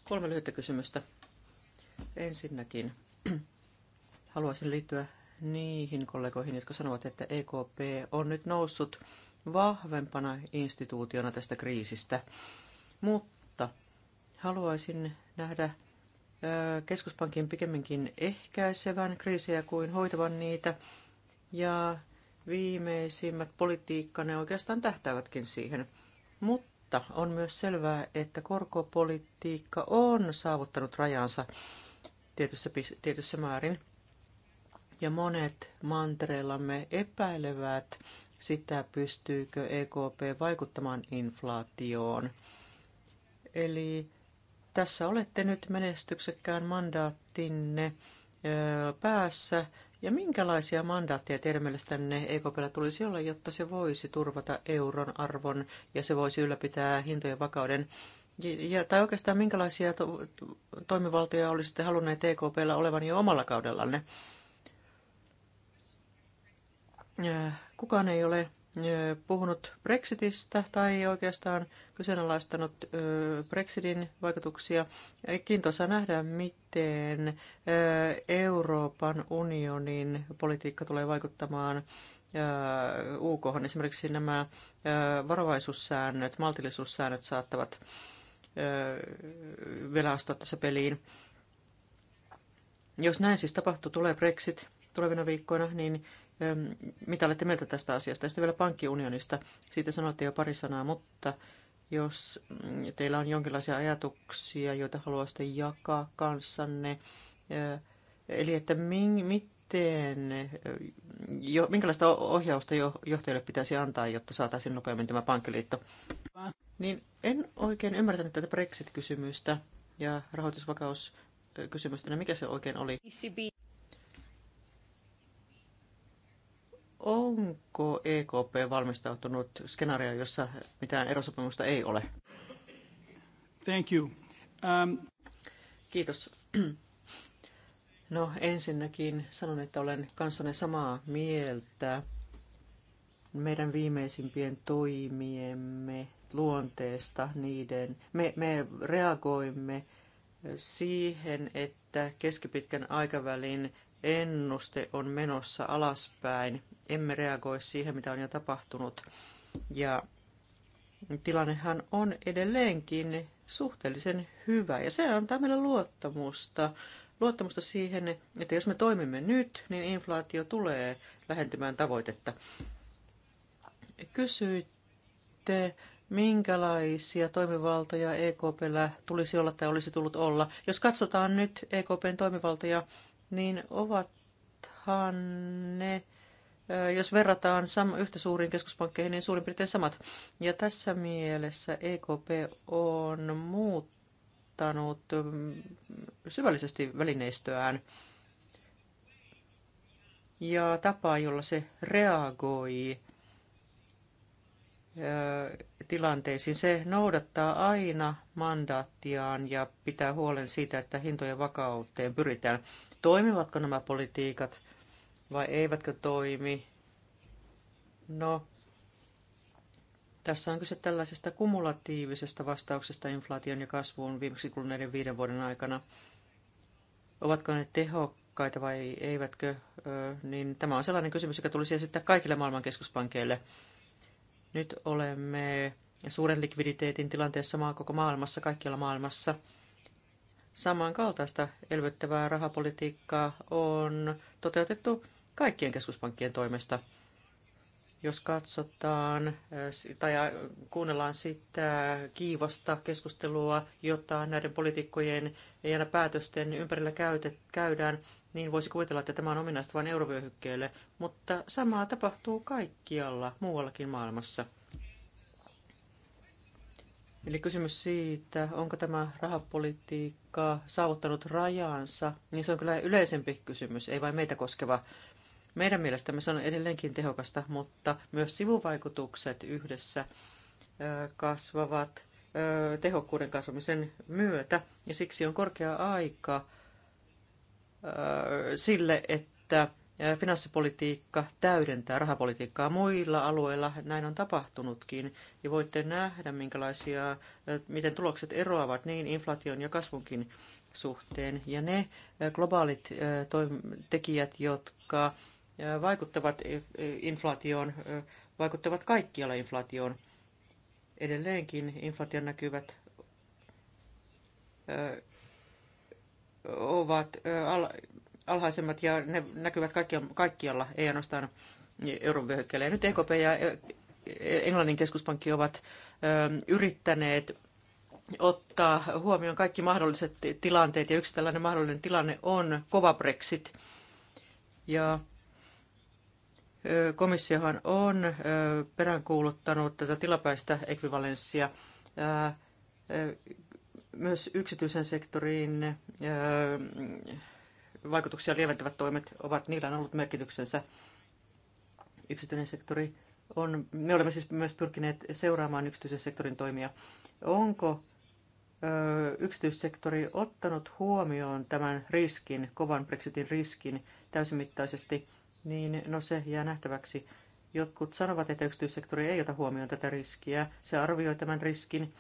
Speaker 4: Kolme lyhyttä kysymystä. Ensinnäkin [CLEARS THROAT] haluaisin liittyä niihin kollegoihin, jotka sanovat, että EKP on nyt noussut vahvempana instituutiona tästä kriisistä. Mutta haluaisin nähdä keskuspankin pikemminkin ehkäisevän kriisejä kuin hoitavan niitä. Ja viimeisimmät ne oikeastaan tähtäävätkin siihen. Mutta on myös selvää, että korkopolitiikka on saavuttanut rajansa tietyssä, tietyssä määrin. Ja monet mantereillamme epäilevät sitä, pystyykö EKP vaikuttamaan inflaatioon. Eli tässä olette nyt menestyksekkään mandaattinne päässä ja minkälaisia mandaatteja teidän mielestänne EKPllä tulisi olla, jotta se voisi turvata euron arvon ja se voisi ylläpitää hintojen vakauden? Ja, tai oikeastaan minkälaisia to- toimivaltoja olisitte halunneet EKPllä olevan jo omalla kaudellanne? Äh, kukaan ei ole puhunut Brexitistä tai oikeastaan kyseenalaistanut Brexitin vaikutuksia. Kiintoisaa nähdä, miten Euroopan unionin politiikka tulee vaikuttamaan UK. Esimerkiksi nämä varovaisuussäännöt, maltillisuussäännöt saattavat vielä astua tässä peliin. Jos näin siis tapahtuu, tulee Brexit tulevina viikkoina, niin mitä olette mieltä tästä asiasta. Ja sitten vielä pankkiunionista. Siitä sanoitte jo pari sanaa, mutta jos mm, teillä on jonkinlaisia ajatuksia, joita haluaisitte jakaa kanssanne, eli että miten, jo, minkälaista ohjausta johtajille pitäisi antaa, jotta saataisiin nopeammin tämä pankkiliitto? Niin en oikein ymmärtänyt tätä Brexit-kysymystä ja rahoitusvakauskysymystä. Niin mikä se oikein oli? ECB. Onko EKP valmistautunut skenaarioon, jossa mitään erosopimusta ei ole? Thank you. Um... Kiitos. No ensinnäkin sanon, että olen kanssanne samaa mieltä meidän viimeisimpien toimiemme luonteesta niiden. Me, me reagoimme siihen, että keskipitkän aikavälin ennuste on menossa alaspäin. Emme reagoi siihen, mitä on jo tapahtunut. Ja tilannehan on edelleenkin suhteellisen hyvä ja se antaa meille luottamusta luottamusta siihen, että jos me toimimme nyt, niin inflaatio tulee lähentymään tavoitetta. Kysyitte, minkälaisia toimivaltoja EKPllä tulisi olla tai olisi tullut olla. Jos katsotaan nyt EKPn toimivaltoja niin ovathan ne, jos verrataan yhtä suuriin keskuspankkeihin, niin suurin piirtein samat. Ja tässä mielessä EKP on muuttanut syvällisesti välineistöään ja tapaa, jolla se reagoi tilanteisiin. Se noudattaa aina mandaattiaan ja pitää huolen siitä, että hintojen vakauteen pyritään. Toimivatko nämä politiikat vai eivätkö toimi? No, tässä on kyse tällaisesta kumulatiivisesta vastauksesta inflaation ja kasvuun viimeksi kuluneiden viiden vuoden aikana. Ovatko ne tehokkaita vai eivätkö? Niin tämä on sellainen kysymys, joka tulisi esittää kaikille maailman keskuspankeille – nyt olemme suuren likviditeetin tilanteessa maa koko maailmassa, kaikkialla maailmassa. Samankaltaista elvyttävää rahapolitiikkaa on toteutettu kaikkien keskuspankkien toimesta – jos katsotaan eh, tai kuunnellaan sitä kiivasta keskustelua, jota näiden poliitikkojen ja päätösten ympärillä käydään, niin voisi kuvitella, että tämä on ominaista vain eurovyöhykkeelle, mutta samaa tapahtuu kaikkialla muuallakin maailmassa. Eli kysymys siitä, onko tämä rahapolitiikka saavuttanut rajansa, niin se on kyllä yleisempi kysymys, ei vain meitä koskeva meidän mielestämme se on edelleenkin tehokasta, mutta myös sivuvaikutukset yhdessä kasvavat tehokkuuden kasvamisen myötä, ja siksi on korkea aika sille, että finanssipolitiikka täydentää rahapolitiikkaa. Muilla alueilla näin on tapahtunutkin, ja voitte nähdä, minkälaisia, miten tulokset eroavat niin inflaation ja kasvunkin suhteen. Ja ne globaalit tekijät, jotka vaikuttavat inflaatioon, vaikuttavat kaikkialla inflaatioon. Edelleenkin inflaation näkyvät ovat alhaisemmat ja ne näkyvät kaikkialla, ei ainoastaan euron Ja nyt EKP ja Englannin keskuspankki ovat yrittäneet ottaa huomioon kaikki mahdolliset tilanteet, ja yksi tällainen mahdollinen tilanne on kova Brexit. Ja Komissiohan on peräänkuuluttanut tätä tilapäistä ekvivalenssia myös yksityisen sektorin vaikutuksia lieventävät toimet ovat, niillä on ollut merkityksensä. Yksityinen sektori on, me olemme siis myös pyrkineet seuraamaan yksityisen sektorin toimia. Onko ö, yksityissektori ottanut huomioon tämän riskin, kovan Brexitin riskin täysimittaisesti – niin no se jää nähtäväksi. Jotkut sanovat, että yksityissektori ei ota huomioon tätä riskiä. Se arvioi tämän riskin.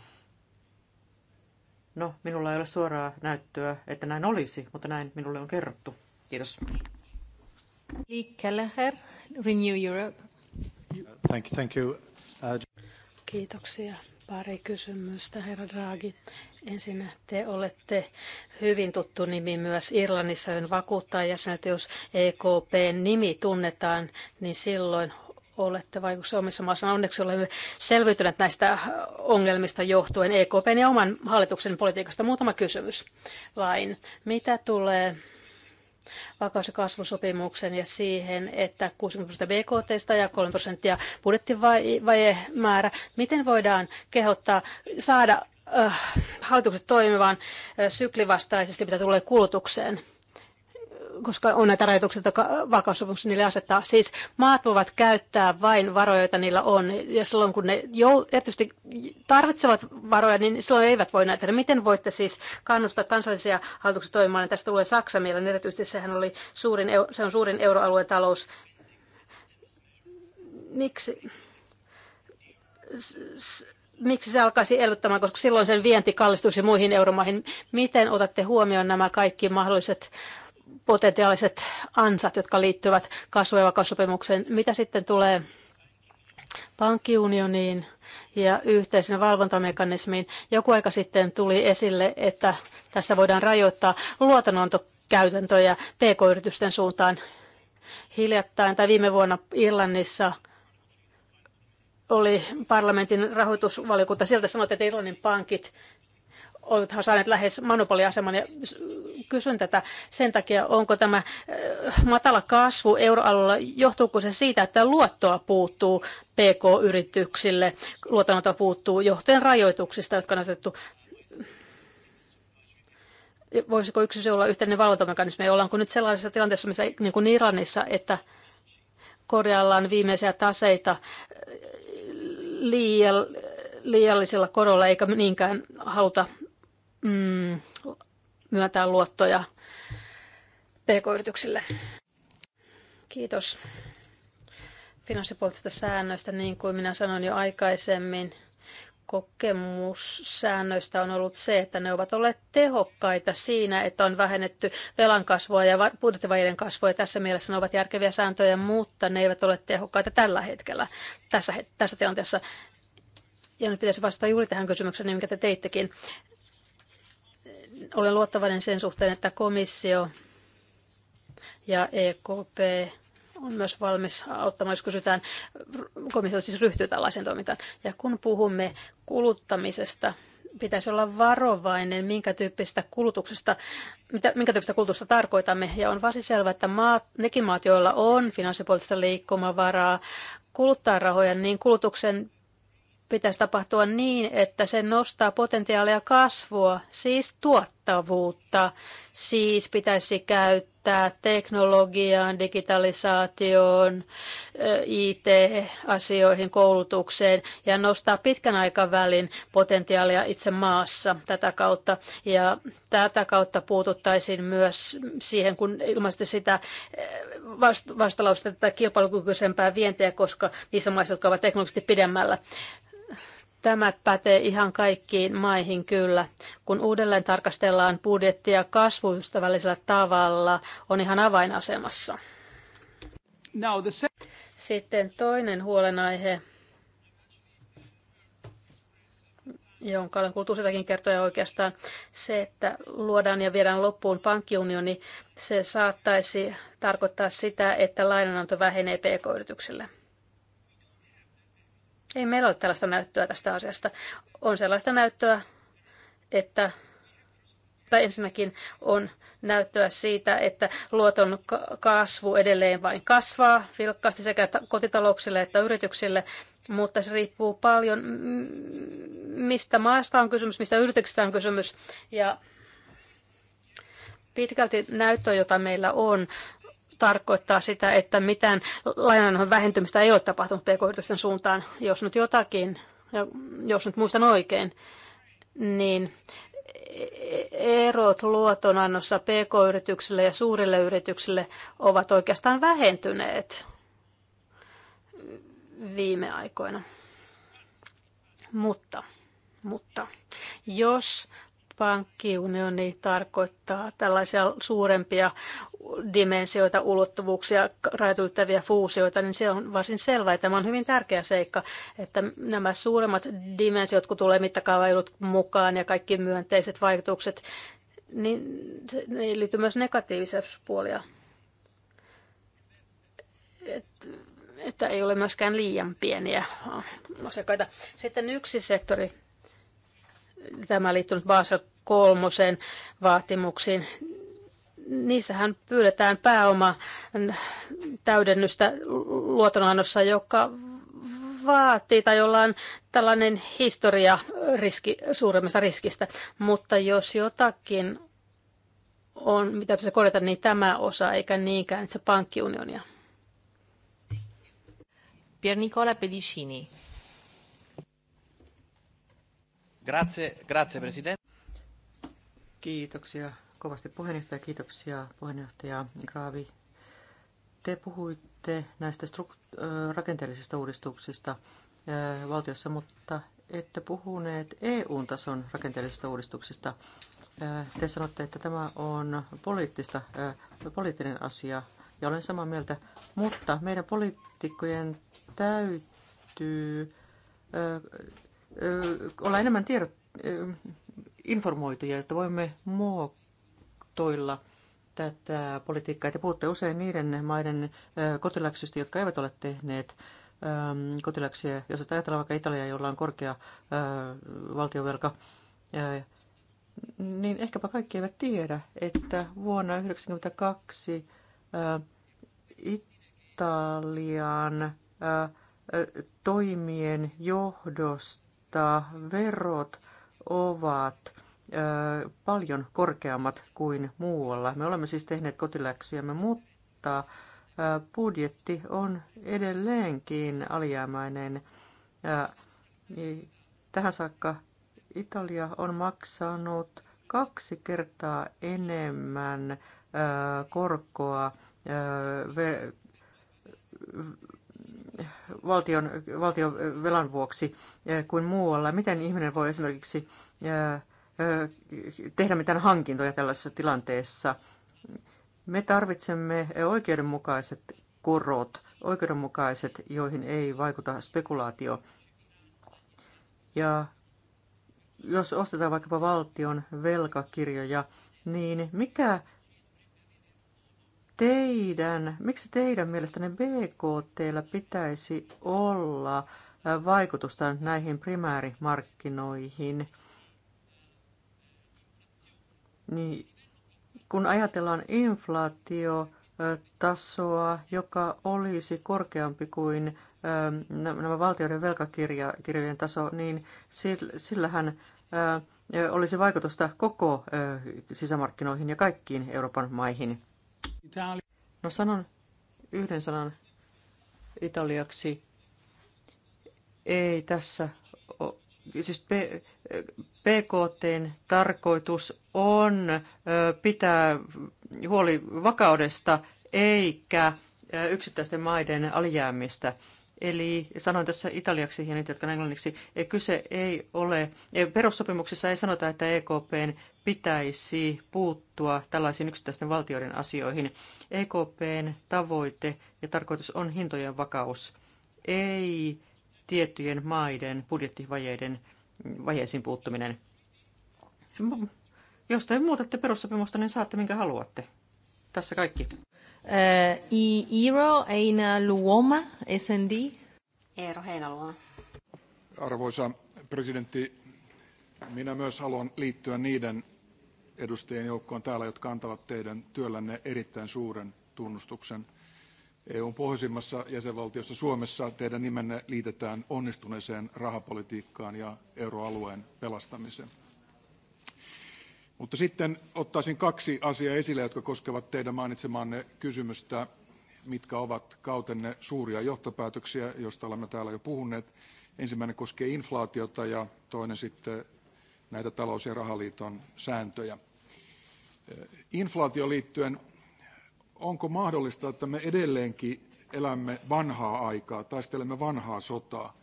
Speaker 4: No, minulla ei ole suoraa näyttöä, että näin olisi, mutta näin minulle on kerrottu. Kiitos.
Speaker 2: Lee Kelleher, Renew Europe.
Speaker 3: Thank you, thank you. Uh,
Speaker 2: Kiitoksia. Pari kysymystä, herra Draghi. Ensinnä te olette hyvin tuttu nimi myös Irlannissa, on vakuuttaa jäsenet, jos EKPn nimi tunnetaan, niin silloin olette vaikutuksessa omissa maassa. Onneksi olemme selviytyneet näistä ongelmista johtuen EKPn ja oman hallituksen politiikasta. Muutama kysymys vain. Mitä tulee vakaus- ja kasvusopimuksen ja siihen, että 60 prosenttia BKT ja 3 prosenttia budjettivajemäärä. Miten voidaan kehottaa saada Äh, hallitukset toimivan äh, syklivastaisesti, mitä tulee kulutukseen koska on näitä rajoituksia, jotka vakaussopimukset niille asettaa. Siis maat voivat käyttää vain varoja, joita niillä on, ja silloin kun ne erityisesti tarvitsevat varoja, niin silloin eivät voi näitä. Miten voitte siis kannustaa kansallisia hallituksia toimimaan? Ja tästä tulee Saksa mieleen, erityisesti sehän oli suurin, se on suurin euroalueen talous. Miksi? S- miksi se alkaisi elvyttämään, koska silloin sen vienti kallistuisi muihin euromaihin. Miten otatte huomioon nämä kaikki mahdolliset potentiaaliset ansat, jotka liittyvät kasvu- ja vakaussopimukseen? Mitä sitten tulee pankkiunioniin ja yhteisen valvontamekanismiin? Joku aika sitten tuli esille, että tässä voidaan rajoittaa luotonantokäytäntöjä pk-yritysten suuntaan hiljattain tai viime vuonna Irlannissa – oli parlamentin rahoitusvaliokunta. Sieltä sanoit, että Irlannin pankit olivat saaneet lähes monopoliaseman ja kysyn tätä sen takia, onko tämä äh, matala kasvu euroalueella, johtuuko se siitä, että luottoa puuttuu PK-yrityksille, luotonota puuttuu johtajan rajoituksista, jotka on asetettu voisiko yksi olla yhteinen valvontamekanismi, ollaanko nyt sellaisessa tilanteessa, missä niin kuin Iranissa, että korjaillaan viimeisiä taseita liiallisella korolla eikä niinkään haluta mm, myöntää luottoja pk-yrityksille. Kiitos finanssipoliittisista säännöistä, niin kuin minä sanoin jo aikaisemmin – kokemussäännöistä on ollut se, että ne ovat olleet tehokkaita siinä, että on vähennetty velan kasvua ja budjettivajien kasvua. Ja tässä mielessä ne ovat järkeviä sääntöjä, mutta ne eivät ole tehokkaita tällä hetkellä, tässä, tässä tilanteessa. Ja nyt pitäisi vastata juuri tähän kysymykseen, niin minkä te teittekin. Olen luottavainen sen suhteen, että komissio ja EKP on myös valmis auttamaan, jos kysytään, komissio siis ryhtyy tällaiseen toimintaan. Ja kun puhumme kuluttamisesta, pitäisi olla varovainen, minkä tyyppistä kulutuksesta, mitä, minkä tyyppistä kulutusta tarkoitamme. Ja on varsin selvää, että maat, nekin maat, joilla on finanssipoliittista liikkumavaraa, kuluttaa rahoja, niin kulutuksen pitäisi tapahtua niin, että se nostaa potentiaalia kasvua, siis tuottavuutta. Siis pitäisi käyttää käyttää teknologiaan, digitalisaatioon, eh, IT-asioihin, koulutukseen ja nostaa pitkän aikavälin potentiaalia itse maassa tätä kautta. Ja tätä kautta puututtaisiin myös siihen, kun ilmaisesti sitä eh, vastalausta tätä kilpailukykyisempää vientiä, koska niissä maissa, jotka ovat teknologisesti pidemmällä. Tämä pätee ihan kaikkiin maihin kyllä. Kun uudelleen tarkastellaan budjettia kasvuystävällisellä tavalla, on ihan avainasemassa. Sitten toinen huolenaihe, jonka olen kuullut useitakin kertoja oikeastaan, se, että luodaan ja viedään loppuun pankkiunioni, se saattaisi tarkoittaa sitä, että lainananto vähenee pk-yrityksille. Ei meillä ole tällaista näyttöä tästä asiasta. On sellaista näyttöä, että tai ensinnäkin on näyttöä siitä, että luoton kasvu edelleen vain kasvaa vilkkaasti sekä kotitalouksille että yrityksille, mutta se riippuu paljon, mistä maasta on kysymys, mistä yrityksestä on kysymys. Ja pitkälti näyttö, jota meillä on, tarkoittaa sitä, että mitään lainanhoidon vähentymistä ei ole tapahtunut pk suuntaan. Jos nyt jotakin, jos nyt muistan oikein, niin erot luotonannossa pk-yrityksille ja suurille yrityksille ovat oikeastaan vähentyneet viime aikoina. Mutta, mutta jos pankkiunioni tarkoittaa tällaisia suurempia dimensioita, ulottuvuuksia, rajoituttavia fuusioita, niin se on varsin selvä. tämä on hyvin tärkeä seikka, että nämä suuremmat dimensiot, kun tulee mittakaavailut mukaan ja kaikki myönteiset vaikutukset, niin ne liittyy myös negatiivisia puolia. Et, että ei ole myöskään liian pieniä asiakkaita. Sitten yksi sektori, tämä liittynyt Basel kolmosen vaatimuksiin, niissähän pyydetään pääoma täydennystä luotonannossa, joka vaatii tai jolla on tällainen historia riski, suuremmasta riskistä. Mutta jos jotakin on, mitä pitäisi korjata, niin tämä osa eikä niinkään se pankkiunionia.
Speaker 1: Pier Nicola Pedicini.
Speaker 4: Grazie, grazie presidente. Kiitoksia kovasti puheenjohtaja. Kiitoksia puheenjohtaja Graavi. Te puhuitte näistä rakenteellisista uudistuksista valtiossa, mutta ette puhuneet EU-tason rakenteellisista uudistuksista. Te sanotte, että tämä on poliittista, poliittinen asia, ja olen samaa mieltä, mutta meidän poliitikkojen täytyy olla enemmän tiedot, informoituja, että voimme muok- vastuilla tätä politiikkaa. Te puhutte usein niiden maiden kotiläksistä, jotka eivät ole tehneet ähm, kotiläksiä. Jos ajatellaan vaikka Italia, jolla on korkea valtiovelka, niin ehkäpä kaikki eivät tiedä, että vuonna 1992 Italian toimien johdosta verot ovat paljon korkeammat kuin muualla. Me olemme siis tehneet kotiläksyjämme, mutta budjetti on edelleenkin alijäämäinen. Tähän saakka Italia on maksanut kaksi kertaa enemmän korkoa valtion, valtion velan vuoksi kuin muualla. Miten ihminen voi esimerkiksi tehdä mitään hankintoja tällaisessa tilanteessa. Me tarvitsemme oikeudenmukaiset korot, oikeudenmukaiset, joihin ei vaikuta spekulaatio. Ja jos ostetaan vaikkapa valtion velkakirjoja, niin mikä teidän, miksi teidän mielestänne BKT pitäisi olla vaikutusta näihin primäärimarkkinoihin? niin kun ajatellaan inflaatiotasoa, joka olisi korkeampi kuin ähm, nämä valtioiden velkakirjojen taso, niin sillähän äh, olisi vaikutusta koko äh, sisämarkkinoihin ja kaikkiin Euroopan maihin. No sanon yhden sanan italiaksi. Ei tässä, siis pkt tarkoitus on pitää huoli vakaudesta eikä yksittäisten maiden alijäämistä. Eli sanoin tässä italiaksi ja niitä, jotka on englanniksi, e, kyse ei ole, e, perussopimuksessa ei sanota, että EKPn pitäisi puuttua tällaisiin yksittäisten valtioiden asioihin. EKPn tavoite ja tarkoitus on hintojen vakaus, ei tiettyjen maiden budjettivajeiden vajeisiin puuttuminen. Jos te muutatte perussopimusta, niin saatte minkä haluatte. Tässä kaikki. Eh, Iiro Luoma, SND. Eero Heinaluoma.
Speaker 3: Arvoisa presidentti, minä myös haluan liittyä niiden edustajien joukkoon täällä, jotka antavat teidän työllänne erittäin suuren tunnustuksen – EUn pohjoisimmassa jäsenvaltiossa Suomessa teidän nimenne liitetään onnistuneeseen rahapolitiikkaan ja euroalueen pelastamiseen. Mutta sitten ottaisin kaksi asiaa esille, jotka koskevat teidän mainitsemaanne kysymystä, mitkä ovat kautenne suuria johtopäätöksiä, joista olemme täällä jo puhuneet. Ensimmäinen koskee inflaatiota ja toinen sitten näitä talous- ja rahaliiton sääntöjä. E, inflaatio liittyen onko mahdollista, että me edelleenkin elämme vanhaa aikaa, taistelemme vanhaa sotaa,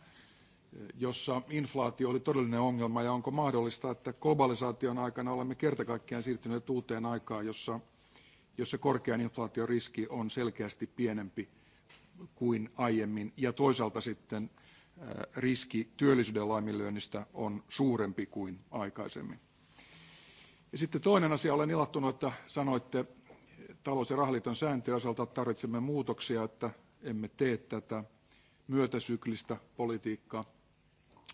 Speaker 3: jossa inflaatio oli todellinen ongelma, ja onko mahdollista, että globalisaation aikana olemme kertakaikkiaan siirtyneet uuteen aikaan, jossa, jossa korkean inflaation riski on selkeästi pienempi kuin aiemmin, ja toisaalta sitten äh, riski työllisyyden laiminlyönnistä on suurempi kuin aikaisemmin. Ja sitten toinen asia, olen ilahtunut, että sanoitte talous- ja rahaliiton sääntöjen osalta tarvitsemme muutoksia, että emme tee tätä myötäsyklistä politiikkaa.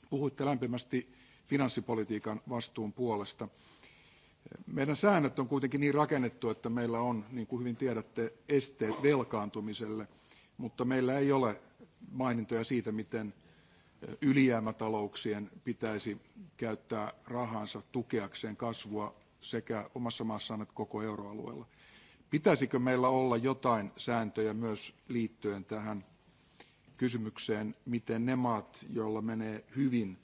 Speaker 3: Puhuitte lämpimästi finanssipolitiikan vastuun puolesta. Meidän säännöt on kuitenkin niin rakennettu, että meillä on, niin kuin hyvin tiedätte, esteet velkaantumiselle, mutta meillä ei ole mainintoja siitä, miten ylijäämätalouksien pitäisi käyttää rahansa tukeakseen kasvua sekä omassa maassaan että koko euroalueella. Pitäisikö meillä olla jotain sääntöjä myös liittyen tähän kysymykseen, miten ne maat, joilla menee hyvin,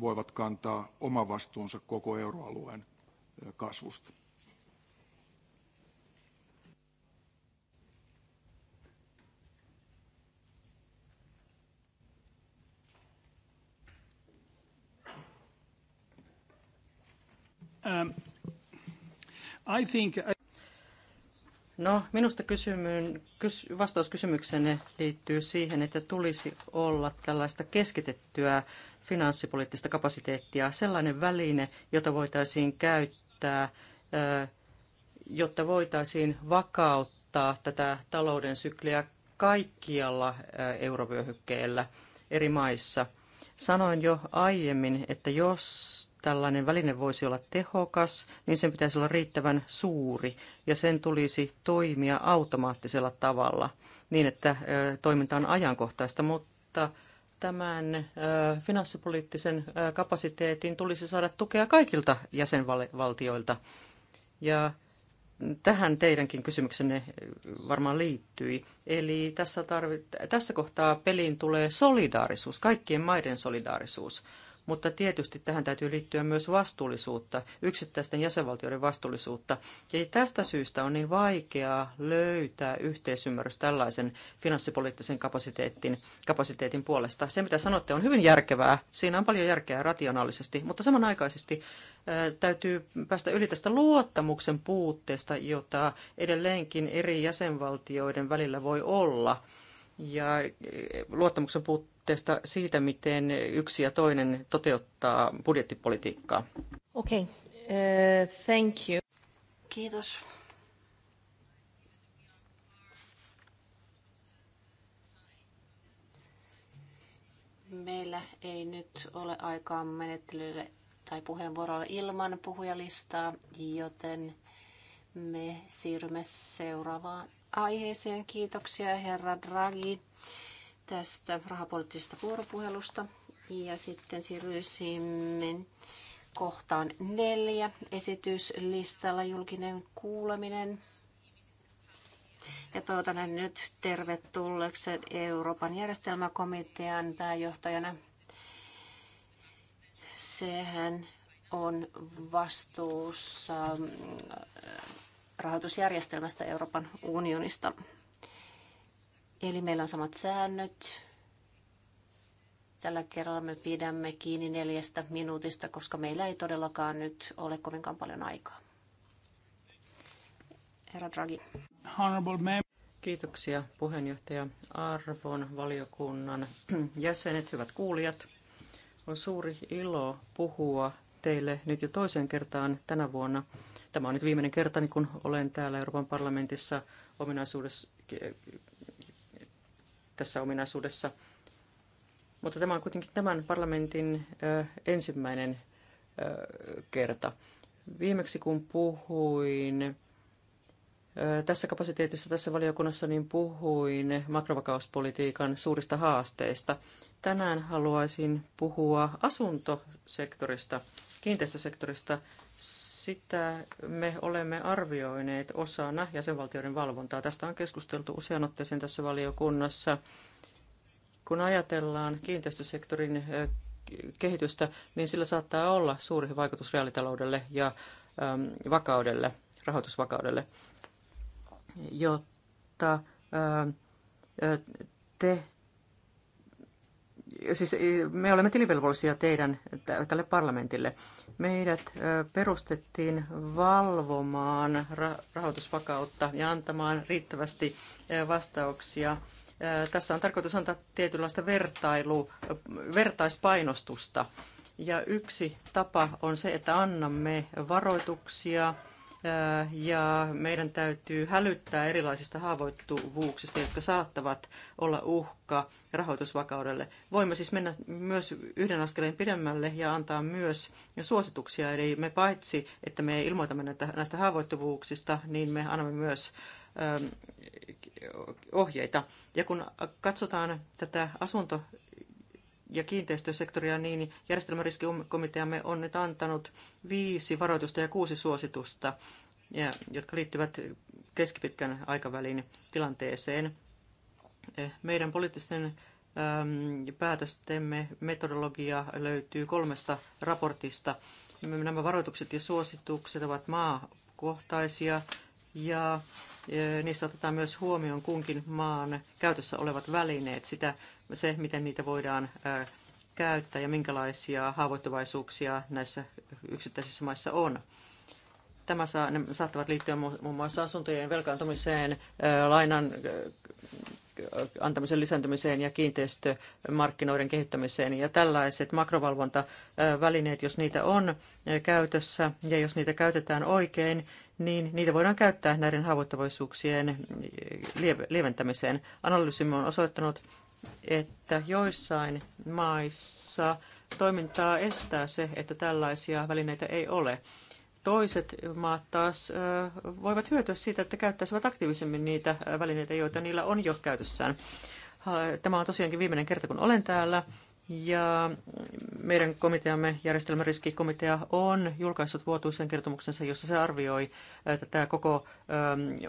Speaker 3: voivat kantaa oma vastuunsa koko euroalueen kasvusta?
Speaker 4: Um, I think uh, No, minusta kysymyn, kys, vastaus liittyy siihen, että tulisi olla tällaista keskitettyä finanssipoliittista kapasiteettia, sellainen väline, jota voitaisiin käyttää, jotta voitaisiin vakauttaa tätä talouden sykliä kaikkialla eurovyöhykkeellä eri maissa. Sanoin jo aiemmin, että jos tällainen väline voisi olla tehokas, niin sen pitäisi olla riittävän suuri ja sen tulisi toimia automaattisella tavalla niin, että toiminta on ajankohtaista, mutta tämän finanssipoliittisen kapasiteetin tulisi saada tukea kaikilta jäsenvaltioilta. Ja tähän teidänkin kysymyksenne varmaan liittyi. Eli tässä, tarvit, tässä kohtaa peliin tulee solidaarisuus, kaikkien maiden solidaarisuus mutta tietysti tähän täytyy liittyä myös vastuullisuutta, yksittäisten jäsenvaltioiden vastuullisuutta. Ja tästä syystä on niin vaikeaa löytää yhteisymmärrys tällaisen finanssipoliittisen kapasiteetin, kapasiteetin puolesta. Se, mitä sanotte, on hyvin järkevää. Siinä on paljon järkeä rationaalisesti, mutta samanaikaisesti äh, täytyy päästä yli tästä luottamuksen puutteesta, jota edelleenkin eri jäsenvaltioiden välillä voi olla. Ja äh, luottamuksen puutteesta suhteesta siitä, miten yksi ja toinen toteuttaa budjettipolitiikkaa.
Speaker 1: Okei, okay. uh, thank you. Kiitos. Meillä ei nyt ole aikaa menettelylle tai puheenvuorolle ilman puhujalistaa, joten me siirrymme seuraavaan aiheeseen. Kiitoksia herra Draghi tästä rahapoliittisesta vuoropuhelusta. Ja sitten siirryisimme kohtaan neljä esityslistalla julkinen kuuleminen. Ja toivotan nyt tervetulleeksi Euroopan järjestelmäkomitean pääjohtajana. Sehän on vastuussa mm, rahoitusjärjestelmästä Euroopan unionista. Eli meillä on samat säännöt. Tällä kerralla me pidämme kiinni neljästä minuutista, koska meillä ei todellakaan nyt ole kovinkaan paljon aikaa. Herra Draghi.
Speaker 4: Kiitoksia puheenjohtaja Arvon valiokunnan [CLEARS THROAT] jäsenet, hyvät kuulijat. On suuri ilo puhua teille nyt jo toisen kertaan tänä vuonna. Tämä on nyt viimeinen kerta, kun olen täällä Euroopan parlamentissa ominaisuudessa tässä ominaisuudessa. Mutta tämä on kuitenkin tämän parlamentin ensimmäinen kerta. Viimeksi kun puhuin tässä kapasiteetissa tässä valiokunnassa niin puhuin makrovakauspolitiikan suurista haasteista. Tänään haluaisin puhua asuntosektorista, kiinteistösektorista sitä me olemme arvioineet osana jäsenvaltioiden valvontaa. Tästä on keskusteltu usean otteeseen tässä valiokunnassa. Kun ajatellaan kiinteistösektorin kehitystä, niin sillä saattaa olla suuri vaikutus reaalitaloudelle ja vakaudelle, rahoitusvakaudelle, jotta te siis e, me olemme tilivelvollisia teidän tälle parlamentille. Meidät perustettiin valvomaan rahoitusvakautta ja antamaan riittävästi vastauksia. Tässä on tarkoitus antaa tietynlaista vertailu, vertaispainostusta. Ja yksi tapa on se, että annamme varoituksia – ja meidän täytyy hälyttää erilaisista haavoittuvuuksista, jotka saattavat olla uhka rahoitusvakaudelle. Voimme siis mennä myös yhden askeleen pidemmälle ja antaa myös suosituksia. Eli me paitsi, että me ilmoitamme näistä haavoittuvuuksista, niin me annamme myös ohjeita. Ja kun katsotaan tätä asunto ja kiinteistösektoria, niin järjestelmäriskikomiteamme on nyt antanut viisi varoitusta ja kuusi suositusta, jotka liittyvät keskipitkän aikavälin tilanteeseen. Eh, meidän poliittisten päätöstemme metodologia löytyy kolmesta raportista. Nämä varoitukset ja suositukset ovat maakohtaisia ja eh, niissä otetaan myös huomioon kunkin maan käytössä olevat välineet. Sitä se, miten niitä voidaan käyttää ja minkälaisia haavoittuvaisuuksia näissä yksittäisissä maissa on. Tämä saa, ne saattavat liittyä muun muassa asuntojen velkaantumiseen, lainan antamisen lisääntymiseen ja kiinteistömarkkinoiden kehittämiseen. Ja tällaiset makrovalvontavälineet, jos niitä on käytössä ja jos niitä käytetään oikein, niin niitä voidaan käyttää näiden haavoittuvaisuuksien lieventämiseen. Analyysimme on osoittanut, että joissain maissa toimintaa estää se, että tällaisia välineitä ei ole. Toiset maat taas voivat hyötyä siitä, että käyttäisivät aktiivisemmin niitä välineitä, joita niillä on jo käytössään. Tämä on tosiaankin viimeinen kerta, kun olen täällä. Ja meidän komiteamme, järjestelmäriskikomitea, on julkaissut vuotuisen kertomuksensa, jossa se arvioi tätä koko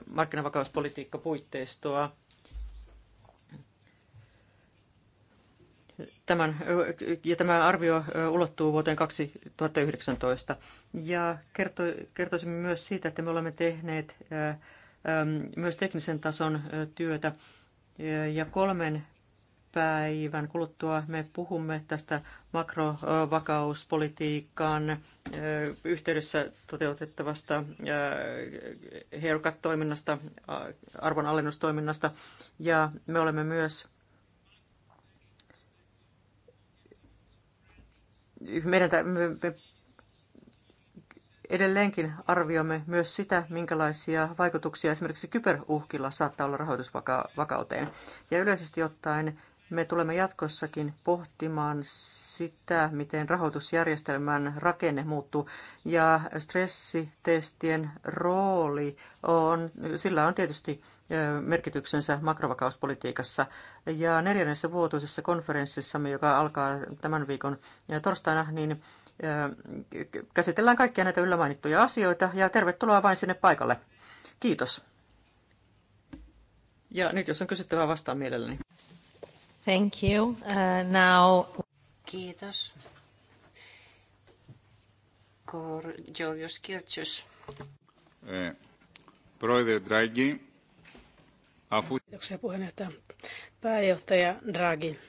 Speaker 4: markkinavakauspolitiikkapuitteistoa Tämän, ja tämä arvio ulottuu vuoteen 2019. Ja kerto, kertoisimme myös siitä, että me olemme tehneet myös teknisen tason työtä. Ja kolmen päivän kuluttua me puhumme tästä makrovakauspolitiikan yhteydessä toteutettavasta haircut-toiminnasta, arvonalennustoiminnasta. Ja me olemme myös meidän me edelleenkin arvioimme myös sitä, minkälaisia vaikutuksia esimerkiksi kyberuhkilla saattaa olla rahoitusvakauteen. Ja yleisesti ottaen me tulemme jatkossakin pohtimaan sitä, miten rahoitusjärjestelmän rakenne muuttuu. Ja stressitestien rooli on, sillä on tietysti merkityksensä makrovakauspolitiikassa. Ja neljännessä vuotuisessa konferenssissamme, joka alkaa tämän viikon torstaina, niin käsitellään kaikkia näitä yllä mainittuja asioita. Ja tervetuloa vain sinne paikalle. Kiitos. Ja nyt jos on kysyttävää, vastaan mielelläni. Thank you. Uh, now... Kiitos.
Speaker 1: Kor Georgios Kirchus.
Speaker 3: Eh, Draghi. Afu... Kiitoksia
Speaker 2: puheenjohtaja. Pääjohtaja Draghi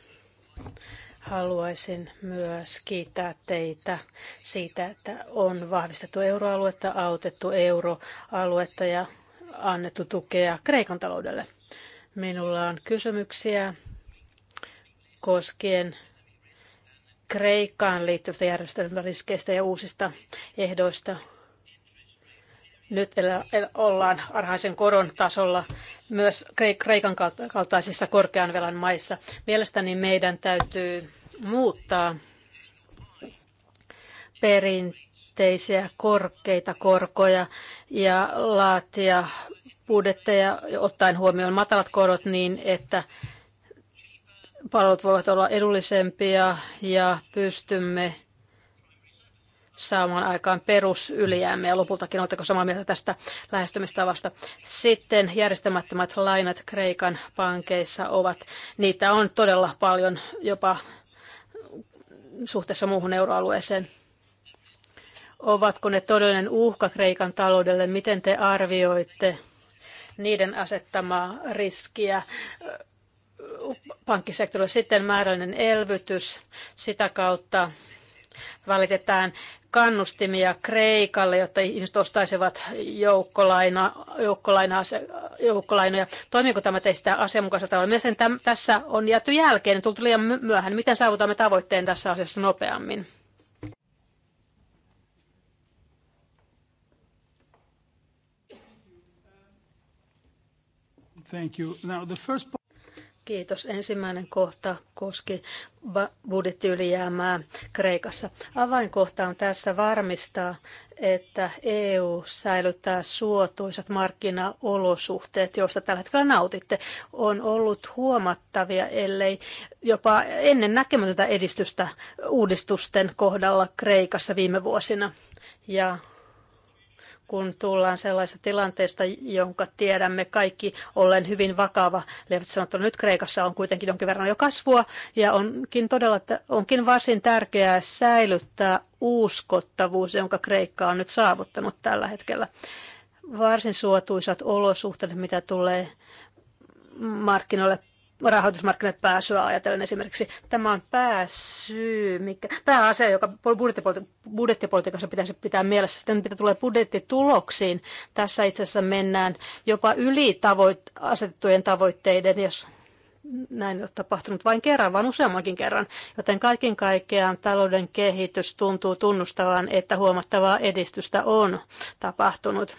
Speaker 2: haluaisin myös kiittää teitä siitä, että on vahvistettu euroaluetta, autettu euroaluetta ja annettu tukea Kreikan taloudelle. Minulla on kysymyksiä koskien Kreikkaan liittyvistä järjestelmäriskeistä ja uusista ehdoista. Nyt ollaan arhaisen koron tasolla myös Kreikan kaltaisissa korkean velan maissa. Mielestäni meidän täytyy muuttaa perinteisiä korkeita korkoja ja laatia budjetteja ottaen huomioon matalat korot niin, että palvelut voivat olla edullisempia ja pystymme saamaan aikaan perusylijäämme ja lopultakin oletteko samaa mieltä tästä lähestymistavasta. Sitten järjestämättömät lainat Kreikan pankeissa ovat, niitä on todella paljon jopa suhteessa muuhun euroalueeseen. Ovatko ne todellinen uhka Kreikan taloudelle? Miten te arvioitte niiden asettamaa riskiä pankkisektorilla. Sitten määrällinen elvytys sitä kautta välitetään kannustimia Kreikalle, jotta ihmiset ostaisivat joukkolaina, joukkolaina, joukkolainoja. Toimiiko tämä teistä asianmukaisella tavalla? Mielestäni täm, tässä on jätty jälkeen tultu liian myöhään. Miten saavutamme tavoitteen tässä asiassa nopeammin?
Speaker 3: Thank you. Now the first
Speaker 2: Kiitos. Ensimmäinen kohta koski budjettiylijäämää Kreikassa. Avainkohta on tässä varmistaa, että EU säilyttää suotuisat markkinaolosuhteet, joista tällä hetkellä nautitte. On ollut huomattavia, ellei jopa ennen näkemätöntä edistystä uudistusten kohdalla Kreikassa viime vuosina. Ja kun tullaan sellaisesta tilanteesta, jonka tiedämme kaikki ollen hyvin vakava. Leivät sanottuna nyt Kreikassa on kuitenkin jonkin verran jo kasvua ja onkin todella, onkin varsin tärkeää säilyttää uskottavuus, jonka Kreikka on nyt saavuttanut tällä hetkellä. Varsin suotuisat olosuhteet, mitä tulee markkinoille rahoitusmarkkinat pääsyä ajatellen esimerkiksi. Tämä on pääsyy, mikä, pääasia, joka budjettipolitiikassa pitäisi pitää mielessä. Sitten mitä tulee budjettituloksiin, tässä itse asiassa mennään jopa yli tavoit- asetettujen tavoitteiden, jos näin ei ole tapahtunut vain kerran, vaan useammankin kerran. Joten kaiken kaikkiaan talouden kehitys tuntuu tunnustavan, että huomattavaa edistystä on tapahtunut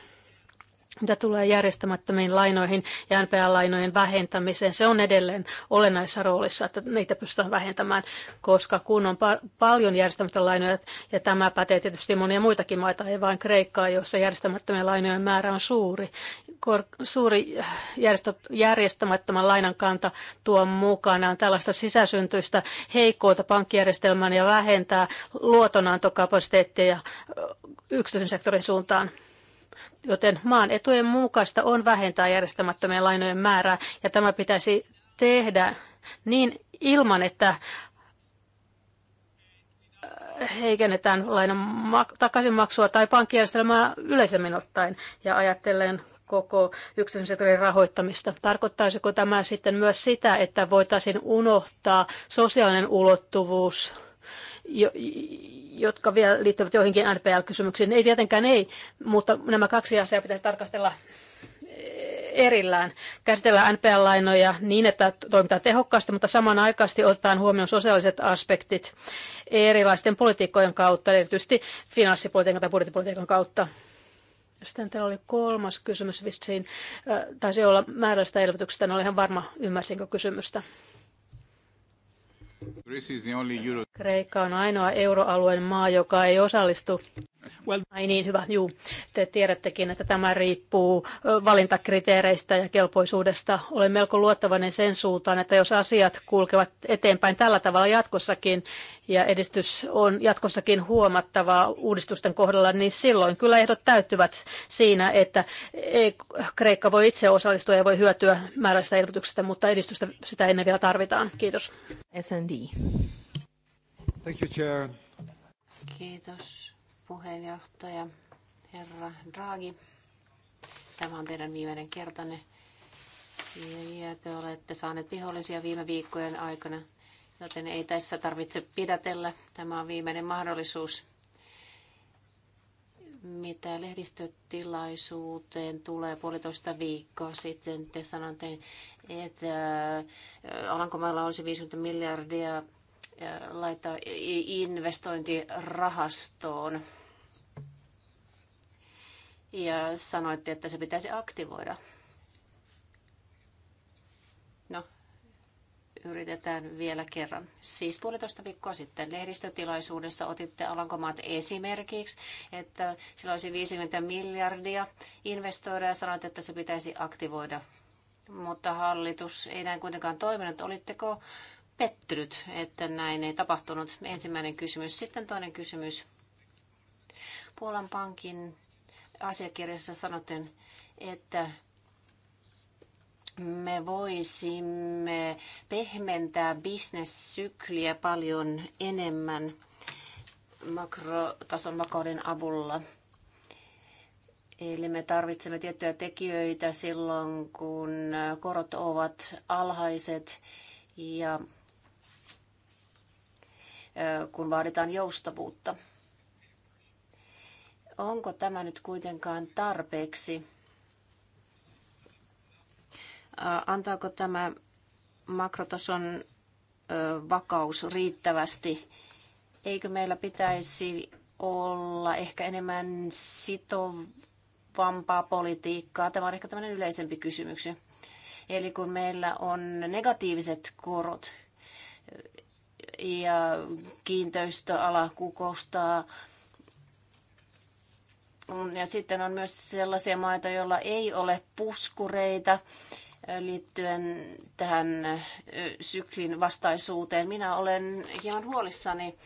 Speaker 2: mitä tulee järjestämättömiin lainoihin ja NPL-lainojen vähentämiseen. Se on edelleen olennaisessa roolissa, että niitä pystytään vähentämään, koska kun on pa- paljon järjestämättömiä lainoja, ja tämä pätee tietysti monia muitakin maita, ei vain Kreikkaa, jossa järjestämättömien lainojen määrä on suuri. Kor- suuri järjestö- järjestämättömän lainan kanta tuo mukanaan tällaista sisäsyntyistä heikkoutta pankkijärjestelmään ja vähentää luotonantokapasiteettia yksityisen sektorin suuntaan joten maan etujen mukaista on vähentää järjestämättömien lainojen määrää, ja tämä pitäisi tehdä niin ilman, että äh, heikennetään lainan takaisinmaksua tai pankkijärjestelmää yleisemmin ottaen ja ajattelen koko yksityisen sektorin rahoittamista. Tarkoittaisiko tämä sitten myös sitä, että voitaisiin unohtaa sosiaalinen ulottuvuus, jotka vielä liittyvät joihinkin NPL-kysymyksiin. Ei tietenkään ei, mutta nämä kaksi asiaa pitäisi tarkastella erillään. Käsitellään NPL-lainoja niin, että toimitaan tehokkaasti, mutta samanaikaisesti otetaan huomioon sosiaaliset aspektit erilaisten politiikkojen kautta, erityisesti finanssipolitiikan tai budjettipolitiikan kautta. Sitten teillä oli kolmas kysymys vissiin. Äh, taisi olla määrällistä elvytyksestä, en ole ihan varma, ymmärsinkö kysymystä. Kreikka on ainoa euroalueen maa, joka ei osallistu Well... Ai niin, hyvä. Juu, te tiedättekin, että tämä riippuu valintakriteereistä ja kelpoisuudesta. Olen melko luottavainen sen suuntaan, että jos asiat kulkevat eteenpäin tällä tavalla jatkossakin ja edistys on jatkossakin huomattavaa uudistusten kohdalla, niin silloin kyllä ehdot täyttyvät siinä, että Kreikka voi itse osallistua ja voi hyötyä määräistä elvytyksestä, mutta edistystä sitä ennen vielä tarvitaan. Kiitos. SND.
Speaker 3: Thank you, Chair.
Speaker 1: Kiitos puheenjohtaja, herra Draghi. Tämä on teidän viimeinen kertanne. Ja te olette saaneet vihollisia viime viikkojen aikana, joten ei tässä tarvitse pidätellä. Tämä on viimeinen mahdollisuus. Mitä lehdistötilaisuuteen tulee puolitoista viikkoa sitten, te sanoitte, että äh, Alankomailla olisi 50 miljardia äh, laittaa investointirahastoon ja sanoitte, että se pitäisi aktivoida. No, yritetään vielä kerran. Siis puolitoista viikkoa sitten lehdistötilaisuudessa otitte Alankomaat esimerkiksi, että sillä olisi 50 miljardia investoida ja sanoitte, että se pitäisi aktivoida. Mutta hallitus ei näin kuitenkaan toiminut. Olitteko pettynyt, että näin ei tapahtunut? Ensimmäinen kysymys. Sitten toinen kysymys. Puolan pankin asiakirjassa sanoten, että me voisimme pehmentää bisnessykliä paljon enemmän makrotason vakauden avulla. Eli me tarvitsemme tiettyjä tekijöitä silloin, kun korot ovat alhaiset ja kun vaaditaan joustavuutta onko tämä nyt kuitenkaan tarpeeksi? Antaako tämä makrotason vakaus riittävästi? Eikö meillä pitäisi olla ehkä enemmän sitovampaa politiikkaa? Tämä on ehkä tämmöinen yleisempi kysymys. Eli kun meillä on negatiiviset korot ja kiinteistöala kukoistaa ja sitten on myös sellaisia maita, joilla ei ole puskureita liittyen tähän syklin vastaisuuteen. Minä olen hieman huolissani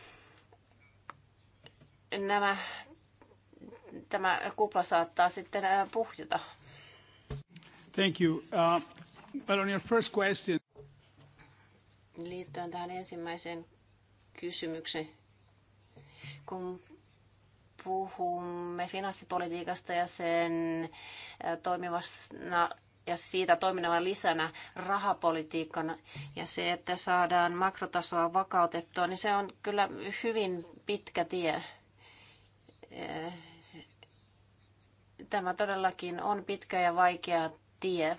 Speaker 1: nämä, tämä kupla saattaa sitten puhjata.
Speaker 3: Thank you. Uh, but on your first question.
Speaker 1: Liittyen tähän ensimmäiseen kysymykseen, kun puhumme finanssipolitiikasta ja sen toimivasta ja siitä toiminnan lisänä rahapolitiikan ja se, että saadaan makrotasoa vakautettua, niin se on kyllä hyvin pitkä tie. Tämä todellakin on pitkä ja vaikea tie.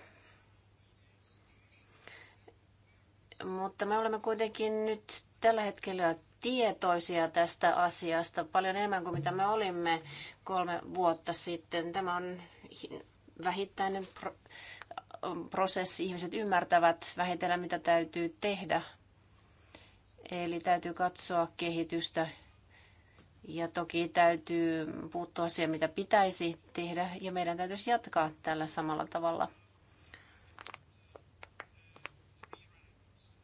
Speaker 1: Mutta me olemme kuitenkin nyt tällä hetkellä tietoisia tästä asiasta paljon enemmän kuin mitä me olimme kolme vuotta sitten. Tämä on vähittäinen pro- prosessi. Ihmiset ymmärtävät vähitellen, mitä täytyy tehdä. Eli täytyy katsoa kehitystä ja toki täytyy puuttua siihen, mitä pitäisi tehdä, ja meidän täytyisi jatkaa tällä samalla tavalla.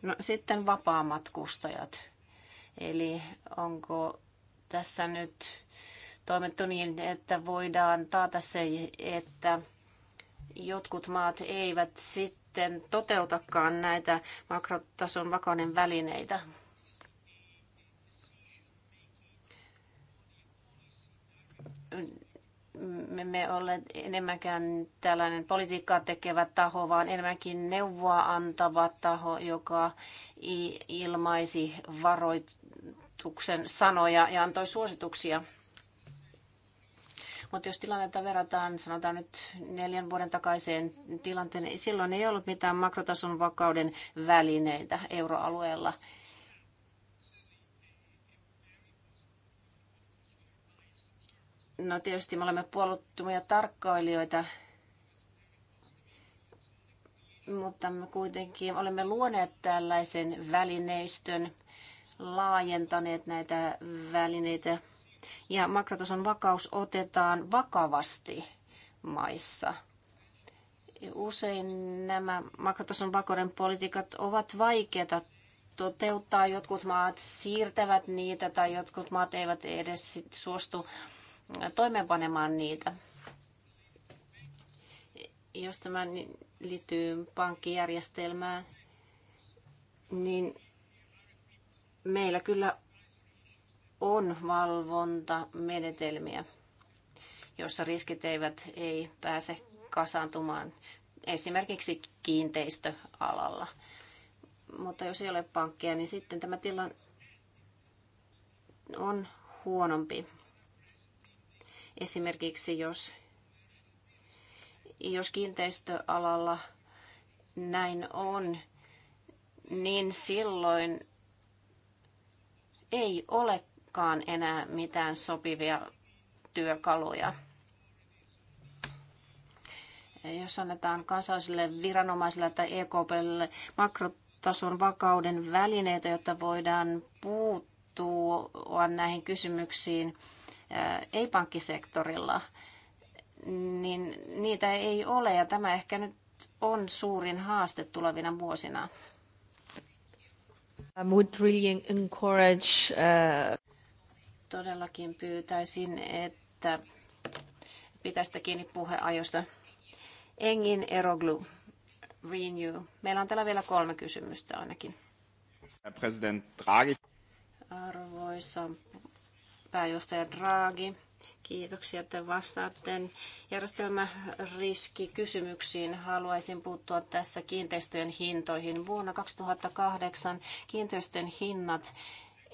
Speaker 1: No, sitten vapaamatkustajat. Eli onko tässä nyt toimittu niin, että voidaan taata se, että jotkut maat eivät sitten toteutakaan näitä makrotason vakauden välineitä. Me emme ole enemmänkään tällainen politiikkaa tekevä taho, vaan enemmänkin neuvoa antava taho, joka ilmaisi varoit, hallituksen sanoja ja antoi suosituksia. Mutta jos tilannetta verrataan, sanotaan nyt neljän vuoden takaiseen tilanteen, niin silloin ei ollut mitään makrotason vakauden välineitä euroalueella. No tietysti me olemme puoluttumia tarkkailijoita, mutta me kuitenkin olemme luoneet tällaisen välineistön, laajentaneet näitä välineitä ja makrotason vakaus otetaan vakavasti maissa. Usein nämä makrotason vakauden politiikat ovat vaikeita toteuttaa. Jotkut maat siirtävät niitä tai jotkut maat eivät edes sit suostu toimeenpanemaan niitä. Jos tämä liittyy pankkijärjestelmään, niin meillä kyllä on valvontamenetelmiä, joissa riskit eivät ei pääse kasaantumaan esimerkiksi kiinteistöalalla. Mutta jos ei ole pankkia, niin sitten tämä tilanne on huonompi. Esimerkiksi jos, jos kiinteistöalalla näin on, niin silloin ei olekaan enää mitään sopivia työkaluja. Jos annetaan kansallisille viranomaisille tai EKPlle makrotason vakauden välineitä, jotta voidaan puuttua näihin kysymyksiin ei-pankkisektorilla, niin niitä ei ole ja tämä ehkä nyt on suurin haaste tulevina vuosina. I would really encourage, uh... Todellakin pyytäisin, että pitäisi kiinni puheajosta. Engin Eroglu, Renew. Meillä on täällä vielä kolme kysymystä ainakin.
Speaker 3: President Draghi.
Speaker 1: Arvoisa pääjohtaja Draghi Kiitoksia, että vastaatte järjestelmäriskikysymyksiin. Haluaisin puuttua tässä kiinteistöjen hintoihin. Vuonna 2008 kiinteistöjen hinnat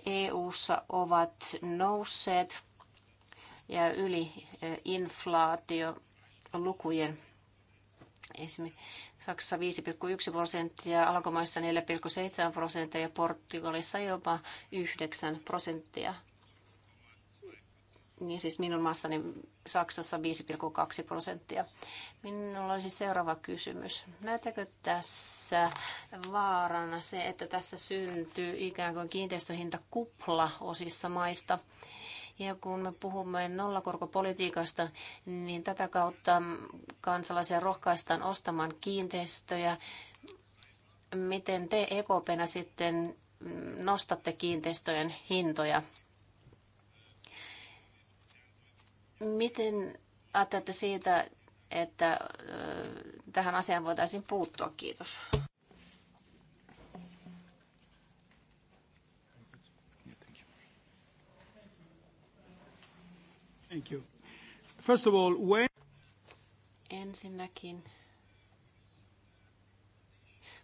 Speaker 1: EU:ssa ovat nousseet ja yli eh, inflaatiolukujen. lukujen. Esimerkiksi Saksassa 5,1 prosenttia, Alkomaissa 4,7 prosenttia ja Portugalissa jopa 9 prosenttia niin siis minun maassani Saksassa 5,2 prosenttia. Minulla olisi siis seuraava kysymys. Näettekö tässä vaarana se, että tässä syntyy ikään kuin kupla osissa maista? Ja kun me puhumme nollakorkopolitiikasta, niin tätä kautta kansalaisia rohkaistaan ostamaan kiinteistöjä. Miten te EKPnä sitten nostatte kiinteistöjen hintoja? Miten ajattelette siitä, että tähän asiaan voitaisiin puuttua? Kiitos. Thank you.
Speaker 3: First of all, when...
Speaker 1: Ensinnäkin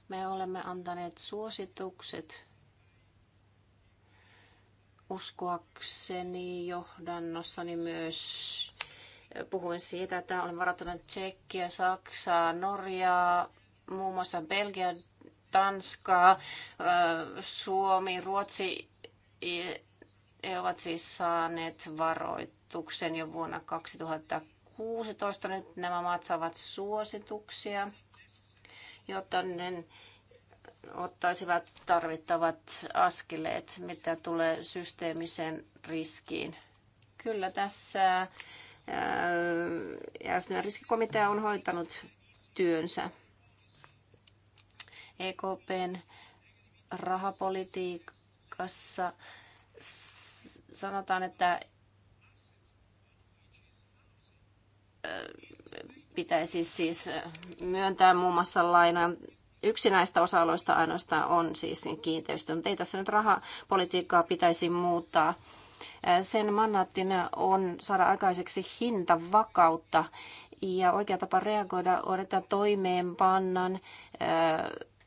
Speaker 1: me olemme antaneet suositukset uskoakseni johdannossani myös puhuin siitä, että olen varattanut Tsekkiä, Saksaa, Norjaa, muun muassa Belgia, Tanskaa, Suomi, Ruotsi he ovat siis saaneet varoituksen jo vuonna 2016. Nyt nämä maat saavat suosituksia, jotta ne ottaisivat tarvittavat askeleet, mitä tulee systeemiseen riskiin. Kyllä tässä äh, järjestelmän riskikomitea on hoitanut työnsä. EKPn rahapolitiikassa sanotaan, että äh, pitäisi siis myöntää muun muassa lainan Yksi näistä osa-aloista ainoastaan on siis kiinteistö, mutta ei tässä nyt rahapolitiikkaa pitäisi muuttaa. Sen mandaattina on saada aikaiseksi hintavakautta ja oikea tapa reagoida on, että toimeenpannan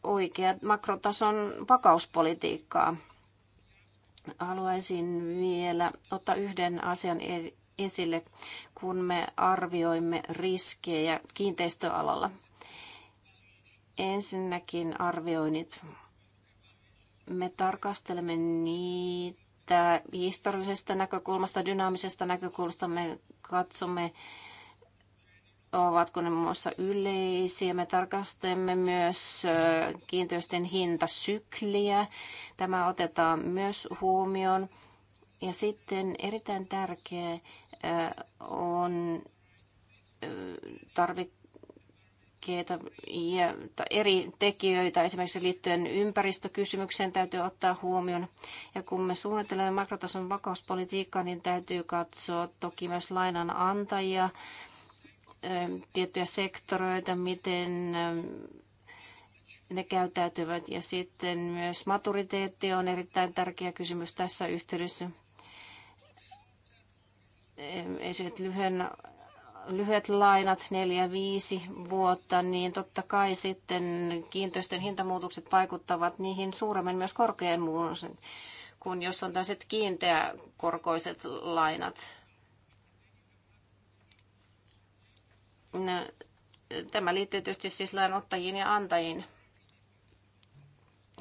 Speaker 1: oikeat makrotason vakauspolitiikkaa. Haluaisin vielä ottaa yhden asian e- esille, kun me arvioimme riskejä kiinteistöalalla. Ensinnäkin arvioinnit. Me tarkastelemme niitä historiallisesta näkökulmasta, dynaamisesta näkökulmasta. Me katsomme, ovatko ne muun muassa yleisiä. Me tarkastelemme myös kiinteistöjen hintasykliä. Tämä otetaan myös huomioon. Ja sitten erittäin tärkeä on tarvitse hankkeita ja eri tekijöitä, esimerkiksi liittyen ympäristökysymykseen täytyy ottaa huomioon. Ja kun me suunnittelemme makrotason vakauspolitiikkaa, niin täytyy katsoa toki myös lainanantajia, tiettyjä sektoreita, miten ne käyttäytyvät. Ja sitten myös maturiteetti on erittäin tärkeä kysymys tässä yhteydessä. Esimerkiksi lyhyen lyhyet lainat, neljä, viisi vuotta, niin totta kai sitten kiinteistön hintamuutokset vaikuttavat niihin suuremmin myös korkean muun, kuin jos on tällaiset kiinteäkorkoiset lainat. No, tämä liittyy tietysti siis lainottajiin ja antajiin.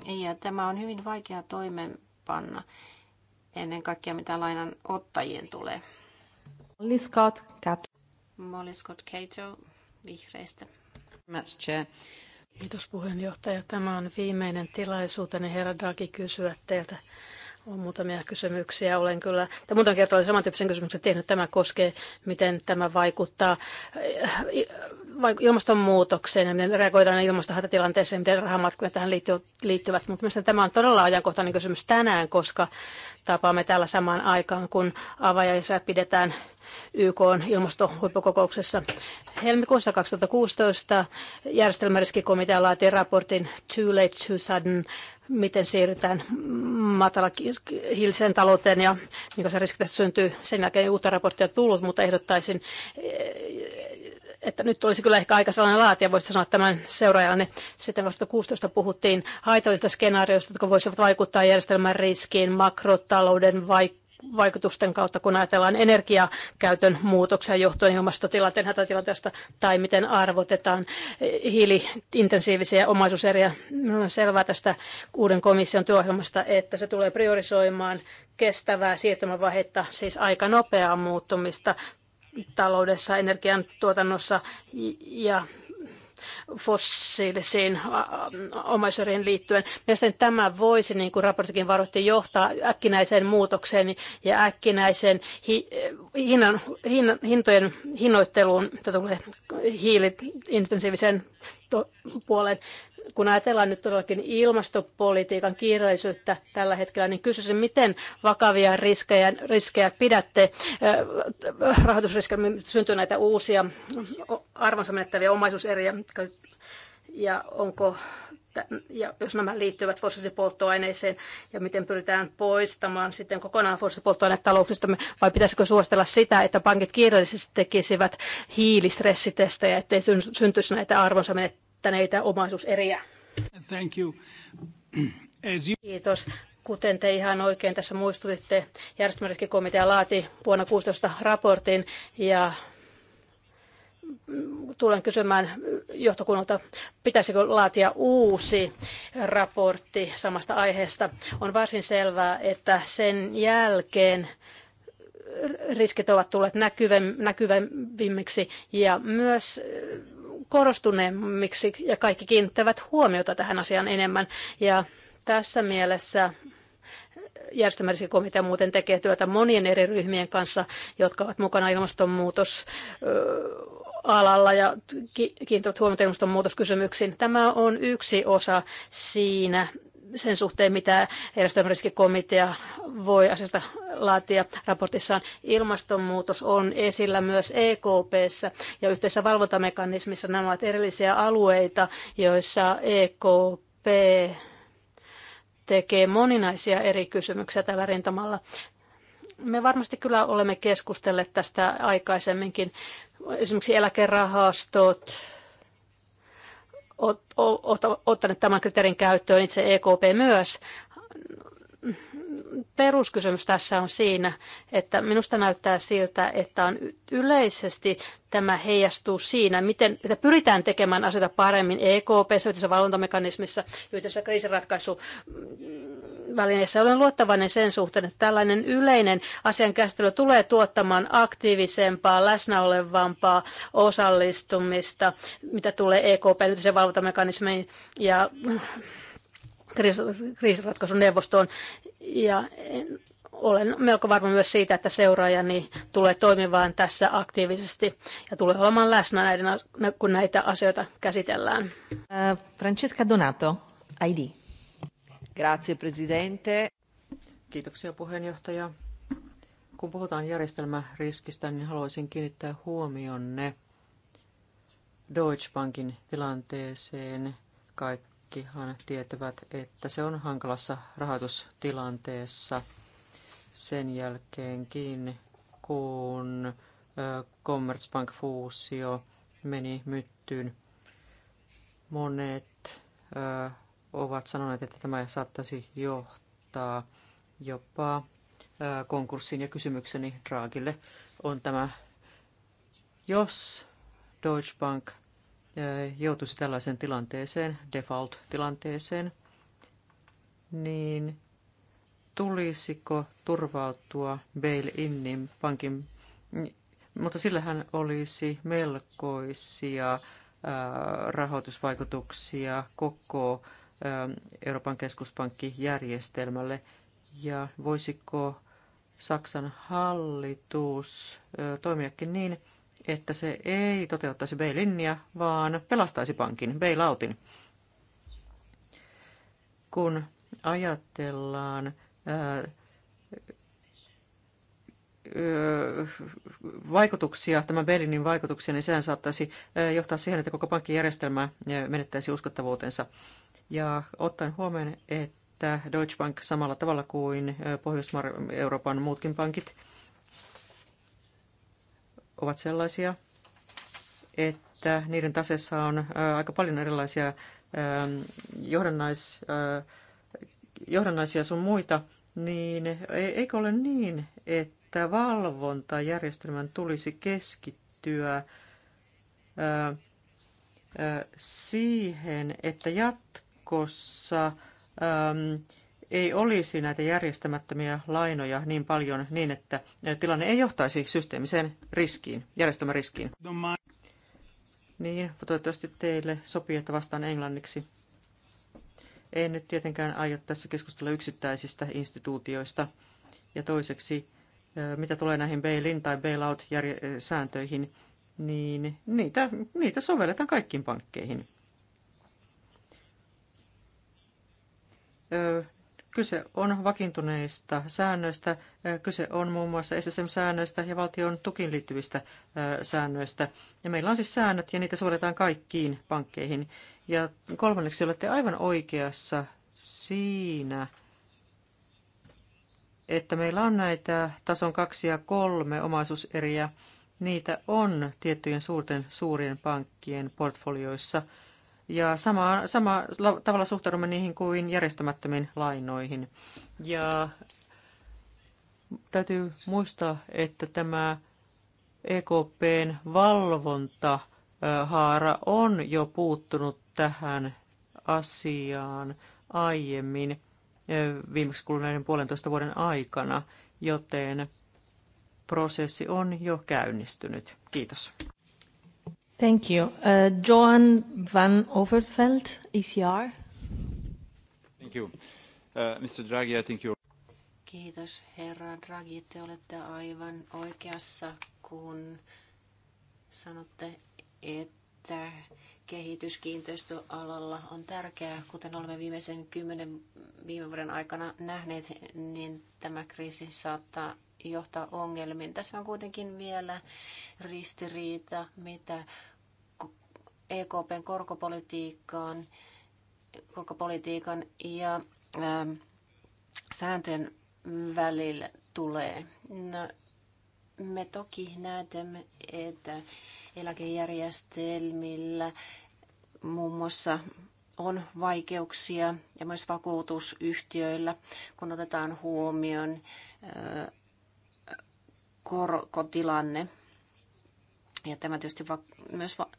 Speaker 1: Ja tämä on hyvin vaikea toimenpanna ennen kaikkea mitä lainan ottajien tulee. Scott kat. Molly Scott Cato vihreistä. Kiitos puheenjohtaja. Tämä on
Speaker 2: viimeinen tilaisuuteni herra Dagi kysyä teiltä. On muutamia kysymyksiä. Olen kyllä, tai muutaman kertaa olen samantyyppisen kysymyksen tehnyt. Tämä koskee, miten tämä vaikuttaa ilmastonmuutokseen ja miten reagoidaan ilmastohätätilanteeseen, miten rahamatkoja tähän liittyvät. Mutta mielestäni tämä on todella ajankohtainen kysymys tänään, koska tapaamme täällä samaan aikaan, kun avajaisia pidetään YK ilmastohuippukokouksessa. Helmikuussa 2016 järjestelmäriskikomitea laati raportin Too Late, Too Sudden, miten siirrytään matalahiiliseen talouteen ja se riski tässä syntyy. Sen jälkeen uutta raporttia tullut, mutta ehdottaisin että nyt olisi kyllä ehkä aika sellainen laatia, voisi sanoa tämän seuraajalle. Niin sitten vasta 16 puhuttiin haitallisista skenaarioista, jotka voisivat vaikuttaa järjestelmän riskiin, makrotalouden vaik- vaikutusten kautta, kun ajatellaan energiakäytön muutoksia johtuen ilmastotilanteen hätätilanteesta tai miten arvotetaan hiiliintensiivisiä omaisuuseriä. Minulla on selvää tästä uuden komission työohjelmasta, että se tulee priorisoimaan kestävää siirtymävaihetta, siis aika nopeaa muuttumista taloudessa, energiantuotannossa ja fossiilisiin omaisuuteen liittyen. Mielestäni tämä voisi, niin kuin raporttikin varoitti, johtaa äkkinäiseen muutokseen ja äkkinäiseen hi- hinnan, hinnan, hintojen hinnoitteluun, tätä tulee hiiliintensiiviseen puoleen kun ajatellaan nyt todellakin ilmastopolitiikan kiireellisyyttä tällä hetkellä, niin kysyisin, miten vakavia riskejä, riskejä pidätte äh, rahoitusriskejä, syntyy näitä uusia arvonsa menettäviä omaisuuseriä, ja onko ja jos nämä liittyvät fossiilipolttoaineeseen ja miten pyritään poistamaan sitten kokonaan fossiilipolttoainetalouksistamme, vai pitäisikö suostella sitä, että pankit kiireellisesti tekisivät hiilistressitestejä, ettei syntyisi näitä arvonsa menettäviä välttäneitä omaisuuseriä. Thank you. As you... Kiitos. Kuten te ihan oikein tässä muistutitte, järjestelmäriskikomitea laati vuonna 16 raportin ja tulen kysymään johtokunnalta, pitäisikö laatia uusi raportti samasta aiheesta. On varsin selvää, että sen jälkeen riskit ovat tulleet näkyvimmiksi ja myös korostuneemmiksi ja kaikki kiinnittävät huomiota tähän asiaan enemmän. Ja tässä mielessä komitea muuten tekee työtä monien eri ryhmien kanssa, jotka ovat mukana ilmastonmuutos alalla ja kiinnittävät huomiota ilmastonmuutoskysymyksiin. Tämä on yksi osa siinä sen suhteen, mitä järjestelmän riskikomitea voi asiasta laatia raportissaan. Ilmastonmuutos on esillä myös EKPssä ja yhteisessä valvontamekanismissa. Nämä ovat erillisiä alueita, joissa EKP tekee moninaisia eri kysymyksiä tällä rintamalla. Me varmasti kyllä olemme keskustelleet tästä aikaisemminkin. Esimerkiksi eläkerahastot, ottanut tämän kriteerin käyttöön itse EKP myös, peruskysymys tässä on siinä, että minusta näyttää siltä, että on yleisesti tämä heijastuu siinä, miten että pyritään tekemään asioita paremmin EKP, yhdessä valvontamekanismissa, yhdessä välineessä. Olen luottavainen sen suhteen, että tällainen yleinen asian käsittely tulee tuottamaan aktiivisempaa, läsnäolevampaa osallistumista, mitä tulee EKP, yhteisen valvontamekanismiin ja neuvostoon. Ja olen melko varma myös siitä, että seuraajani tulee toimimaan tässä aktiivisesti ja tulee olemaan läsnä näiden, kun näitä asioita käsitellään. Äh, Francesca Donato, ID.
Speaker 4: Grazie, presidente. Kiitoksia puheenjohtaja. Kun puhutaan järjestelmäriskistä, niin haluaisin kiinnittää huomionne Deutsche Bankin tilanteeseen. Kaikki kaikkihan tietävät, että se on hankalassa rahoitustilanteessa sen jälkeenkin, kun Commerzbank-fuusio meni myttyyn. Monet ovat sanoneet, että tämä saattaisi johtaa jopa konkurssiin ja kysymykseni Draagille on tämä, jos Deutsche Bank – joutuisi tällaisen tilanteeseen, default-tilanteeseen, niin tulisiko turvautua bail-innin pankin, mutta sillähän olisi melkoisia rahoitusvaikutuksia koko Euroopan keskuspankkijärjestelmälle. Ja voisiko Saksan hallitus toimiakin niin, että se ei toteuttaisi bailinnia, vaan pelastaisi pankin, bail-outin. Kun ajatellaan ää, äh, äh, vaikutuksia, tämä Berliinin vaikutuksia, niin sehän saattaisi äh, johtaa siihen, että koko pankkijärjestelmä menettäisi uskottavuutensa. Ja ottaen huomioon, että Deutsche Bank samalla tavalla kuin Pohjois-Euroopan muutkin pankit ovat sellaisia, että niiden taseessa on aika paljon erilaisia johdannais, johdannaisia sun muita, niin e, eikö ole niin, että valvontajärjestelmän tulisi keskittyä siihen, että jatkossa ei olisi näitä järjestämättömiä lainoja niin paljon niin, että tilanne ei johtaisi systeemiseen riskiin, järjestelmäriskiin. Niin, toivottavasti teille sopii, että vastaan englanniksi. En nyt tietenkään aio tässä keskustella yksittäisistä instituutioista. Ja toiseksi, mitä tulee näihin bail-in tai bail-out-sääntöihin, niin niitä, niitä sovelletaan kaikkiin pankkeihin. Kyse on vakiintuneista säännöistä, kyse on muun muassa SSM-säännöistä ja valtion tukiin liittyvistä säännöistä. Ja meillä on siis säännöt ja niitä suoritetaan kaikkiin pankkeihin. Ja kolmanneksi olette aivan oikeassa siinä, että meillä on näitä tason kaksi ja kolme omaisuuseriä. Niitä on tiettyjen suurten suurien pankkien portfolioissa – ja sama, sama tavalla suhtaudumme niihin kuin järjestämättömiin lainoihin. Ja täytyy muistaa, että tämä EKPn valvontahaara on jo puuttunut tähän asiaan aiemmin viimeksi kuluneiden puolentoista vuoden aikana, joten prosessi on jo käynnistynyt. Kiitos.
Speaker 2: Thank you. Uh, Johan van Overveld, ECR.
Speaker 1: Thank you. Uh, Mr. Draghi, I think you're... Kiitos, herra Draghi. Te olette aivan oikeassa, kun sanotte, että kehitys kiinteistöalalla on tärkeää. Kuten olemme viimeisen kymmenen viime vuoden aikana nähneet, niin tämä kriisi saattaa johtaa ongelmiin. Tässä on kuitenkin vielä ristiriita, mitä EKPn korkopolitiikkaan, korkopolitiikan ja ää, ähm, sääntöjen välillä tulee. No, me toki näemme, että eläkejärjestelmillä muun muassa on vaikeuksia ja myös vakuutusyhtiöillä, kun otetaan huomioon äh, korkotilanne. Ja tämä tietysti va- myös va-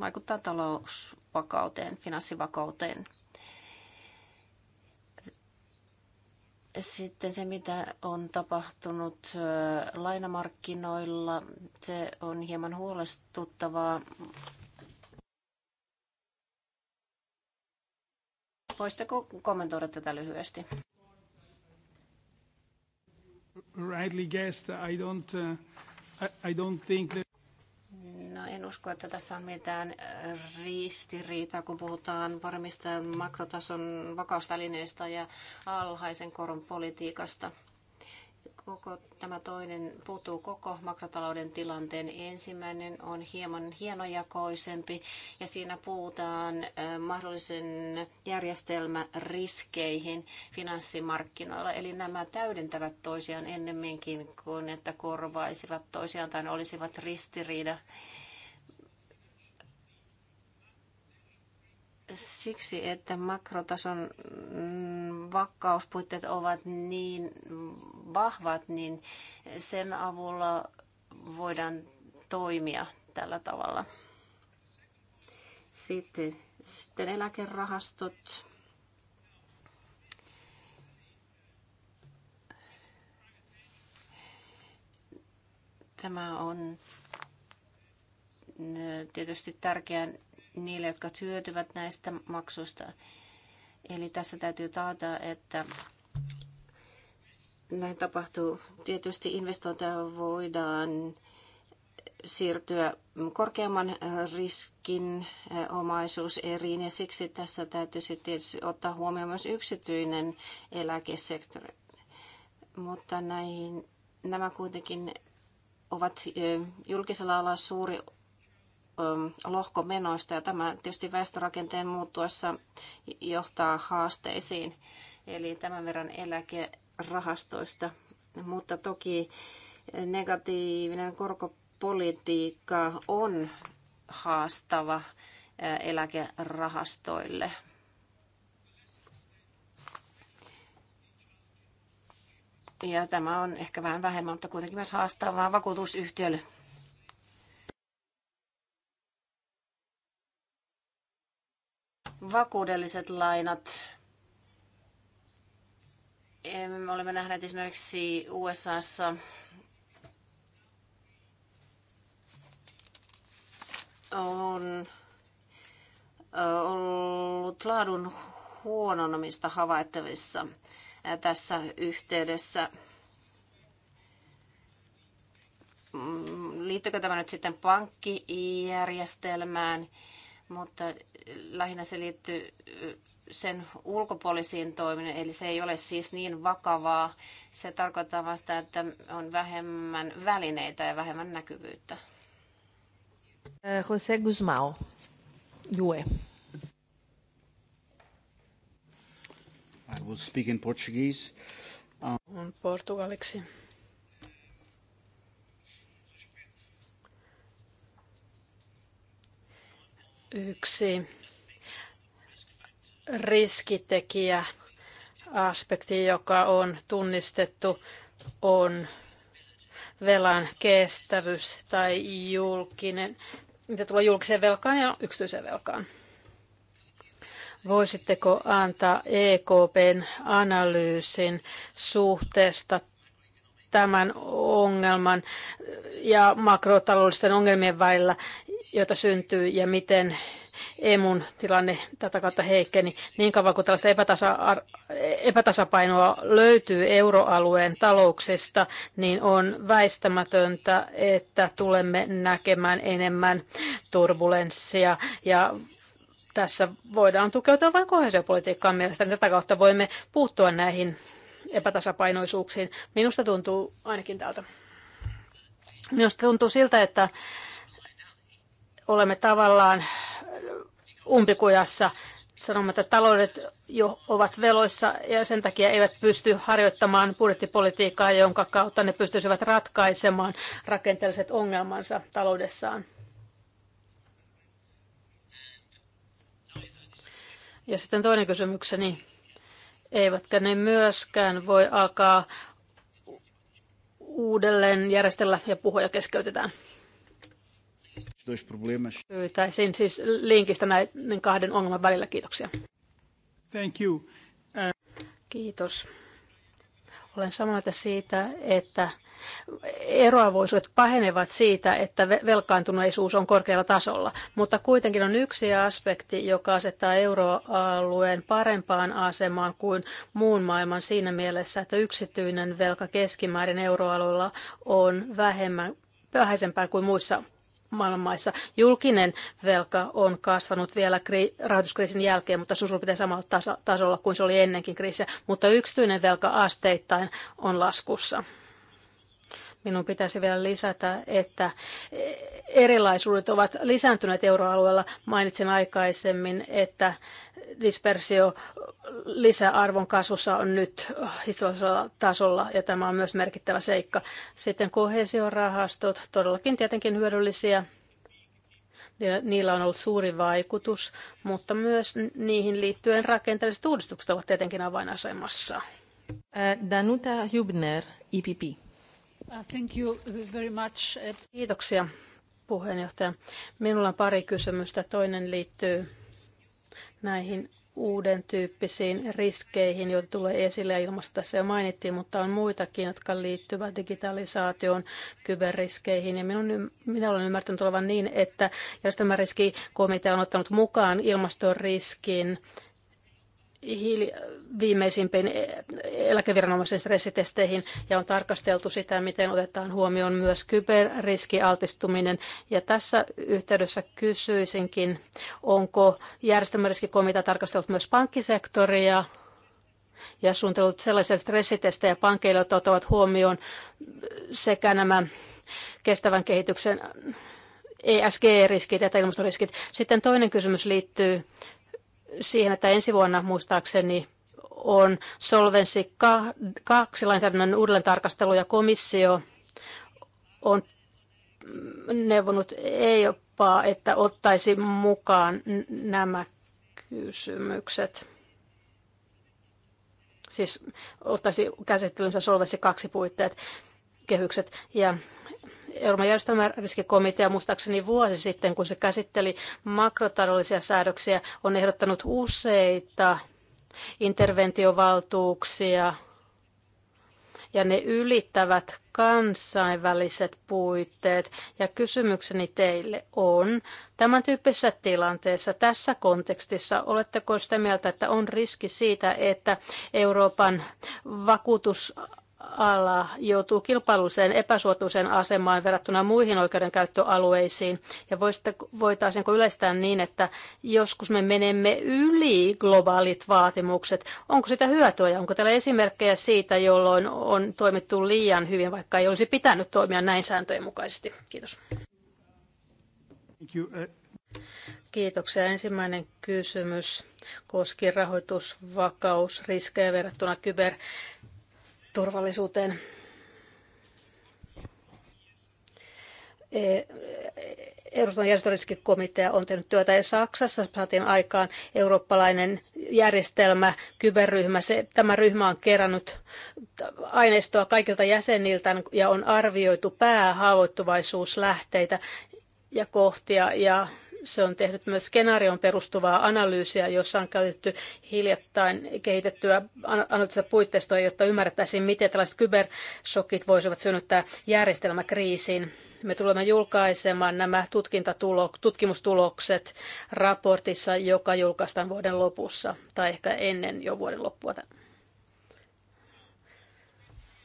Speaker 1: vaikuttaa talousvakauteen, finanssivakauteen. Sitten se, mitä on tapahtunut lainamarkkinoilla, se on hieman huolestuttavaa. Voisitteko kommentoida tätä lyhyesti?
Speaker 3: rightly guessed, I don't, uh, I don't think that...
Speaker 1: No en usko, että tässä on mitään äh, ristiriitaa, kun puhutaan paremmista makrotason vakausvälineistä ja alhaisen koron politiikasta koko tämä toinen puuttuu koko makrotalouden tilanteen. Ensimmäinen on hieman hienojakoisempi ja siinä puhutaan mahdollisen järjestelmäriskeihin finanssimarkkinoilla. Eli nämä täydentävät toisiaan ennemminkin kuin että korvaisivat toisiaan tai olisivat ristiriida siksi, että makrotason mm, vakkauspuitteet ovat niin vahvat, niin sen avulla voidaan toimia tällä tavalla. Sitten, sitten eläkerahastot. Tämä on mm, tietysti tärkeän niille, jotka hyötyvät näistä maksuista. Eli tässä täytyy taata, että näin tapahtuu. Tietysti investointeja voidaan siirtyä korkeamman riskin omaisuus eriin ja siksi tässä täytyy tietysti ottaa huomioon myös yksityinen eläkesektori. Mutta näihin, nämä kuitenkin ovat julkisella alalla suuri lohkomenoista ja tämä tietysti väestörakenteen muuttuessa johtaa haasteisiin, eli tämän verran eläkerahastoista. Mutta toki negatiivinen korkopolitiikka on haastava eläkerahastoille. Ja tämä on ehkä vähän vähemmän, mutta kuitenkin myös haastavaa vakuutusyhtiölle. vakuudelliset lainat. Olemme nähneet esimerkiksi USAssa on ollut laadun huononomista havaittavissa tässä yhteydessä. Mm, Liittyykö tämä nyt sitten pankkijärjestelmään? mutta lähinnä se liittyy sen ulkopuolisiin toiminnan, eli se ei ole siis niin vakavaa. Se tarkoittaa vasta, että on vähemmän välineitä ja vähemmän näkyvyyttä.
Speaker 2: Eh, José Guzmão, Jue.
Speaker 3: I will speak in Portuguese.
Speaker 2: Um... Portugaliksi. yksi riskitekijä, aspekti, joka on tunnistettu, on velan kestävyys tai julkinen, mitä tulee julkiseen velkaan ja yksityiseen velkaan. Voisitteko antaa EKPn analyysin suhteesta tämän ongelman ja makrotaloudellisten ongelmien välillä joita syntyy ja miten emun tilanne tätä kautta heikkeni. Niin, niin kauan kuin tällaista epätasa, epätasapainoa löytyy euroalueen talouksista, niin on väistämätöntä, että tulemme näkemään enemmän turbulenssia ja tässä voidaan tukeutua vain kohesiopolitiikkaan mielestäni. Tätä kautta voimme puuttua näihin epätasapainoisuuksiin. Minusta tuntuu ainakin täältä. Minusta tuntuu siltä, että olemme tavallaan umpikujassa. Sanomme, että taloudet jo ovat veloissa ja sen takia eivät pysty harjoittamaan budjettipolitiikkaa, jonka kautta ne pystyisivät ratkaisemaan rakenteelliset ongelmansa taloudessaan. Ja sitten toinen kysymykseni. Eivätkä ne myöskään voi alkaa uudelleen järjestellä ja puhuja keskeytetään. Pyytäisin siis linkistä näiden kahden ongelman välillä. Kiitoksia. Thank you. Uh... Kiitos. Olen samaa mieltä siitä, että eroavoisuudet pahenevat siitä, että velkaantuneisuus on korkealla tasolla. Mutta kuitenkin on yksi aspekti, joka asettaa euroalueen parempaan asemaan kuin muun maailman siinä mielessä, että yksityinen velka keskimäärin euroalueella on vähemmän vähäisempää kuin muissa maailmanmaissa. Julkinen velka on kasvanut vielä kri- rahoituskriisin jälkeen, mutta se on samalla tasolla kuin se oli ennenkin kriisiä, mutta yksityinen velka asteittain on laskussa minun pitäisi vielä lisätä, että erilaisuudet ovat lisääntyneet euroalueella. Mainitsin aikaisemmin, että dispersio lisäarvon kasvussa on nyt historiallisella tasolla ja tämä on myös merkittävä seikka. Sitten kohesiorahastot, todellakin tietenkin hyödyllisiä. Niillä on ollut suuri vaikutus, mutta myös niihin liittyen rakenteelliset uudistukset ovat tietenkin avainasemassa. Danuta Hübner, IPP. Uh, Kiitoksia puheenjohtaja. Minulla on pari kysymystä. Toinen liittyy näihin uuden tyyppisiin riskeihin, joita tulee esille ja ilmasta tässä jo mainittiin, mutta on muitakin, jotka liittyvät digitalisaatioon, kyberriskeihin. Ja minun, minä olen ymmärtänyt olevan niin, että järjestelmäriskikomitea on ottanut mukaan ilmaston riskin hiili, viimeisimpiin eläkeviranomaisen stressitesteihin ja on tarkasteltu sitä, miten otetaan huomioon myös kyberriskialtistuminen. Ja tässä yhteydessä kysyisinkin, onko järjestelmäriskikomitea tarkastellut myös pankkisektoria ja suunnitellut sellaisia stressitestejä pankeille, jotka ottavat huomioon sekä nämä kestävän kehityksen ESG-riskit ja ilmastoriskit. Sitten toinen kysymys liittyy siihen, että ensi vuonna muistaakseni on Solvensi 2 lainsäädännön uudelleen tarkastelu ja komissio on neuvonut EIOPaa, että ottaisi mukaan nämä kysymykset. Siis ottaisi käsittelynsä Solvensi 2 puitteet, kehykset. Ja Euroopan järjestelmäriskikomitea muistaakseni vuosi sitten, kun se käsitteli makrotaloudellisia säädöksiä, on ehdottanut useita interventiovaltuuksia ja ne ylittävät kansainväliset puitteet. Ja kysymykseni teille on, tämän tyyppisessä tilanteessa, tässä kontekstissa, oletteko sitä mieltä, että on riski siitä, että Euroopan vakuutus ala joutuu kilpailuiseen epäsuotuiseen asemaan verrattuna muihin oikeudenkäyttöalueisiin? Ja voitaisiinko yleistää niin, että joskus me menemme yli globaalit vaatimukset? Onko sitä hyötyä ja onko täällä esimerkkejä siitä, jolloin on toimittu liian hyvin, vaikka ei olisi pitänyt toimia näin sääntöjen mukaisesti? Kiitos. Eh. Kiitoksia. Ensimmäinen kysymys koski rahoitusvakausriskejä verrattuna kyber turvallisuuteen. Euroopan järjestöriskikomitea on tehnyt työtä ja Saksassa saatiin aikaan eurooppalainen järjestelmä, kyberryhmä. Se, tämä ryhmä on kerännyt aineistoa kaikilta jäseniltä ja on arvioitu päähaavoittuvaisuuslähteitä ja kohtia ja se on tehnyt myös skenaarioon perustuvaa analyysiä, jossa on käytetty hiljattain kehitettyä analyyttista puitteistoa, jotta ymmärrettäisiin, miten tällaiset kybersokit voisivat synnyttää järjestelmäkriisin. Me tulemme julkaisemaan nämä tutkimustulokset raportissa, joka julkaistaan vuoden lopussa tai ehkä ennen jo vuoden loppua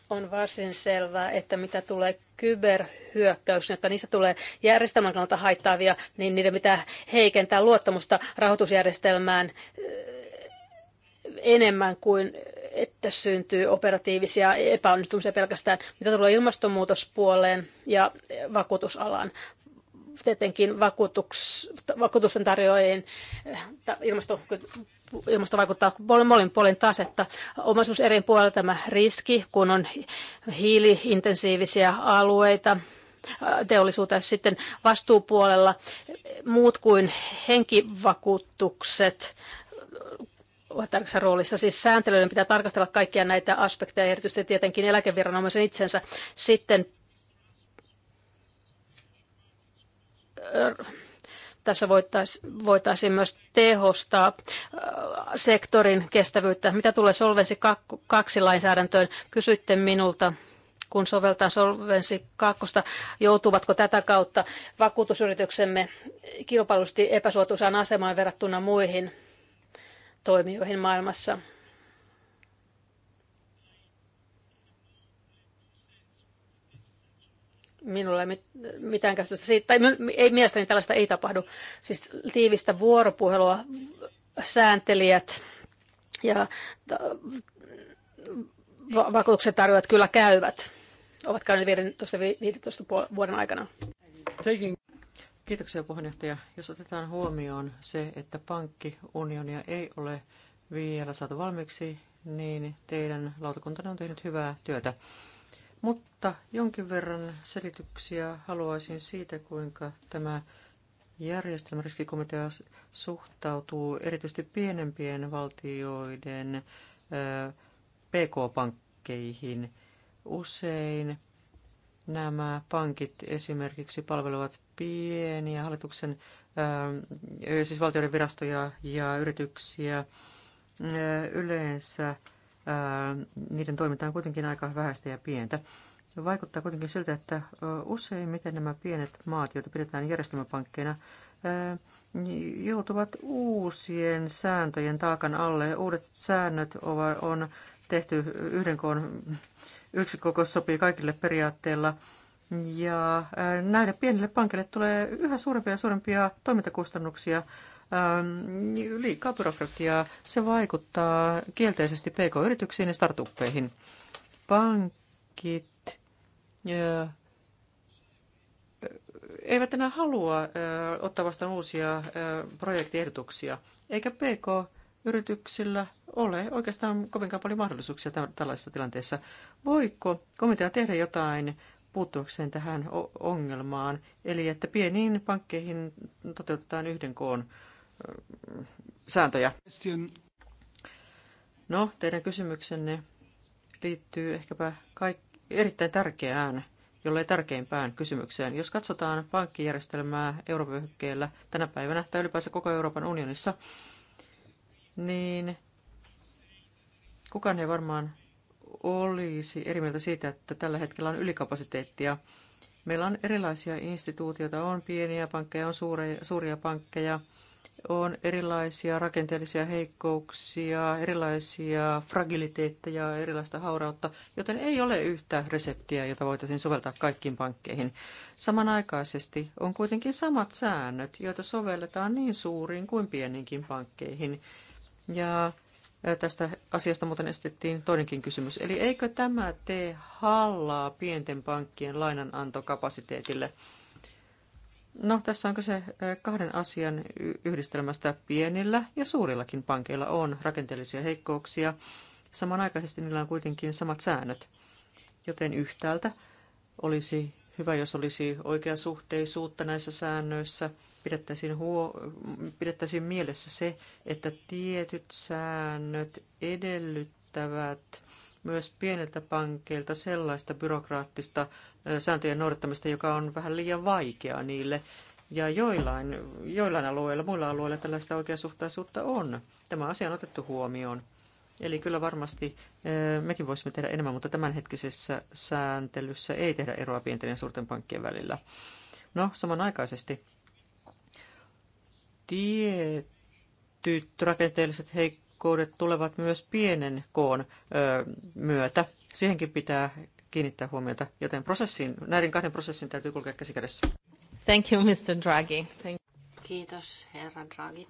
Speaker 2: on varsin selvää, että mitä tulee kyberhyökkäys, että niistä tulee järjestelmän kannalta haittaavia, niin niiden pitää heikentää luottamusta rahoitusjärjestelmään eh, enemmän kuin että syntyy operatiivisia epäonnistumisia pelkästään, mitä tulee ilmastonmuutospuoleen ja vakuutusalaan. Tietenkin vakuutusten tarjoajien eh, ilmastopuolen ilmasto vaikuttaa molemmin puolin tasetta. Omaisuus eri puolella tämä riski, kun on hiiliintensiivisiä alueita, teollisuuteen sitten vastuupuolella muut kuin henkivakuutukset ovat tärkeässä roolissa. Siis sääntelyiden pitää tarkastella kaikkia näitä aspekteja, erityisesti tietenkin eläkeviranomaisen itsensä. Sitten tässä voitaisiin myös tehostaa sektorin kestävyyttä. Mitä tulee Solvensi 2 lainsäädäntöön, kysytte minulta kun soveltaa Solvensi 2, joutuvatko tätä kautta vakuutusyrityksemme kilpailusti epäsuotuisaan asemaan verrattuna muihin toimijoihin maailmassa. minulla ei mitään käsitystä siitä, tai ei, mielestäni tällaista ei tapahdu. Siis tiivistä vuoropuhelua sääntelijät ja vakuutuksen tarjoajat kyllä käyvät, ovat käyneet 15, 15 vuoden
Speaker 4: aikana. Kiitoksia puheenjohtaja. Jos otetaan huomioon se, että pankkiunionia ei ole vielä saatu valmiiksi, niin teidän lautakuntanne on tehnyt hyvää työtä. Mutta jonkin verran selityksiä haluaisin siitä, kuinka tämä järjestelmäriskikomitea suhtautuu erityisesti pienempien valtioiden PK-pankkeihin. Usein nämä pankit esimerkiksi palvelevat pieniä hallituksen, siis valtioiden virastoja ja yrityksiä yleensä niiden toiminta on kuitenkin aika vähäistä ja pientä. Vaikuttaa kuitenkin siltä, että useimmiten nämä pienet maat, joita pidetään järjestelmäpankkeina, joutuvat uusien sääntöjen taakan alle. Uudet säännöt on tehty yhden koon yksikokos sopii kaikille periaatteella. Ja näille pienille pankeille tulee yhä suurempia ja suurempia toimintakustannuksia Ähm, liikaa byrokratiaa. Se vaikuttaa kielteisesti pk-yrityksiin ja startuppeihin. Pankit eivät enää halua ottaa vastaan uusia projektiehdotuksia, eikä pk-yrityksillä ole oikeastaan kovinkaan paljon mahdollisuuksia tällaisessa tilanteessa. Voiko komitea tehdä jotain puuttuakseen tähän ongelmaan, eli että pieniin pankkeihin toteutetaan yhden koon sääntöjä. No, teidän kysymyksenne liittyy ehkäpä kaik- erittäin tärkeään, jollei tärkeimpään kysymykseen. Jos katsotaan pankkijärjestelmää eurovyöhykkeellä tänä päivänä tai ylipäänsä koko Euroopan unionissa, niin kukaan ei varmaan olisi eri mieltä siitä, että tällä hetkellä on ylikapasiteettia. Meillä on erilaisia instituutioita, on pieniä pankkeja, on suuria, suuria pankkeja, on erilaisia rakenteellisia heikkouksia, erilaisia fragiliteetteja, erilaista haurautta, joten ei ole yhtä reseptiä, jota voitaisiin soveltaa kaikkiin pankkeihin. Samanaikaisesti on kuitenkin samat säännöt, joita sovelletaan niin suuriin kuin pieninkin pankkeihin. Ja tästä asiasta muuten esitettiin toinenkin kysymys. Eli eikö tämä tee hallaa pienten pankkien lainanantokapasiteetille? No, tässä on kyse kahden asian yhdistelmästä. Pienillä ja suurillakin pankeilla on rakenteellisia heikkouksia. Samanaikaisesti niillä on kuitenkin samat säännöt. Joten yhtäältä olisi hyvä, jos olisi oikeasuhteisuutta näissä säännöissä. Pidettäisiin, huo- pidettäisiin mielessä se, että tietyt säännöt edellyttävät myös pieniltä pankeilta sellaista byrokraattista sääntöjen noudattamista, joka on vähän liian vaikeaa niille. Ja joillain, joillain alueilla, muilla alueilla tällaista oikeasuhtaisuutta on. Tämä asia on otettu huomioon. Eli kyllä varmasti mekin voisimme tehdä enemmän, mutta tämänhetkisessä sääntelyssä ei tehdä eroa pienten ja suurten pankkien välillä. No, samanaikaisesti tietyt rakenteelliset heik- heikkoudet tulevat myös pienen koon myötä. Siihenkin pitää kiinnittää huomiota, joten prosessin, näiden kahden prosessin täytyy kulkea käsikädessä. Thank you, Mr. Draghi. Thank-
Speaker 1: Kiitos, herra Draghi.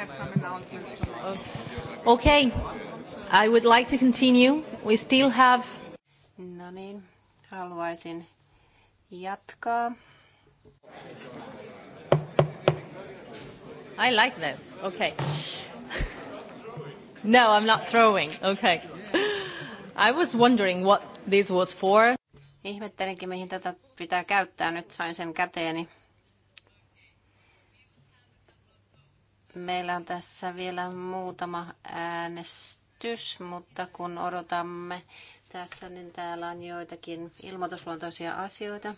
Speaker 1: have some announcements
Speaker 2: Okay. I would like to continue. We still have...
Speaker 1: No niin, haluaisin jatkaa. I like this. Okay. [LAUGHS] No, I'm not throwing. Okay. I was wondering what this was for. Ihmettelenkin, mihin tätä pitää käyttää. Nyt sain sen käteeni. meillä on tässä vielä muutama äänestys, mutta kun odotamme tässä, niin täällä on joitakin ilmoitusluontoisia asioita.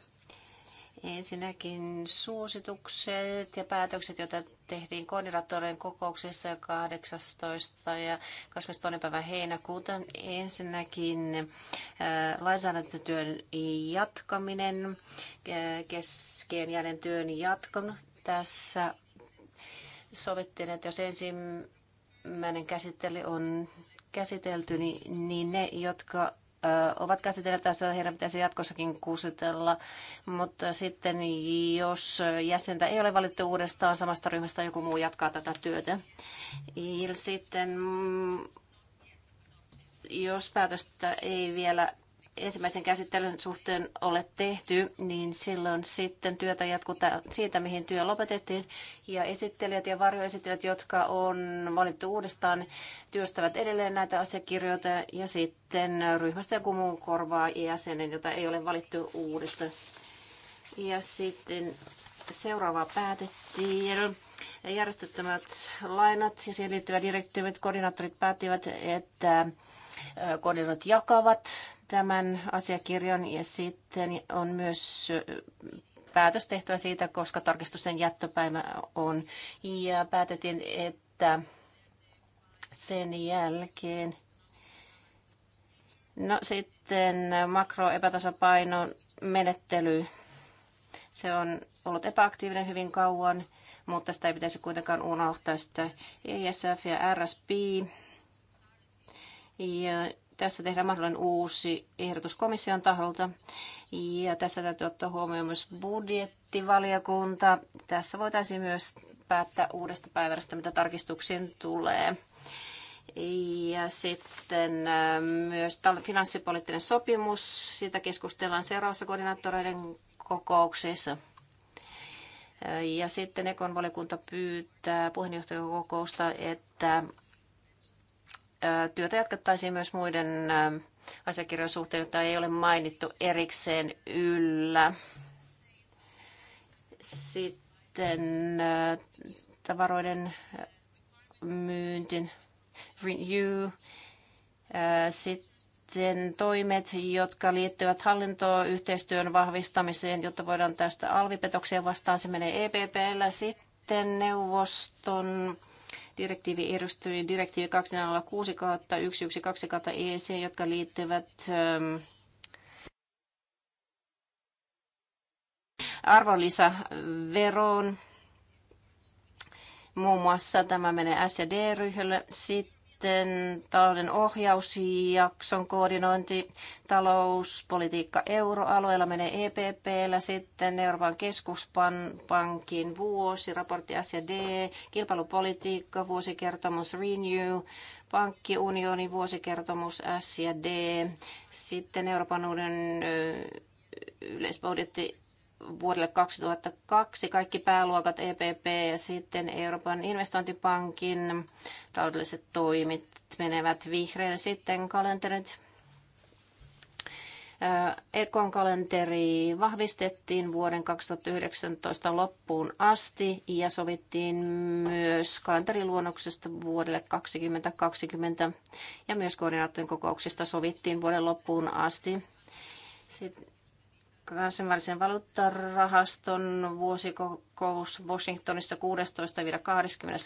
Speaker 1: Ensinnäkin suositukset ja päätökset, joita tehtiin koordinaattorien kokouksessa 18. ja 22. päivä heinäkuuta. Ensinnäkin lainsäädäntötyön jatkaminen, keskeen jääden työn jatkon. Tässä sovittiin, että jos ensimmäinen käsittely on käsitelty, niin, niin ne, jotka ovat käsitelleet asioita, heidän pitäisi jatkossakin kuusitella. mutta sitten jos jäsentä ei ole valittu uudestaan samasta ryhmästä, joku muu jatkaa tätä työtä. ja Sitten mm, jos päätöstä ei vielä ensimmäisen käsittelyn suhteen ole tehty, niin silloin sitten työtä jatkutaan siitä, mihin työ lopetettiin. Ja esittelijät ja varjoesittelijät, jotka on valittu uudestaan, työstävät edelleen näitä asiakirjoita ja sitten ryhmästä joku muu korvaa jäsenen, jota ei ole valittu uudestaan. Ja sitten seuraava päätettiin. Järjestettömät lainat ja siihen liittyvät direktiivit, koordinaattorit päättivät, että koordinaattorit jakavat tämän asiakirjan ja sitten on myös päätös tehtävä siitä, koska tarkistusten jättöpäivä on. Ja päätettiin, että sen jälkeen No sitten makroepätasapaino menettely. Se on ollut epäaktiivinen hyvin kauan, mutta sitä ei pitäisi kuitenkaan unohtaa sitä ESF ja RSP. Ja tässä tehdään mahdollinen uusi ehdotus komission taholta. Ja tässä täytyy ottaa huomioon myös budjettivaliokunta. Tässä voitaisiin myös päättää uudesta päivästä, mitä tarkistuksiin tulee. Ja sitten ähm, myös finanssipoliittinen sopimus, siitä keskustellaan seuraavassa koordinaattoreiden kokouksessa. Äh, ja sitten Ekon valiokunta pyytää puheenjohtajakokousta, että työtä jatkettaisiin myös muiden asiakirjojen suhteen, joita ei ole mainittu erikseen yllä. Sitten tavaroiden myynti, renew, sitten toimet, jotka liittyvät hallinto-yhteistyön vahvistamiseen, jotta voidaan tästä alvipetokseen vastaan. Se menee EPPllä. Sitten neuvoston direktiivi edustui niin direktiivi 206 kautta 112 kautta EC, jotka liittyvät ähm, arvonlisäveroon. Muun muassa tämä menee SD-ryhmälle. Sitten sitten talouden ohjausjakson koordinointi, talouspolitiikka euroalueella menee EPPllä, sitten Euroopan keskuspankin vuosi, raportti D, kilpailupolitiikka, vuosikertomus Renew, pankkiunionin vuosikertomus S ja D, sitten Euroopan unionin yleisbudjetti vuodelle 2002 kaikki pääluokat EPP ja sitten Euroopan investointipankin taloudelliset toimit menevät vihreän sitten kalenterit. Ekon kalenteri vahvistettiin vuoden 2019 loppuun asti ja sovittiin myös kalenteriluonnoksesta vuodelle 2020 ja myös koordinaattorin kokouksista sovittiin vuoden loppuun asti. Sitten kansainvälisen valuuttarahaston vuosikokous Washingtonissa 16-20.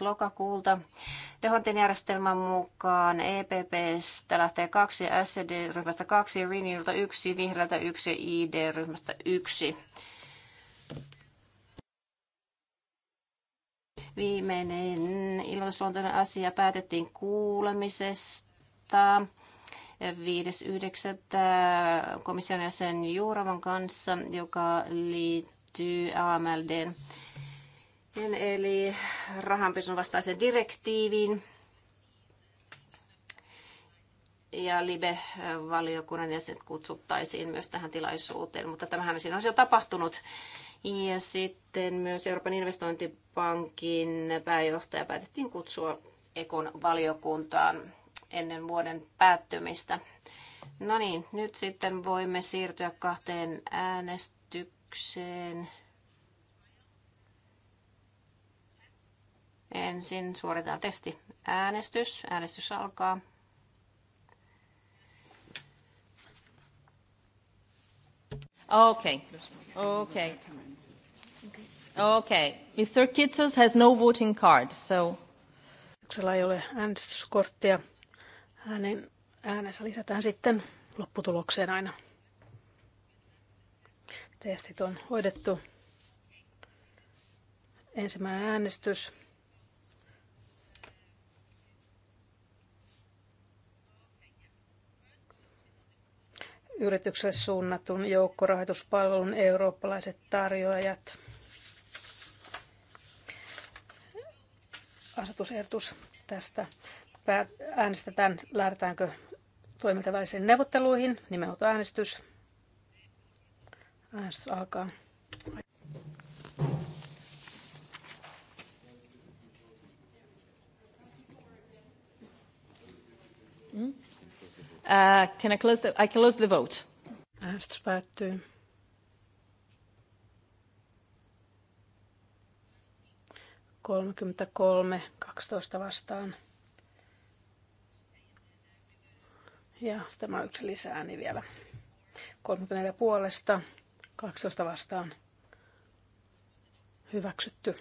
Speaker 1: lokakuulta. Dehontin järjestelmän mukaan EPPstä lähtee kaksi, SED-ryhmästä kaksi, Renewlta yksi, Vihreältä yksi ja ID-ryhmästä yksi. Viimeinen ilmoitusluontoinen asia päätettiin kuulemisesta 5.9. komission jäsen Juuravan kanssa, joka liittyy AMLDn eli rahanpesun vastaiseen direktiiviin ja Libe-valiokunnan jäsen kutsuttaisiin myös tähän tilaisuuteen, mutta tämähän siinä on jo tapahtunut. Ja sitten myös Euroopan investointipankin pääjohtaja päätettiin kutsua Ekon valiokuntaan ennen vuoden päättymistä. No niin, nyt sitten voimme siirtyä kahteen äänestykseen. Ensin suoritetaan testi. Äänestys. Äänestys alkaa. Okay. Okay. Okay.
Speaker 2: Mr. Kitsos has no voting card, so... Ei ole äänestyskorttia. Hänen äänensä lisätään sitten lopputulokseen aina. Testit on hoidettu. Ensimmäinen äänestys. yritykselle suunnatun joukkorahoituspalvelun eurooppalaiset tarjoajat. Asetusehdotus tästä äänestetään, lähdetäänkö toimintavälisiin neuvotteluihin. Nimenhuutoäänestys. Äänestys alkaa. Mm.
Speaker 4: Uh,
Speaker 2: can I close the, I close the vote. Äänestys päättyy. kolme kaksitoista vastaan. Ja tämä on yksi lisää niin vielä. 34 puolesta, 12 vastaan hyväksytty.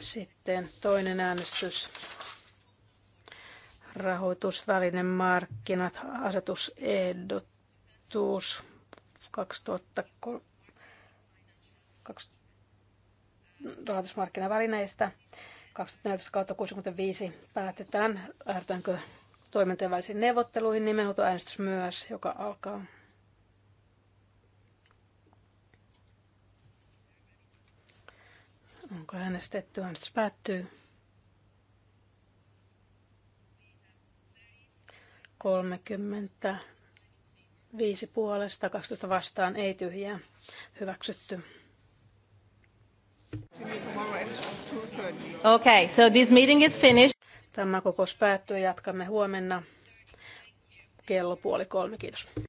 Speaker 2: Sitten toinen äänestys. Rahoitusvälinen markkinat, asetusehdotus 2003, rahoitusmarkkinavälineistä. 2014-65 päätetään, lähdetäänkö toimintojen välisiin neuvotteluihin, nimenhuutoäänestys myös, joka alkaa. Onko äänestetty? Äänestys päättyy. 35 puolesta, 12 vastaan, ei tyhjää, hyväksytty.
Speaker 4: Okay, so this meeting is finished.
Speaker 2: Tämä kokous päättyy. Jatkamme huomenna kello puoli kolme. Kiitos.